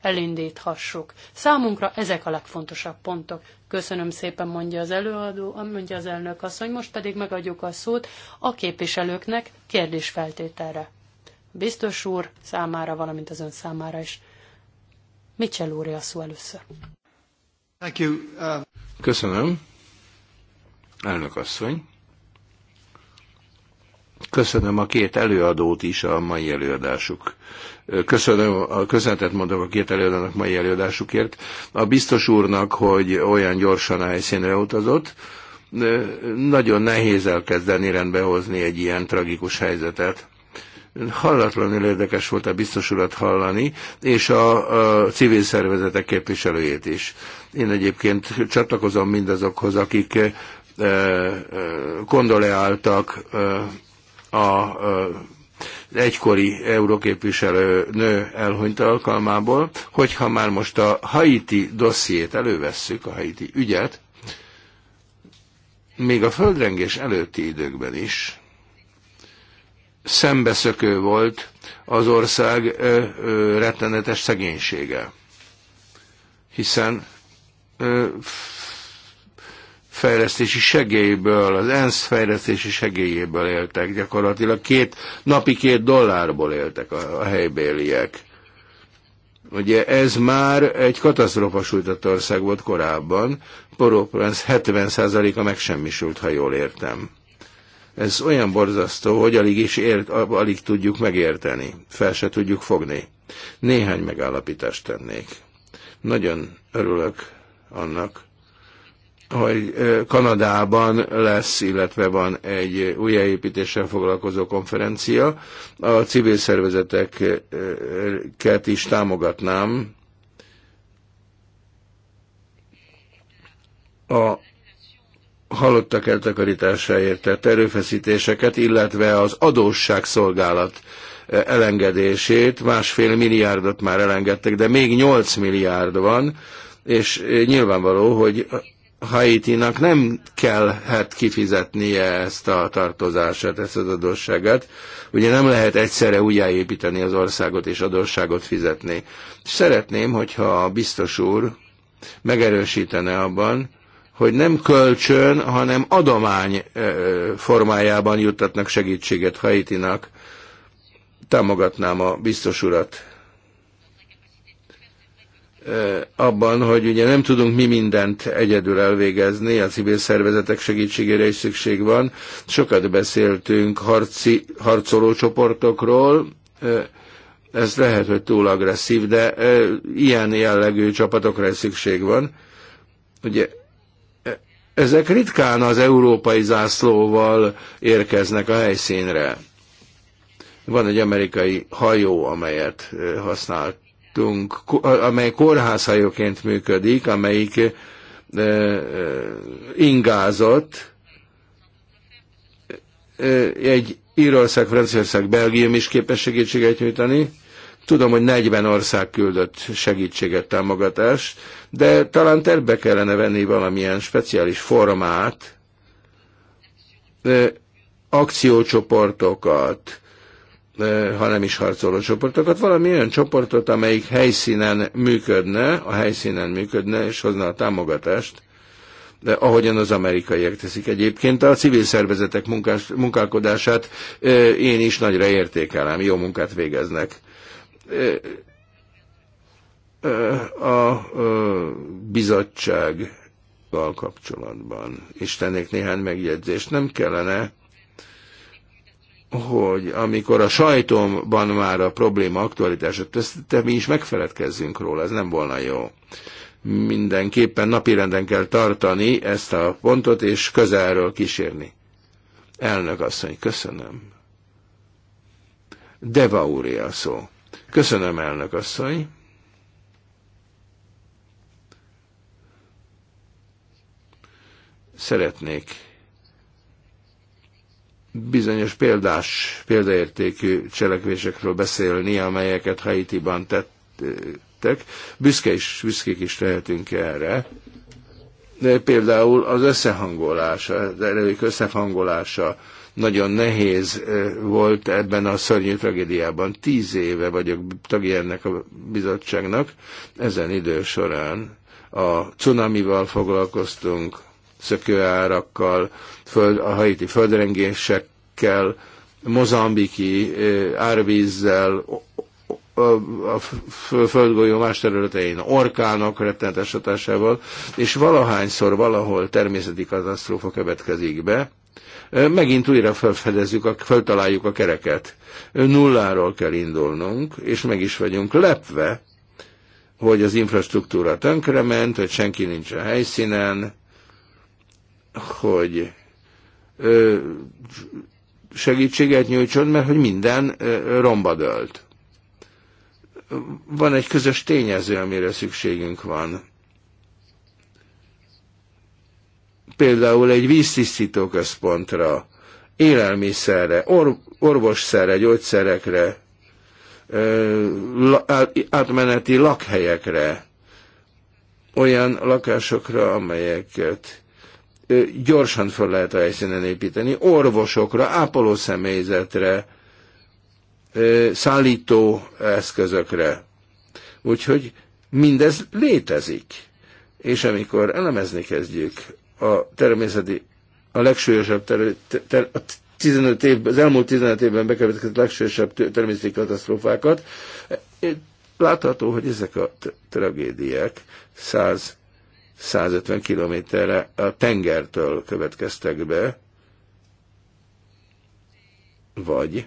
elindíthassuk. Számunkra ezek a legfontosabb pontok. Köszönöm szépen, mondja az előadó, mondja az elnök asszony, most pedig megadjuk a szót a képviselőknek kérdésfeltételre biztos úr számára, valamint az ön számára is. Mitchell úr a szó először. Thank you. Uh... Köszönöm, elnök asszony. Köszönöm a két előadót is a mai előadásuk. Köszönöm, a köszönetet mondok a két előadónak mai előadásukért. A biztos úrnak, hogy olyan gyorsan a helyszínre utazott, nagyon nehéz elkezdeni rendbehozni egy ilyen tragikus helyzetet hallatlanul érdekes volt a biztos urat hallani, és a, a civil szervezetek képviselőjét is. Én egyébként csatlakozom mindazokhoz, akik e, e, kondoleáltak e, a e, egykori euróképviselő nő elhunyt alkalmából, hogyha már most a haiti dossziét elővesszük, a haiti ügyet, még a földrengés előtti időkben is, szembeszökő volt az ország rettenetes szegénysége, hiszen fejlesztési segélyből, az ENSZ fejlesztési segélyéből éltek, gyakorlatilag két, napi két dollárból éltek a, a helybéliek. Ugye ez már egy katasztrofa sújtott ország volt korábban, Poroprans 70%-a megsemmisült, ha jól értem. Ez olyan borzasztó, hogy alig is ért, alig tudjuk megérteni, fel se tudjuk fogni. Néhány megállapítást tennék. Nagyon örülök annak, hogy Kanadában lesz, illetve van egy újjáépítéssel foglalkozó konferencia. A civil szervezeteket is támogatnám. A halottak eltakarításáért tett erőfeszítéseket, illetve az adósságszolgálat e, elengedését, másfél milliárdot már elengedtek, de még 8 milliárd van, és e, nyilvánvaló, hogy Haitinak nem kellhet kifizetnie ezt a tartozását, ezt az adósságát. Ugye nem lehet egyszerre újjáépíteni az országot és adósságot fizetni. Szeretném, hogyha a biztos úr megerősítene abban, hogy nem kölcsön, hanem adomány eh, formájában juttatnak segítséget Haitinak. Támogatnám a biztos urat eh, abban, hogy ugye nem tudunk mi mindent egyedül elvégezni, a civil szervezetek segítségére is szükség van. Sokat beszéltünk harci, harcoló csoportokról, eh, ez lehet, hogy túl agresszív, de ilyen jellegű csapatokra is szükség van. Ugye ezek ritkán az európai zászlóval érkeznek a helyszínre. Van egy amerikai hajó, amelyet használtunk, amely kórházhajóként működik, amelyik ingázott, egy Írország, Franciaország, Belgium is képes segítséget nyújtani, Tudom, hogy 40 ország küldött segítséget, támogatást, de talán terbe kellene venni valamilyen speciális formát, akciócsoportokat, ha nem is harcoló csoportokat, valami olyan csoportot, amelyik helyszínen működne, a helyszínen működne, és hozna a támogatást, de ahogyan az amerikaiak teszik egyébként. A civil szervezetek munkás, munkálkodását én is nagyra értékelem, jó munkát végeznek a bizottsággal kapcsolatban, és tennék néhány megjegyzést, nem kellene, hogy amikor a sajtomban már a probléma aktualitását teszte, mi is megfeledkezzünk róla, ez nem volna jó. Mindenképpen napirenden kell tartani ezt a pontot, és közelről kísérni. Elnök asszony, köszönöm. Deva úr szó. Köszönöm, elnök asszony. Szeretnék bizonyos példás, példaértékű cselekvésekről beszélni, amelyeket Haiti-ban tettek. Büszke is, büszkék is lehetünk erre. De például az összehangolása, az erők összehangolása, nagyon nehéz volt ebben a szörnyű tragédiában. Tíz éve vagyok tagja ennek a bizottságnak. Ezen idő során a cunamival foglalkoztunk, szökőárakkal, föld, a haiti földrengésekkel, mozambiki árvízzel, a földgolyó más területein orkánok rettenetes hatásával, és valahányszor valahol természeti katasztrófa következik be, megint újra felfedezzük, a, feltaláljuk a kereket. Nulláról kell indulnunk, és meg is vagyunk lepve, hogy az infrastruktúra tönkrement, hogy senki nincs a helyszínen, hogy ö, segítséget nyújtson, mert hogy minden ö, romba dölt. Van egy közös tényező, amire szükségünk van. például egy víztisztító központra, élelmiszerre, or, orvosszerre, gyógyszerekre, átmeneti lakhelyekre, olyan lakásokra, amelyeket gyorsan fel lehet a helyszínen építeni, orvosokra, ápoló személyzetre, szállító eszközökre. Úgyhogy mindez létezik. És amikor elemezni kezdjük a természeti, a legsúlyosabb ter, ter, a 15 év, az elmúlt 15 évben bekövetkezett legsúlyosabb természeti katasztrófákat. Látható, hogy ezek a tragédiák 100 150 kilométerre a tengertől következtek be, vagy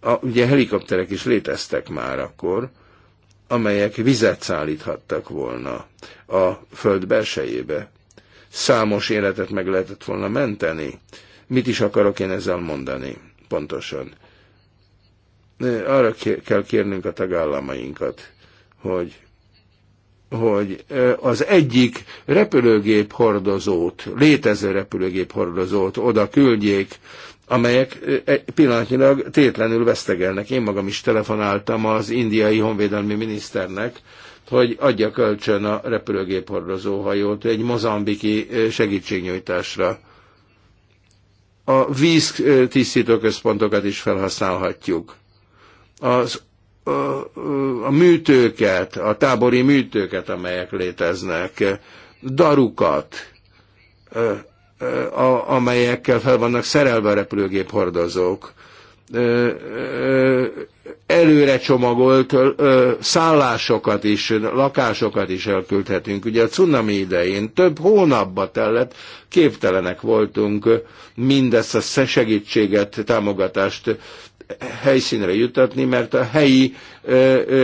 a, ugye helikopterek is léteztek már akkor, amelyek vizet szállíthattak volna a föld belsejébe. Számos életet meg lehetett volna menteni. Mit is akarok én ezzel mondani? Pontosan. Arra kell kérnünk a tagállamainkat, hogy hogy az egyik repülőgép hordozót, létező repülőgép hordozót oda küldjék amelyek pillanatnyilag tétlenül vesztegelnek. Én magam is telefonáltam az indiai honvédelmi miniszternek, hogy adja kölcsön a repülőgép hordozóhajót egy mozambiki segítségnyújtásra. A víz tisztító központokat is felhasználhatjuk. Az, a, a műtőket, a tábori műtőket, amelyek léteznek, darukat, a, amelyekkel fel vannak szerelve a repülőgép hordozók. Előre csomagolt szállásokat is, lakásokat is elküldhetünk. Ugye a cunami idején több hónapba tellett, képtelenek voltunk mindezt a segítséget, támogatást helyszínre jutatni, mert a helyi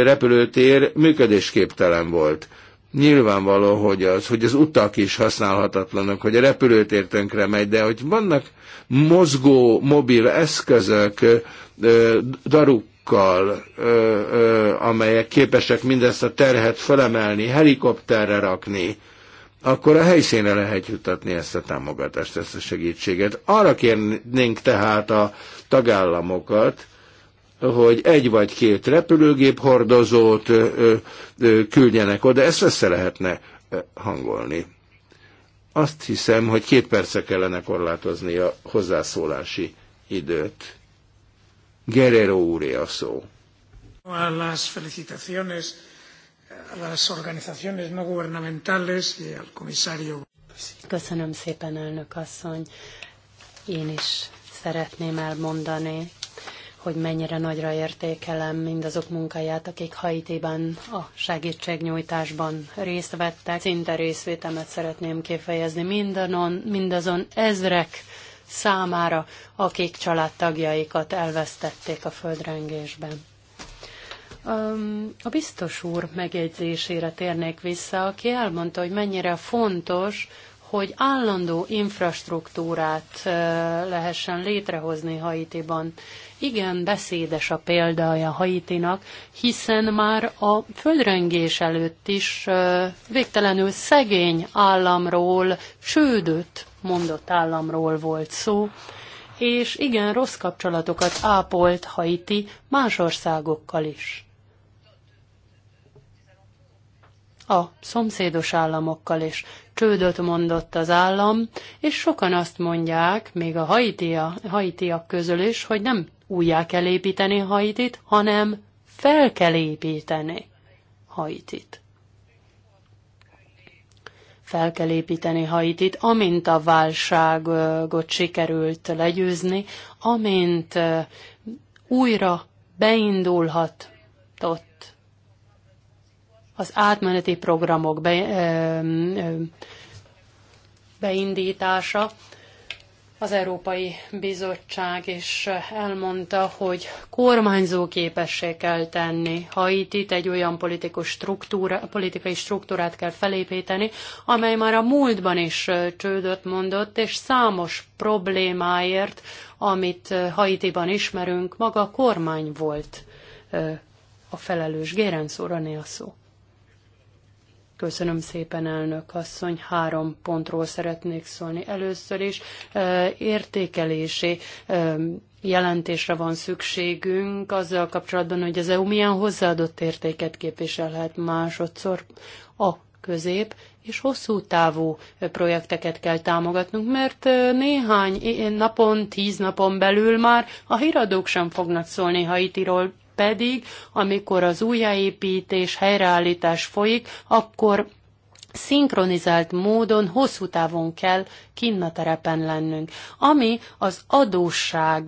repülőtér működésképtelen volt nyilvánvaló, hogy az, hogy az utak is használhatatlanok, hogy a repülőtér tönkre megy, de hogy vannak mozgó mobil eszközök, darukkal, amelyek képesek mindezt a terhet felemelni, helikopterre rakni, akkor a helyszínre lehet jutatni ezt a támogatást, ezt a segítséget. Arra kérnénk tehát a tagállamokat, hogy egy vagy két repülőgép hordozót küldjenek oda, ezt össze lehetne hangolni. Azt hiszem, hogy két perce kellene korlátozni a hozzászólási időt. Guerrero úré a szó. A las felicitaciones a las organizaciones no gubernamentales y al comisario. Köszönöm szépen, elnök asszony. Én is szeretném elmondani, hogy mennyire nagyra értékelem mindazok munkáját, akik Haitiban a segítségnyújtásban részt vettek. Szinte részvétemet szeretném kifejezni mindanon, mindazon ezrek számára, akik családtagjaikat elvesztették a földrengésben. A biztos úr megjegyzésére térnék vissza, aki elmondta, hogy mennyire fontos, hogy állandó infrastruktúrát lehessen létrehozni Haitiban. Igen, beszédes a példája Haitinak, hiszen már a földrengés előtt is végtelenül szegény államról, csődöt mondott államról volt szó, és igen, rossz kapcsolatokat ápolt Haiti más országokkal is. a szomszédos államokkal is. Csődöt mondott az állam, és sokan azt mondják, még a haitiak közül is, hogy nem újjá kell építeni Haitit, hanem fel kell építeni Haitit. Fel kell építeni Haitit, amint a válságot sikerült legyőzni, amint újra beindulhat ott az átmeneti programok be, beindítása. Az Európai Bizottság is elmondta, hogy kormányzó képessé kell tenni Haitit, egy olyan politikus struktúra, politikai struktúrát kell felépíteni, amely már a múltban is csődött mondott, és számos problémáért, amit Haitiban ismerünk, maga a kormány volt a felelős. Gérenc úr, a szó. Köszönöm szépen, elnök asszony. Három pontról szeretnék szólni. Először is értékelési jelentésre van szükségünk azzal kapcsolatban, hogy az EU milyen hozzáadott értéket képviselhet másodszor a közép és hosszú távú projekteket kell támogatnunk, mert néhány napon, tíz napon belül már a híradók sem fognak szólni Haitiról, pedig, amikor az újjáépítés, helyreállítás folyik, akkor szinkronizált módon hosszú távon kell kinn a terepen lennünk. Ami az adósság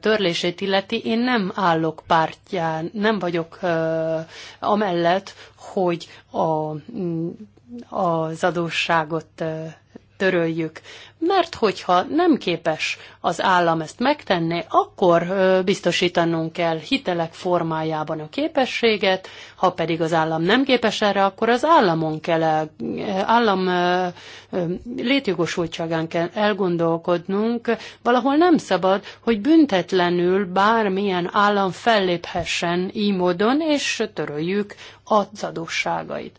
törlését illeti, én nem állok pártján, nem vagyok ö, amellett, hogy a, az adósságot töröljük, mert hogyha nem képes az állam ezt megtenni, akkor biztosítanunk kell hitelek formájában a képességet, ha pedig az állam nem képes erre, akkor az államon kell, állam létjogosultságán kell elgondolkodnunk. Valahol nem szabad, hogy büntetlenül bármilyen állam felléphessen így módon, és töröljük az adósságait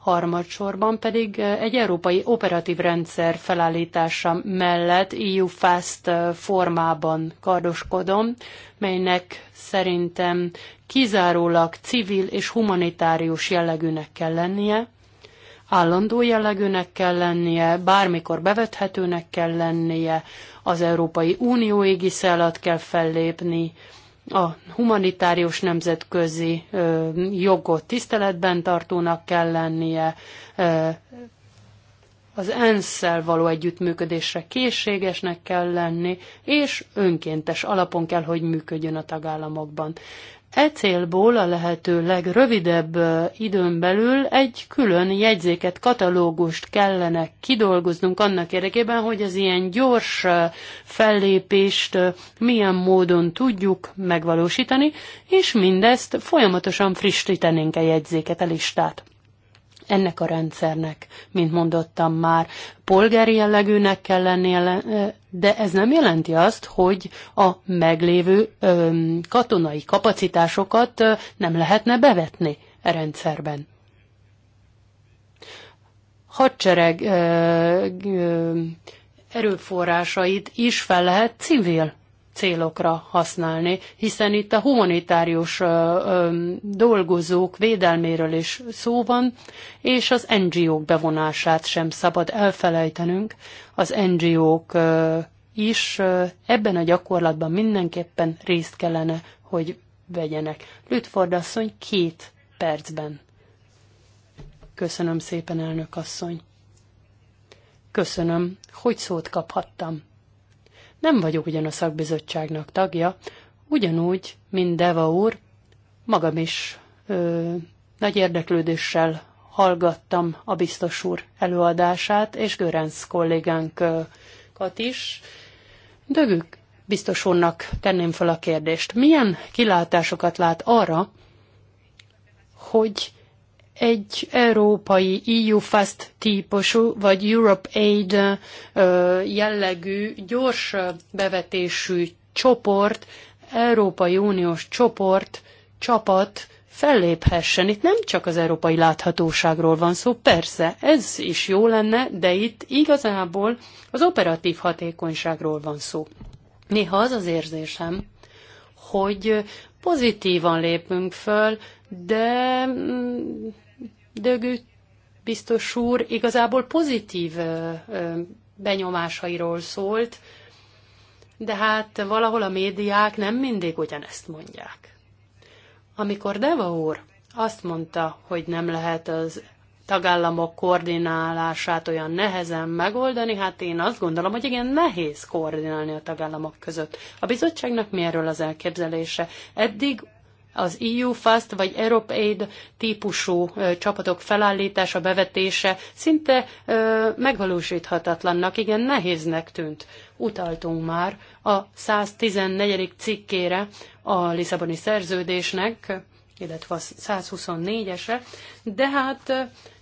harmadsorban pedig eh, egy európai operatív rendszer felállítása mellett EU Fast eh, formában kardoskodom, melynek szerintem kizárólag civil és humanitárius jellegűnek kell lennie, állandó jellegűnek kell lennie, bármikor bevethetőnek kell lennie, az Európai Unió égisze alatt kell fellépni, a humanitárius nemzetközi jogot tiszteletben tartónak kell lennie, az ensz való együttműködésre készségesnek kell lenni, és önkéntes alapon kell, hogy működjön a tagállamokban. E célból a lehető legrövidebb időn belül egy külön jegyzéket, katalógust kellene kidolgoznunk annak érdekében, hogy az ilyen gyors fellépést milyen módon tudjuk megvalósítani, és mindezt folyamatosan frissítenénk a jegyzéket, a listát ennek a rendszernek, mint mondottam már, polgári jellegűnek kell lennie, de ez nem jelenti azt, hogy a meglévő katonai kapacitásokat nem lehetne bevetni a e rendszerben. Hadsereg erőforrásait is fel lehet civil célokra használni, hiszen itt a humanitárius dolgozók védelméről is szó van, és az NGO-k bevonását sem szabad elfelejtenünk. Az NGO-k is ebben a gyakorlatban mindenképpen részt kellene, hogy vegyenek. Lütford asszony két percben. Köszönöm szépen, elnök asszony. Köszönöm, hogy szót kaphattam. Nem vagyok ugyan a szakbizottságnak tagja, ugyanúgy, mint Deva úr, magam is ö, nagy érdeklődéssel hallgattam a biztos úr előadását, és Görenc kollégánkat is. Dögük biztos úrnak tenném fel a kérdést. Milyen kilátásokat lát arra, hogy egy európai EU Fast típusú, vagy Europe Aid jellegű, gyors bevetésű csoport, Európai Uniós csoport, csapat felléphessen. Itt nem csak az európai láthatóságról van szó, persze, ez is jó lenne, de itt igazából az operatív hatékonyságról van szó. Néha az az érzésem, hogy pozitívan lépünk föl, de mm, Dögüt biztos úr igazából pozitív benyomásairól szólt, de hát valahol a médiák nem mindig ugyanezt mondják. Amikor Deva úr azt mondta, hogy nem lehet az tagállamok koordinálását olyan nehezen megoldani, hát én azt gondolom, hogy igen, nehéz koordinálni a tagállamok között. A bizottságnak mi erről az elképzelése? Eddig az EU Fast vagy Europe Aid típusú csapatok felállítása, bevetése szinte ö, megvalósíthatatlannak, igen nehéznek tűnt. Utaltunk már a 114. cikkére a Lisszaboni szerződésnek, illetve a 124-esre, de hát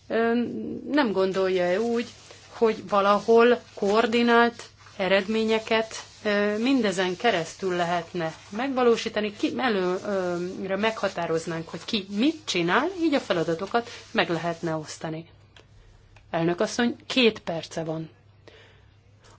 ö, nem gondolja -e úgy, hogy valahol koordinált eredményeket mindezen keresztül lehetne megvalósítani, ki előre meghatároznánk, hogy ki mit csinál, így a feladatokat meg lehetne osztani. Elnök asszony, két perce van.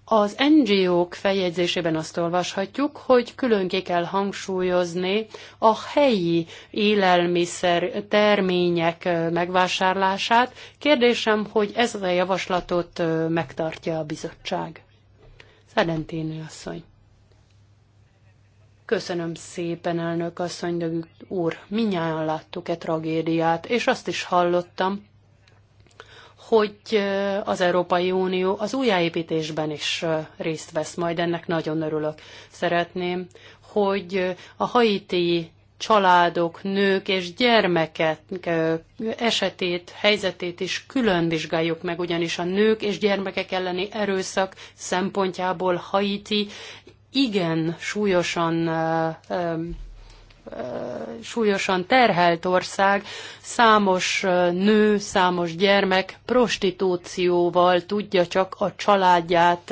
Az NGO-k feljegyzésében azt olvashatjuk, hogy külön ki kell hangsúlyozni a helyi élelmiszer termények megvásárlását. Kérdésem, hogy ez a javaslatot megtartja a bizottság. Fedenténő asszony. Köszönöm szépen, elnök asszony, de úr, minnyáján láttuk-e tragédiát, és azt is hallottam, hogy az Európai Unió az újjáépítésben is részt vesz majd, ennek nagyon örülök. Szeretném, hogy a haiti családok, nők és gyermekek esetét, helyzetét is külön vizsgáljuk meg, ugyanis a nők és gyermekek elleni erőszak szempontjából Haiti igen súlyosan súlyosan terhelt ország, számos nő, számos gyermek prostitúcióval tudja csak a családját,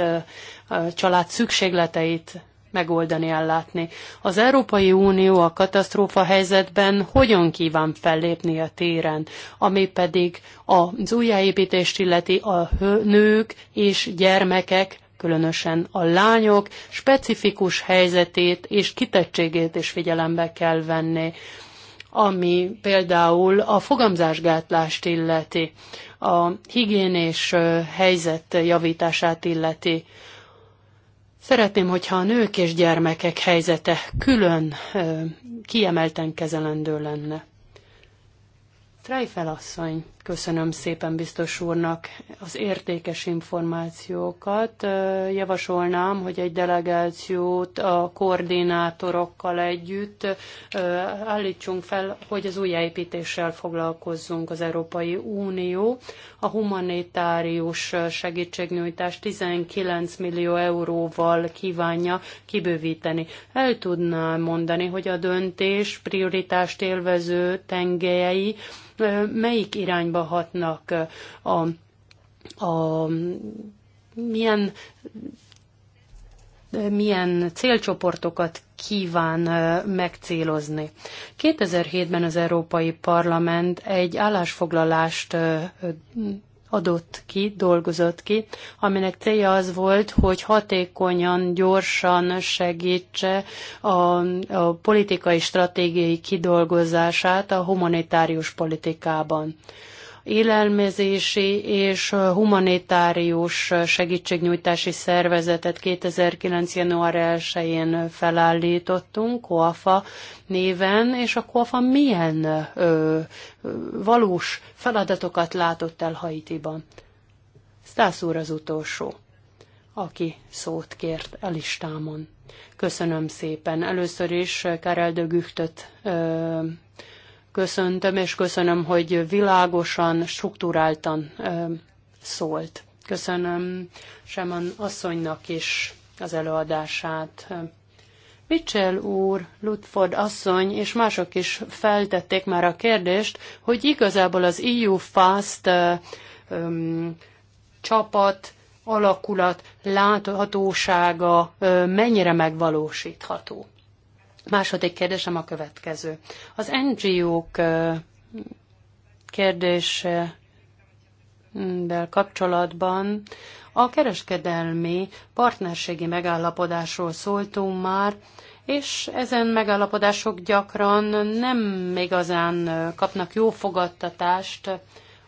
a család szükségleteit megoldani, ellátni. Az Európai Unió a katasztrófa helyzetben hogyan kíván fellépni a téren, ami pedig az újjáépítést illeti a nők és gyermekek különösen a lányok specifikus helyzetét és kitettségét is figyelembe kell venni, ami például a fogamzásgátlást illeti, a higiénés helyzet javítását illeti Szeretném, hogyha a nők és gyermekek helyzete külön kiemelten kezelendő lenne. Trejfel asszony, köszönöm szépen biztos úrnak az értékes információkat. Javasolnám, hogy egy delegációt a koordinátorokkal együtt állítsunk fel, hogy az újjáépítéssel foglalkozzunk az Európai Unió a humanitárius segítségnyújtást 19 millió euróval kívánja kibővíteni. El tudná mondani, hogy a döntés prioritást élvező tengelyei melyik irányba hatnak a, a milyen milyen célcsoportokat kíván megcélozni. 2007-ben az Európai Parlament egy állásfoglalást adott ki, dolgozott ki, aminek célja az volt, hogy hatékonyan, gyorsan segítse a, a politikai stratégiai kidolgozását a humanitárius politikában élelmezési és humanitárius segítségnyújtási szervezetet 2009. január 1-én felállítottunk, COAFA néven, és a COAFA milyen ö, valós feladatokat látott el Haitiban? Stász úr az utolsó, aki szót kért a listámon. Köszönöm szépen. Először is Karel de Güchtöt köszöntöm, és köszönöm, hogy világosan, struktúráltan szólt. Köszönöm Seman asszonynak is az előadását. Mitchell úr, Ludford asszony és mások is feltették már a kérdést, hogy igazából az EU Fast um, csapat, alakulat, láthatósága mennyire megvalósítható. Második kérdésem a következő. Az NGO-k kérdésével kapcsolatban a kereskedelmi partnerségi megállapodásról szóltunk már, és ezen megállapodások gyakran nem igazán kapnak jó fogadtatást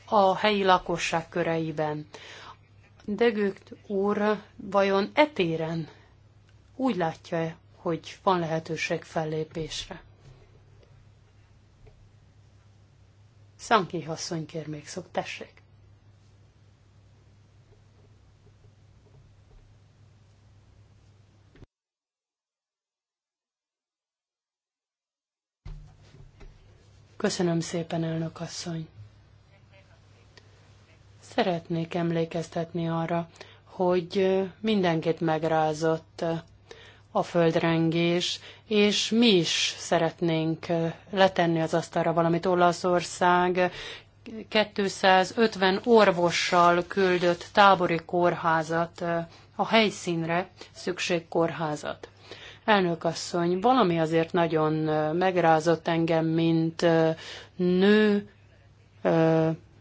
a helyi lakosság köreiben. Degőkt úr vajon etéren úgy látja-e hogy van lehetőség fellépésre. Szanki asszony kér még szó, tessék. Köszönöm szépen, elnök asszony. Szeretnék emlékeztetni arra, hogy mindenkit megrázott a földrengés, és mi is szeretnénk letenni az asztalra valamit. Olaszország 250 orvossal küldött tábori kórházat a helyszínre, szükségkórházat. Elnök asszony, valami azért nagyon megrázott engem, mint nő,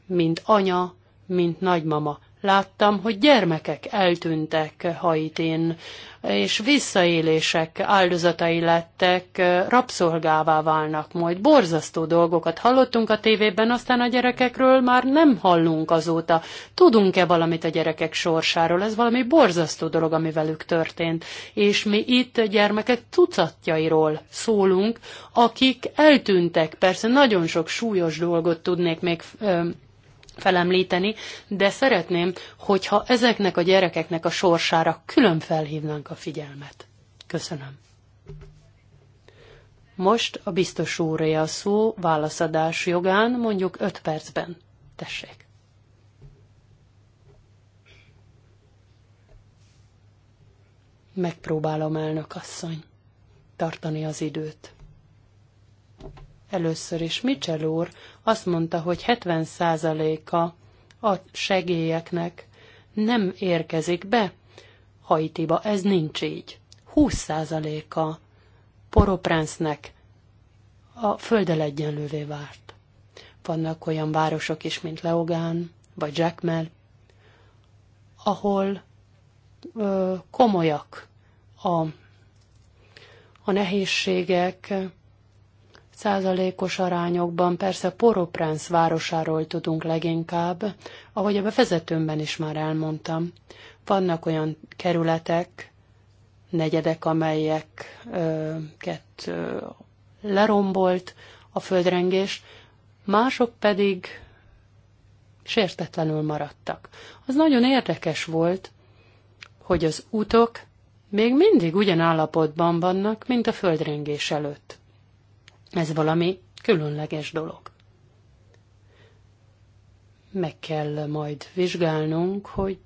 mint anya, mint nagymama láttam, hogy gyermekek eltűntek Haitin, és visszaélések áldozatai lettek, rabszolgává válnak majd. Borzasztó dolgokat hallottunk a tévében, aztán a gyerekekről már nem hallunk azóta. Tudunk-e valamit a gyerekek sorsáról? Ez valami borzasztó dolog, ami velük történt. És mi itt gyermekek tucatjairól szólunk, akik eltűntek. Persze nagyon sok súlyos dolgot tudnék még felemlíteni, de szeretném, hogyha ezeknek a gyerekeknek a sorsára külön felhívnánk a figyelmet. Köszönöm. Most a biztos úré a szó válaszadás jogán mondjuk öt percben. Tessék. Megpróbálom, elnök asszony, tartani az időt. Először is Mitchell úr azt mondta, hogy 70%-a a segélyeknek nem érkezik be Haitiba. Ez nincs így. 20%-a poroprensznek a földel egyenlővé várt. Vannak olyan városok is, mint Leogán vagy Jackmel, ahol ö, komolyak a, a nehézségek, százalékos arányokban persze Poroprens városáról tudunk leginkább, ahogy a bevezetőmben is már elmondtam. Vannak olyan kerületek, negyedek, amelyeket lerombolt a földrengés, mások pedig sértetlenül maradtak. Az nagyon érdekes volt, hogy az utok még mindig ugyan állapotban vannak, mint a földrengés előtt. Ez valami különleges dolog. Meg kell majd vizsgálnunk, hogy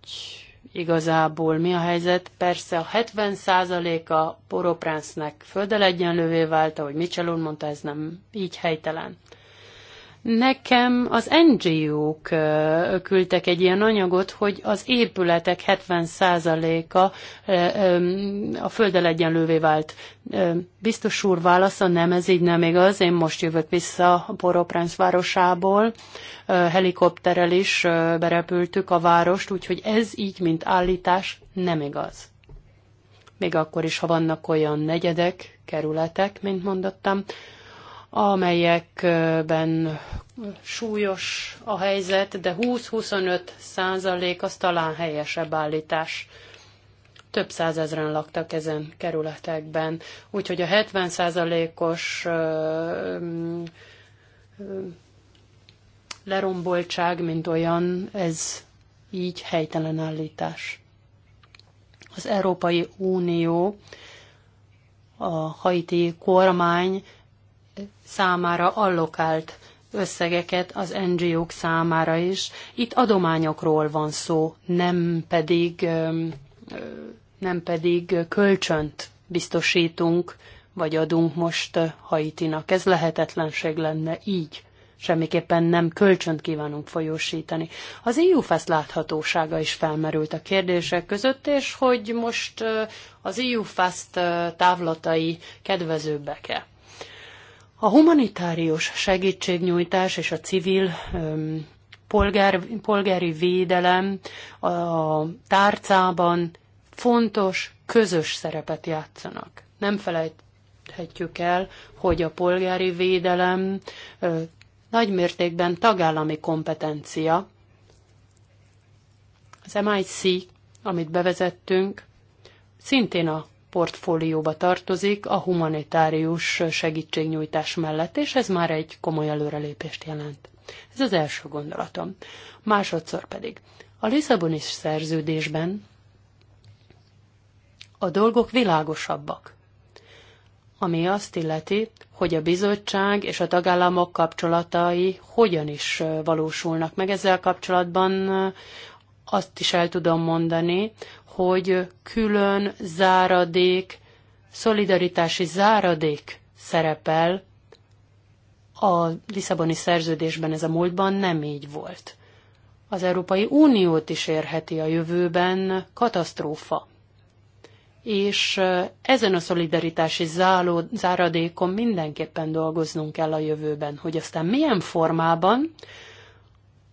igazából mi a helyzet. Persze a 70%-a poropránsznek földelegyenlővé vált, ahogy Michelon mondta, ez nem így helytelen. Nekem az NGO-k küldtek egy ilyen anyagot, hogy az épületek 70%-a a földdel egyenlővé vált. Biztos úr válasza, nem, ez így nem igaz. Én most jövök vissza a Poropránc városából. Helikopterrel is berepültük a várost, úgyhogy ez így, mint állítás, nem igaz. Még akkor is, ha vannak olyan negyedek, kerületek, mint mondottam, amelyekben súlyos a helyzet, de 20-25 százalék az talán helyesebb állítás. Több százezren laktak ezen kerületekben, úgyhogy a 70 százalékos leromboltság, mint olyan, ez így helytelen állítás. Az Európai Unió, a haiti kormány számára allokált összegeket az NGO-k számára is. Itt adományokról van szó, nem pedig, nem pedig kölcsönt biztosítunk, vagy adunk most Haitinak. Ez lehetetlenség lenne így. Semmiképpen nem kölcsönt kívánunk folyósítani. Az eu láthatósága is felmerült a kérdések között, és hogy most az eu távlatai kedvezőbbek-e a humanitárius segítségnyújtás és a civil polgár, polgári védelem a tárcában fontos, közös szerepet játszanak. Nem felejthetjük el, hogy a polgári védelem nagymértékben tagállami kompetencia. Az MIC, amit bevezettünk, szintén a portfólióba tartozik a humanitárius segítségnyújtás mellett, és ez már egy komoly előrelépést jelent. Ez az első gondolatom. Másodszor pedig. A Lisszaboni szerződésben a dolgok világosabbak, ami azt illeti, hogy a bizottság és a tagállamok kapcsolatai hogyan is valósulnak meg. Ezzel kapcsolatban azt is el tudom mondani, hogy külön záradék, szolidaritási záradék szerepel a Lisszaboni szerződésben, ez a múltban nem így volt. Az Európai Uniót is érheti a jövőben katasztrófa. És ezen a szolidaritási záló, záradékon mindenképpen dolgoznunk kell a jövőben, hogy aztán milyen formában,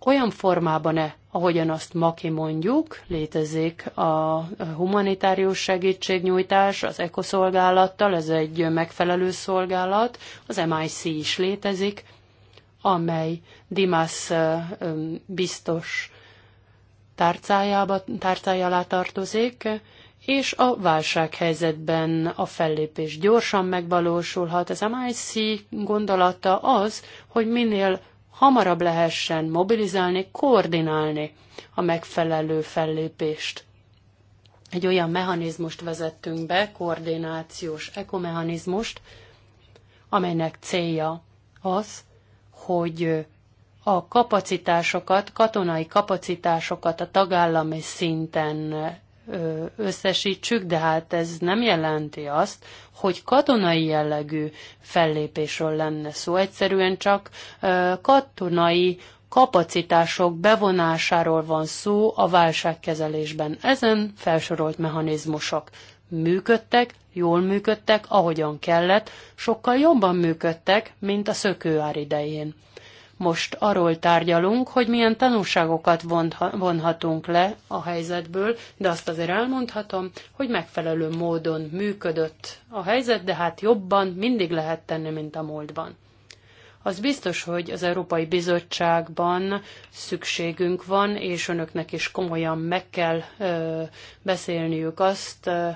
olyan formában-e, ahogyan azt ma mondjuk, létezik a humanitárius segítségnyújtás az ekoszolgálattal, ez egy megfelelő szolgálat, az MIC is létezik, amely Dimas biztos tárcájába, tárcája alá tartozik, és a válsághelyzetben a fellépés gyorsan megvalósulhat. Az MIC gondolata az, hogy minél hamarabb lehessen mobilizálni, koordinálni a megfelelő fellépést. Egy olyan mechanizmust vezettünk be, koordinációs ekomechanizmust, amelynek célja az, hogy a kapacitásokat, katonai kapacitásokat a tagállami szinten összesítsük, de hát ez nem jelenti azt, hogy katonai jellegű fellépésről lenne szó, egyszerűen csak katonai kapacitások bevonásáról van szó a válságkezelésben. Ezen felsorolt mechanizmusok működtek, jól működtek, ahogyan kellett, sokkal jobban működtek, mint a szökőár idején. Most arról tárgyalunk, hogy milyen tanulságokat vonhatunk le a helyzetből, de azt azért elmondhatom, hogy megfelelő módon működött a helyzet, de hát jobban mindig lehet tenni, mint a múltban. Az biztos, hogy az Európai Bizottságban szükségünk van, és önöknek is komolyan meg kell ö, beszélniük azt, ö,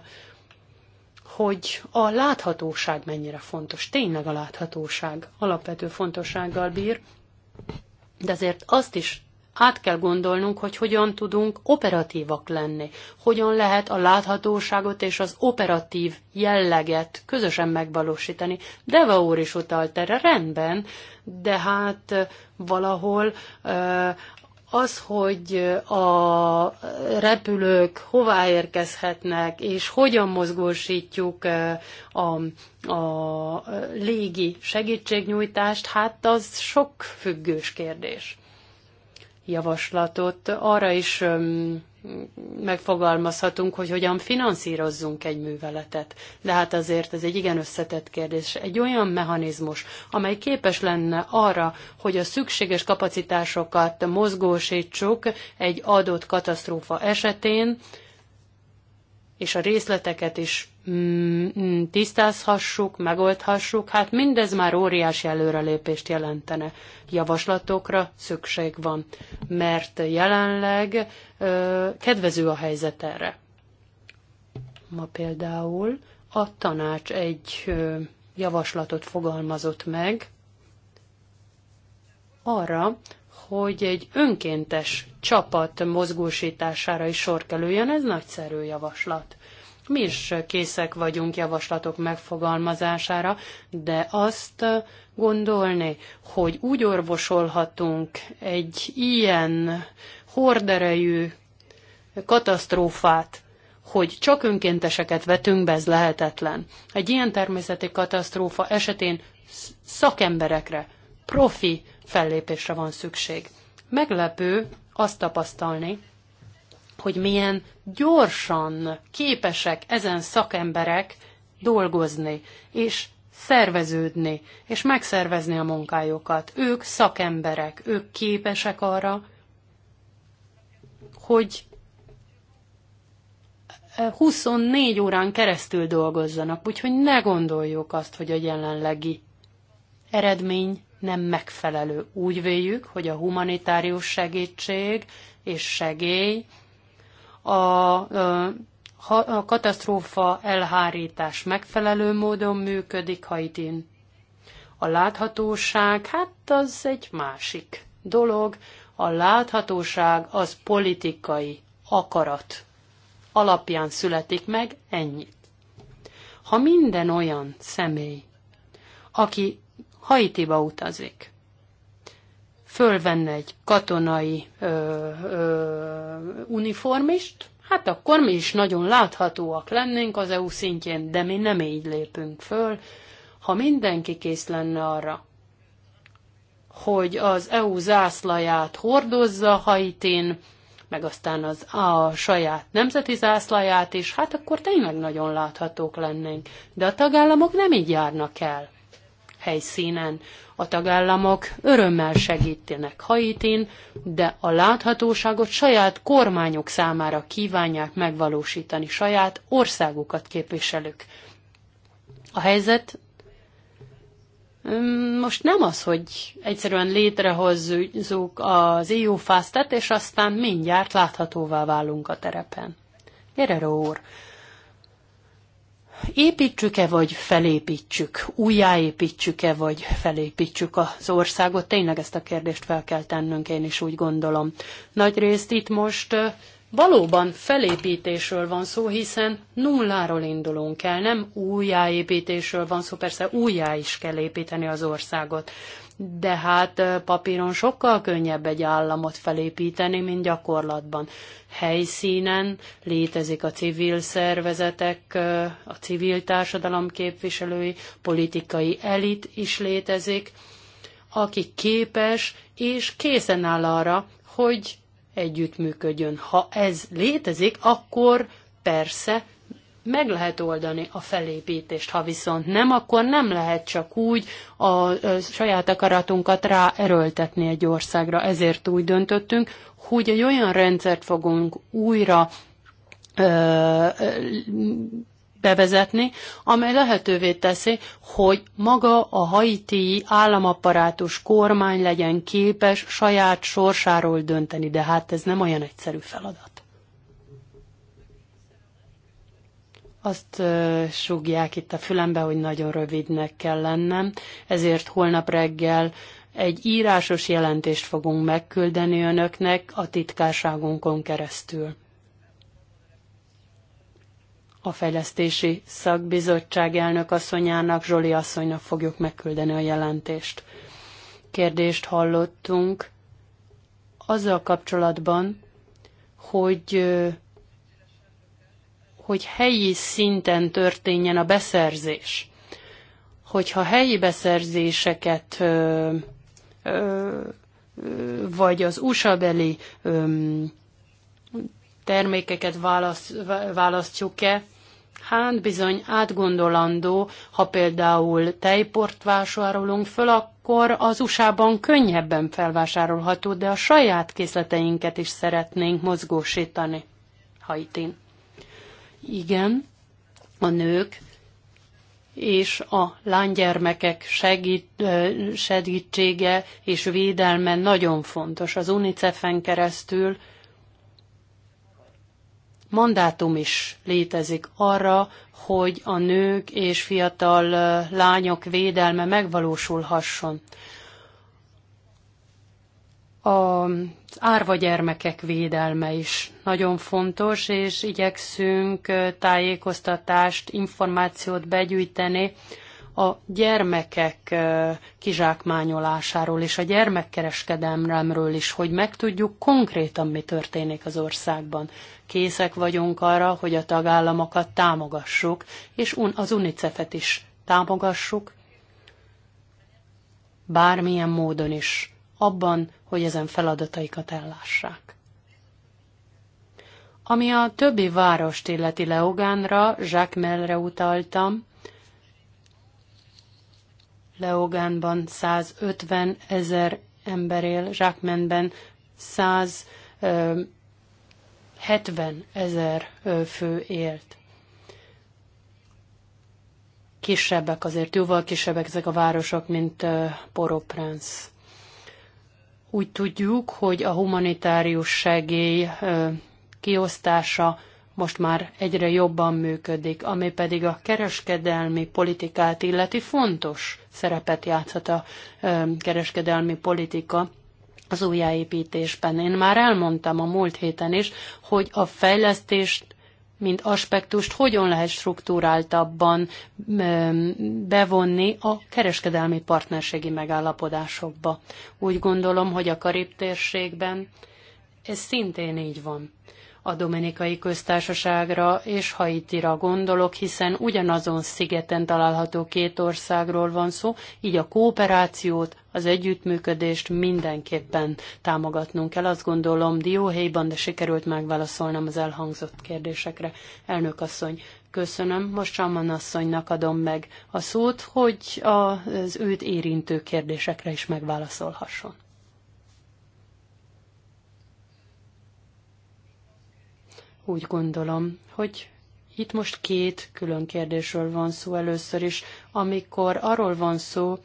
hogy a láthatóság mennyire fontos. Tényleg a láthatóság alapvető fontossággal bír, de azért azt is át kell gondolnunk, hogy hogyan tudunk operatívak lenni, hogyan lehet a láthatóságot és az operatív jelleget közösen megvalósítani. Deva úr is utalt erre, rendben, de hát eh, valahol eh, az, hogy a repülők hová érkezhetnek, és hogyan mozgósítjuk a, a légi segítségnyújtást, hát az sok függős kérdés. Javaslatot arra is megfogalmazhatunk, hogy hogyan finanszírozzunk egy műveletet. De hát azért ez egy igen összetett kérdés. Egy olyan mechanizmus, amely képes lenne arra, hogy a szükséges kapacitásokat mozgósítsuk egy adott katasztrófa esetén, és a részleteket is Mm, tisztázhassuk, megoldhassuk, hát mindez már óriási előrelépést jelentene. Javaslatokra szükség van, mert jelenleg ö, kedvező a helyzet erre. Ma például a tanács egy ö, javaslatot fogalmazott meg arra, hogy egy önkéntes csapat mozgósítására is sor kerüljön, ez nagyszerű javaslat mi is készek vagyunk javaslatok megfogalmazására, de azt gondolni, hogy úgy orvosolhatunk egy ilyen horderejű katasztrófát, hogy csak önkénteseket vetünk be, ez lehetetlen. Egy ilyen természeti katasztrófa esetén szakemberekre, profi fellépésre van szükség. Meglepő azt tapasztalni, hogy milyen gyorsan képesek ezen szakemberek dolgozni, és szerveződni, és megszervezni a munkájukat. Ők szakemberek, ők képesek arra, hogy 24 eh, órán keresztül dolgozzanak, úgyhogy ne gondoljuk azt, hogy a jelenlegi eredmény nem megfelelő. Úgy véljük, hogy a humanitárius segítség és segély a a katasztrófa elhárítás megfelelő módon működik Haitin. A láthatóság, hát az egy másik dolog. A láthatóság az politikai akarat alapján születik meg, ennyit. Ha minden olyan személy, aki Haitiba utazik, fölvenne egy katonai ö, ö, uniformist, hát akkor mi is nagyon láthatóak lennénk az EU szintjén, de mi nem így lépünk föl. Ha mindenki kész lenne arra, hogy az EU zászlaját hordozza hajtén, meg aztán az, a saját nemzeti zászlaját is, hát akkor tényleg nagyon láthatók lennénk. De a tagállamok nem így járnak el helyszínen. A tagállamok örömmel segítenek Haitin, de a láthatóságot saját kormányok számára kívánják megvalósítani, saját országukat képviselők. A helyzet mm, most nem az, hogy egyszerűen létrehozzuk az EU fast és aztán mindjárt láthatóvá válunk a terepen. Gerero úr, építsük-e vagy felépítsük, újjáépítsük-e vagy felépítsük az országot, tényleg ezt a kérdést fel kell tennünk, én is úgy gondolom. Nagyrészt itt most Valóban felépítésről van szó, hiszen nulláról indulunk el, nem újjáépítésről van szó, persze újjá is kell építeni az országot de hát papíron sokkal könnyebb egy államot felépíteni, mint gyakorlatban. Helyszínen létezik a civil szervezetek, a civil társadalom képviselői, politikai elit is létezik, aki képes és készen áll arra, hogy együttműködjön. Ha ez létezik, akkor persze meg lehet oldani a felépítést, ha viszont nem, akkor nem lehet csak úgy a saját akaratunkat ráerőltetni egy országra. Ezért úgy döntöttünk, hogy egy olyan rendszert fogunk újra ö, bevezetni, amely lehetővé teszi, hogy maga a haiti államapparátus kormány legyen képes saját sorsáról dönteni, de hát ez nem olyan egyszerű feladat. Azt ö, itt a fülembe, hogy nagyon rövidnek kell lennem, ezért holnap reggel egy írásos jelentést fogunk megküldeni önöknek a titkárságunkon keresztül. A fejlesztési szakbizottság elnök asszonyának, Zsoli asszonynak fogjuk megküldeni a jelentést. Kérdést hallottunk azzal kapcsolatban, hogy hogy helyi szinten történjen a beszerzés. Hogyha helyi beszerzéseket ö, ö, vagy az USA-beli termékeket választ, választjuk-e, hát bizony átgondolandó, ha például tejport vásárolunk föl, akkor az USA-ban könnyebben felvásárolható, de a saját készleteinket is szeretnénk mozgósítani. én. Igen, a nők és a lánygyermekek segít, segítsége és védelme nagyon fontos. Az UNICEF-en keresztül mandátum is létezik arra, hogy a nők és fiatal lányok védelme megvalósulhasson az árva gyermekek védelme is nagyon fontos, és igyekszünk tájékoztatást, információt begyűjteni a gyermekek kizsákmányolásáról és a gyermekkereskedelmről is, hogy megtudjuk konkrétan, mi történik az országban. Készek vagyunk arra, hogy a tagállamokat támogassuk, és az UNICEF-et is támogassuk, bármilyen módon is abban, hogy ezen feladataikat ellássák. Ami a többi várost illeti Leogánra, Zsákmelre utaltam, Leogánban 150 ezer ember él, Zsákmenben 170 ezer fő élt. Kisebbek azért, jóval kisebbek ezek a városok, mint Poropránsz. Úgy tudjuk, hogy a humanitárius segély kiosztása most már egyre jobban működik, ami pedig a kereskedelmi politikát illeti fontos szerepet játszhat a kereskedelmi politika az újjáépítésben. Én már elmondtam a múlt héten is, hogy a fejlesztést mint aspektust hogyan lehet struktúráltabban bevonni a kereskedelmi partnerségi megállapodásokba. Úgy gondolom, hogy a Karib térségben ez szintén így van a Dominikai Köztársaságra és Haitira gondolok, hiszen ugyanazon szigeten található két országról van szó, így a kooperációt, az együttműködést mindenképpen támogatnunk kell. Azt gondolom, dióhéjban, de sikerült megválaszolnom az elhangzott kérdésekre. Elnök asszony, köszönöm. Most Salman asszonynak adom meg a szót, hogy az őt érintő kérdésekre is megválaszolhasson. úgy gondolom, hogy itt most két külön kérdésről van szó először is. Amikor arról van szó,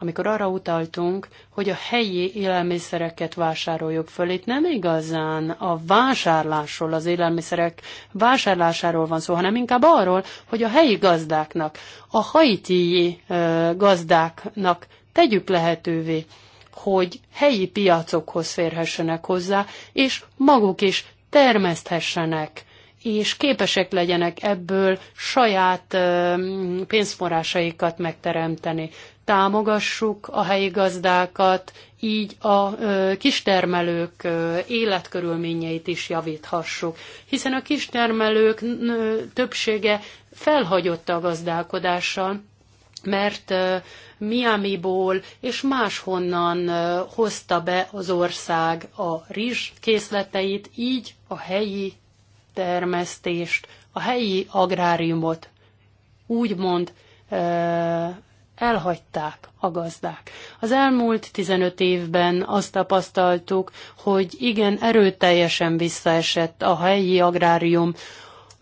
amikor arra utaltunk, hogy a helyi élelmiszereket vásároljuk föl. Itt nem igazán a vásárlásról, az élelmiszerek vásárlásáról van szó, hanem inkább arról, hogy a helyi gazdáknak, a haiti gazdáknak tegyük lehetővé, hogy helyi piacokhoz férhessenek hozzá, és maguk is termeszthessenek, és képesek legyenek ebből saját pénzforrásaikat megteremteni. Támogassuk a helyi gazdákat, így a kistermelők életkörülményeit is javíthassuk, hiszen a kistermelők többsége felhagyotta a gazdálkodással, mert Miami-ból és máshonnan hozta be az ország a rizs készleteit, így a helyi termesztést, a helyi agráriumot úgymond elhagyták a gazdák. Az elmúlt 15 évben azt tapasztaltuk, hogy igen, erőteljesen visszaesett a helyi agrárium,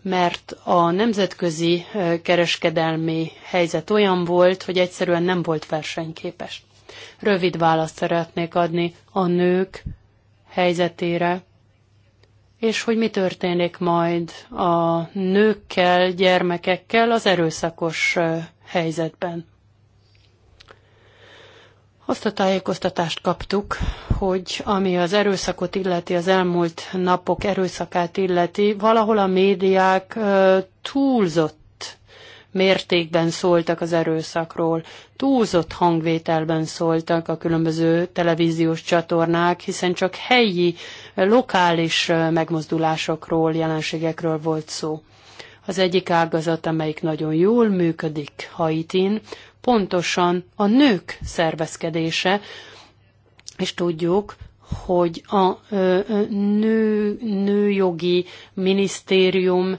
mert a nemzetközi kereskedelmi helyzet olyan volt, hogy egyszerűen nem volt versenyképes. Rövid választ szeretnék adni a nők helyzetére, és hogy mi történik majd a nőkkel, gyermekekkel az erőszakos helyzetben. Azt a tájékoztatást kaptuk, hogy ami az erőszakot illeti, az elmúlt napok erőszakát illeti, valahol a médiák túlzott mértékben szóltak az erőszakról, túlzott hangvételben szóltak a különböző televíziós csatornák, hiszen csak helyi, lokális megmozdulásokról, jelenségekről volt szó. Az egyik ágazat, amelyik nagyon jól működik Haitin, pontosan a nők szervezkedése, és tudjuk, hogy a nő, nőjogi minisztérium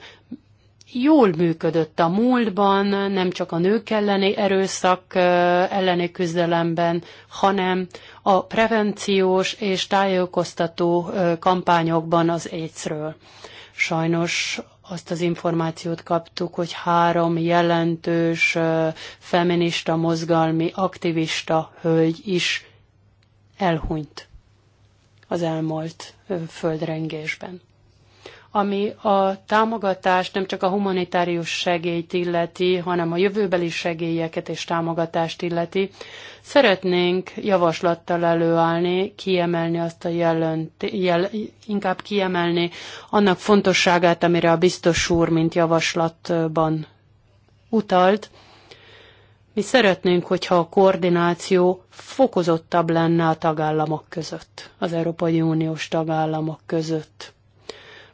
jól működött a múltban, nem csak a nők elleni erőszak elleni küzdelemben, hanem a prevenciós és tájékoztató kampányokban az AIDS-ről. Sajnos azt az információt kaptuk, hogy három jelentős feminista, mozgalmi, aktivista hölgy is elhunyt az elmúlt földrengésben ami a támogatást nem csak a humanitárius segélyt illeti, hanem a jövőbeli segélyeket és támogatást illeti. Szeretnénk javaslattal előállni, kiemelni azt a jelönt, jel, inkább kiemelni annak fontosságát, amire a biztos úr, mint javaslatban utalt. Mi szeretnénk, hogyha a koordináció fokozottabb lenne a tagállamok között, az Európai Uniós tagállamok között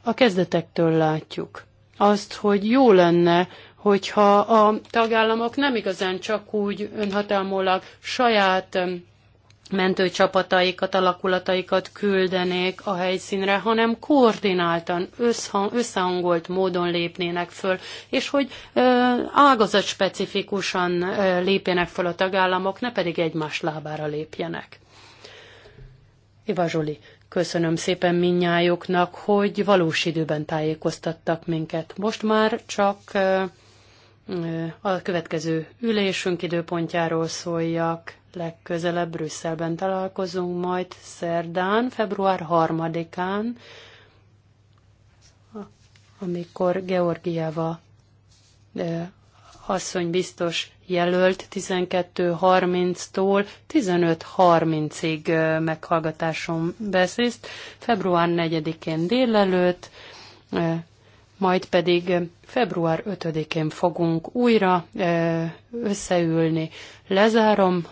a kezdetektől látjuk azt, hogy jó lenne, hogyha a tagállamok nem igazán csak úgy önhatalmólag saját mentőcsapataikat, alakulataikat küldenék a helyszínre, hanem koordináltan, összhang, összehangolt módon lépnének föl, és hogy ágazat ágazatspecifikusan lépjenek föl a tagállamok, ne pedig egymás lábára lépjenek. Iva Zsoli, Köszönöm szépen minnyájuknak, hogy valós időben tájékoztattak minket. Most már csak a következő ülésünk időpontjáról szóljak. Legközelebb Brüsszelben találkozunk, majd szerdán, február 3-án, amikor Georgiával asszony biztos jelölt 12.30-tól 15.30-ig meghallgatáson vesz részt, február 4-én délelőtt, majd pedig február 5-én fogunk újra összeülni. Lezárom.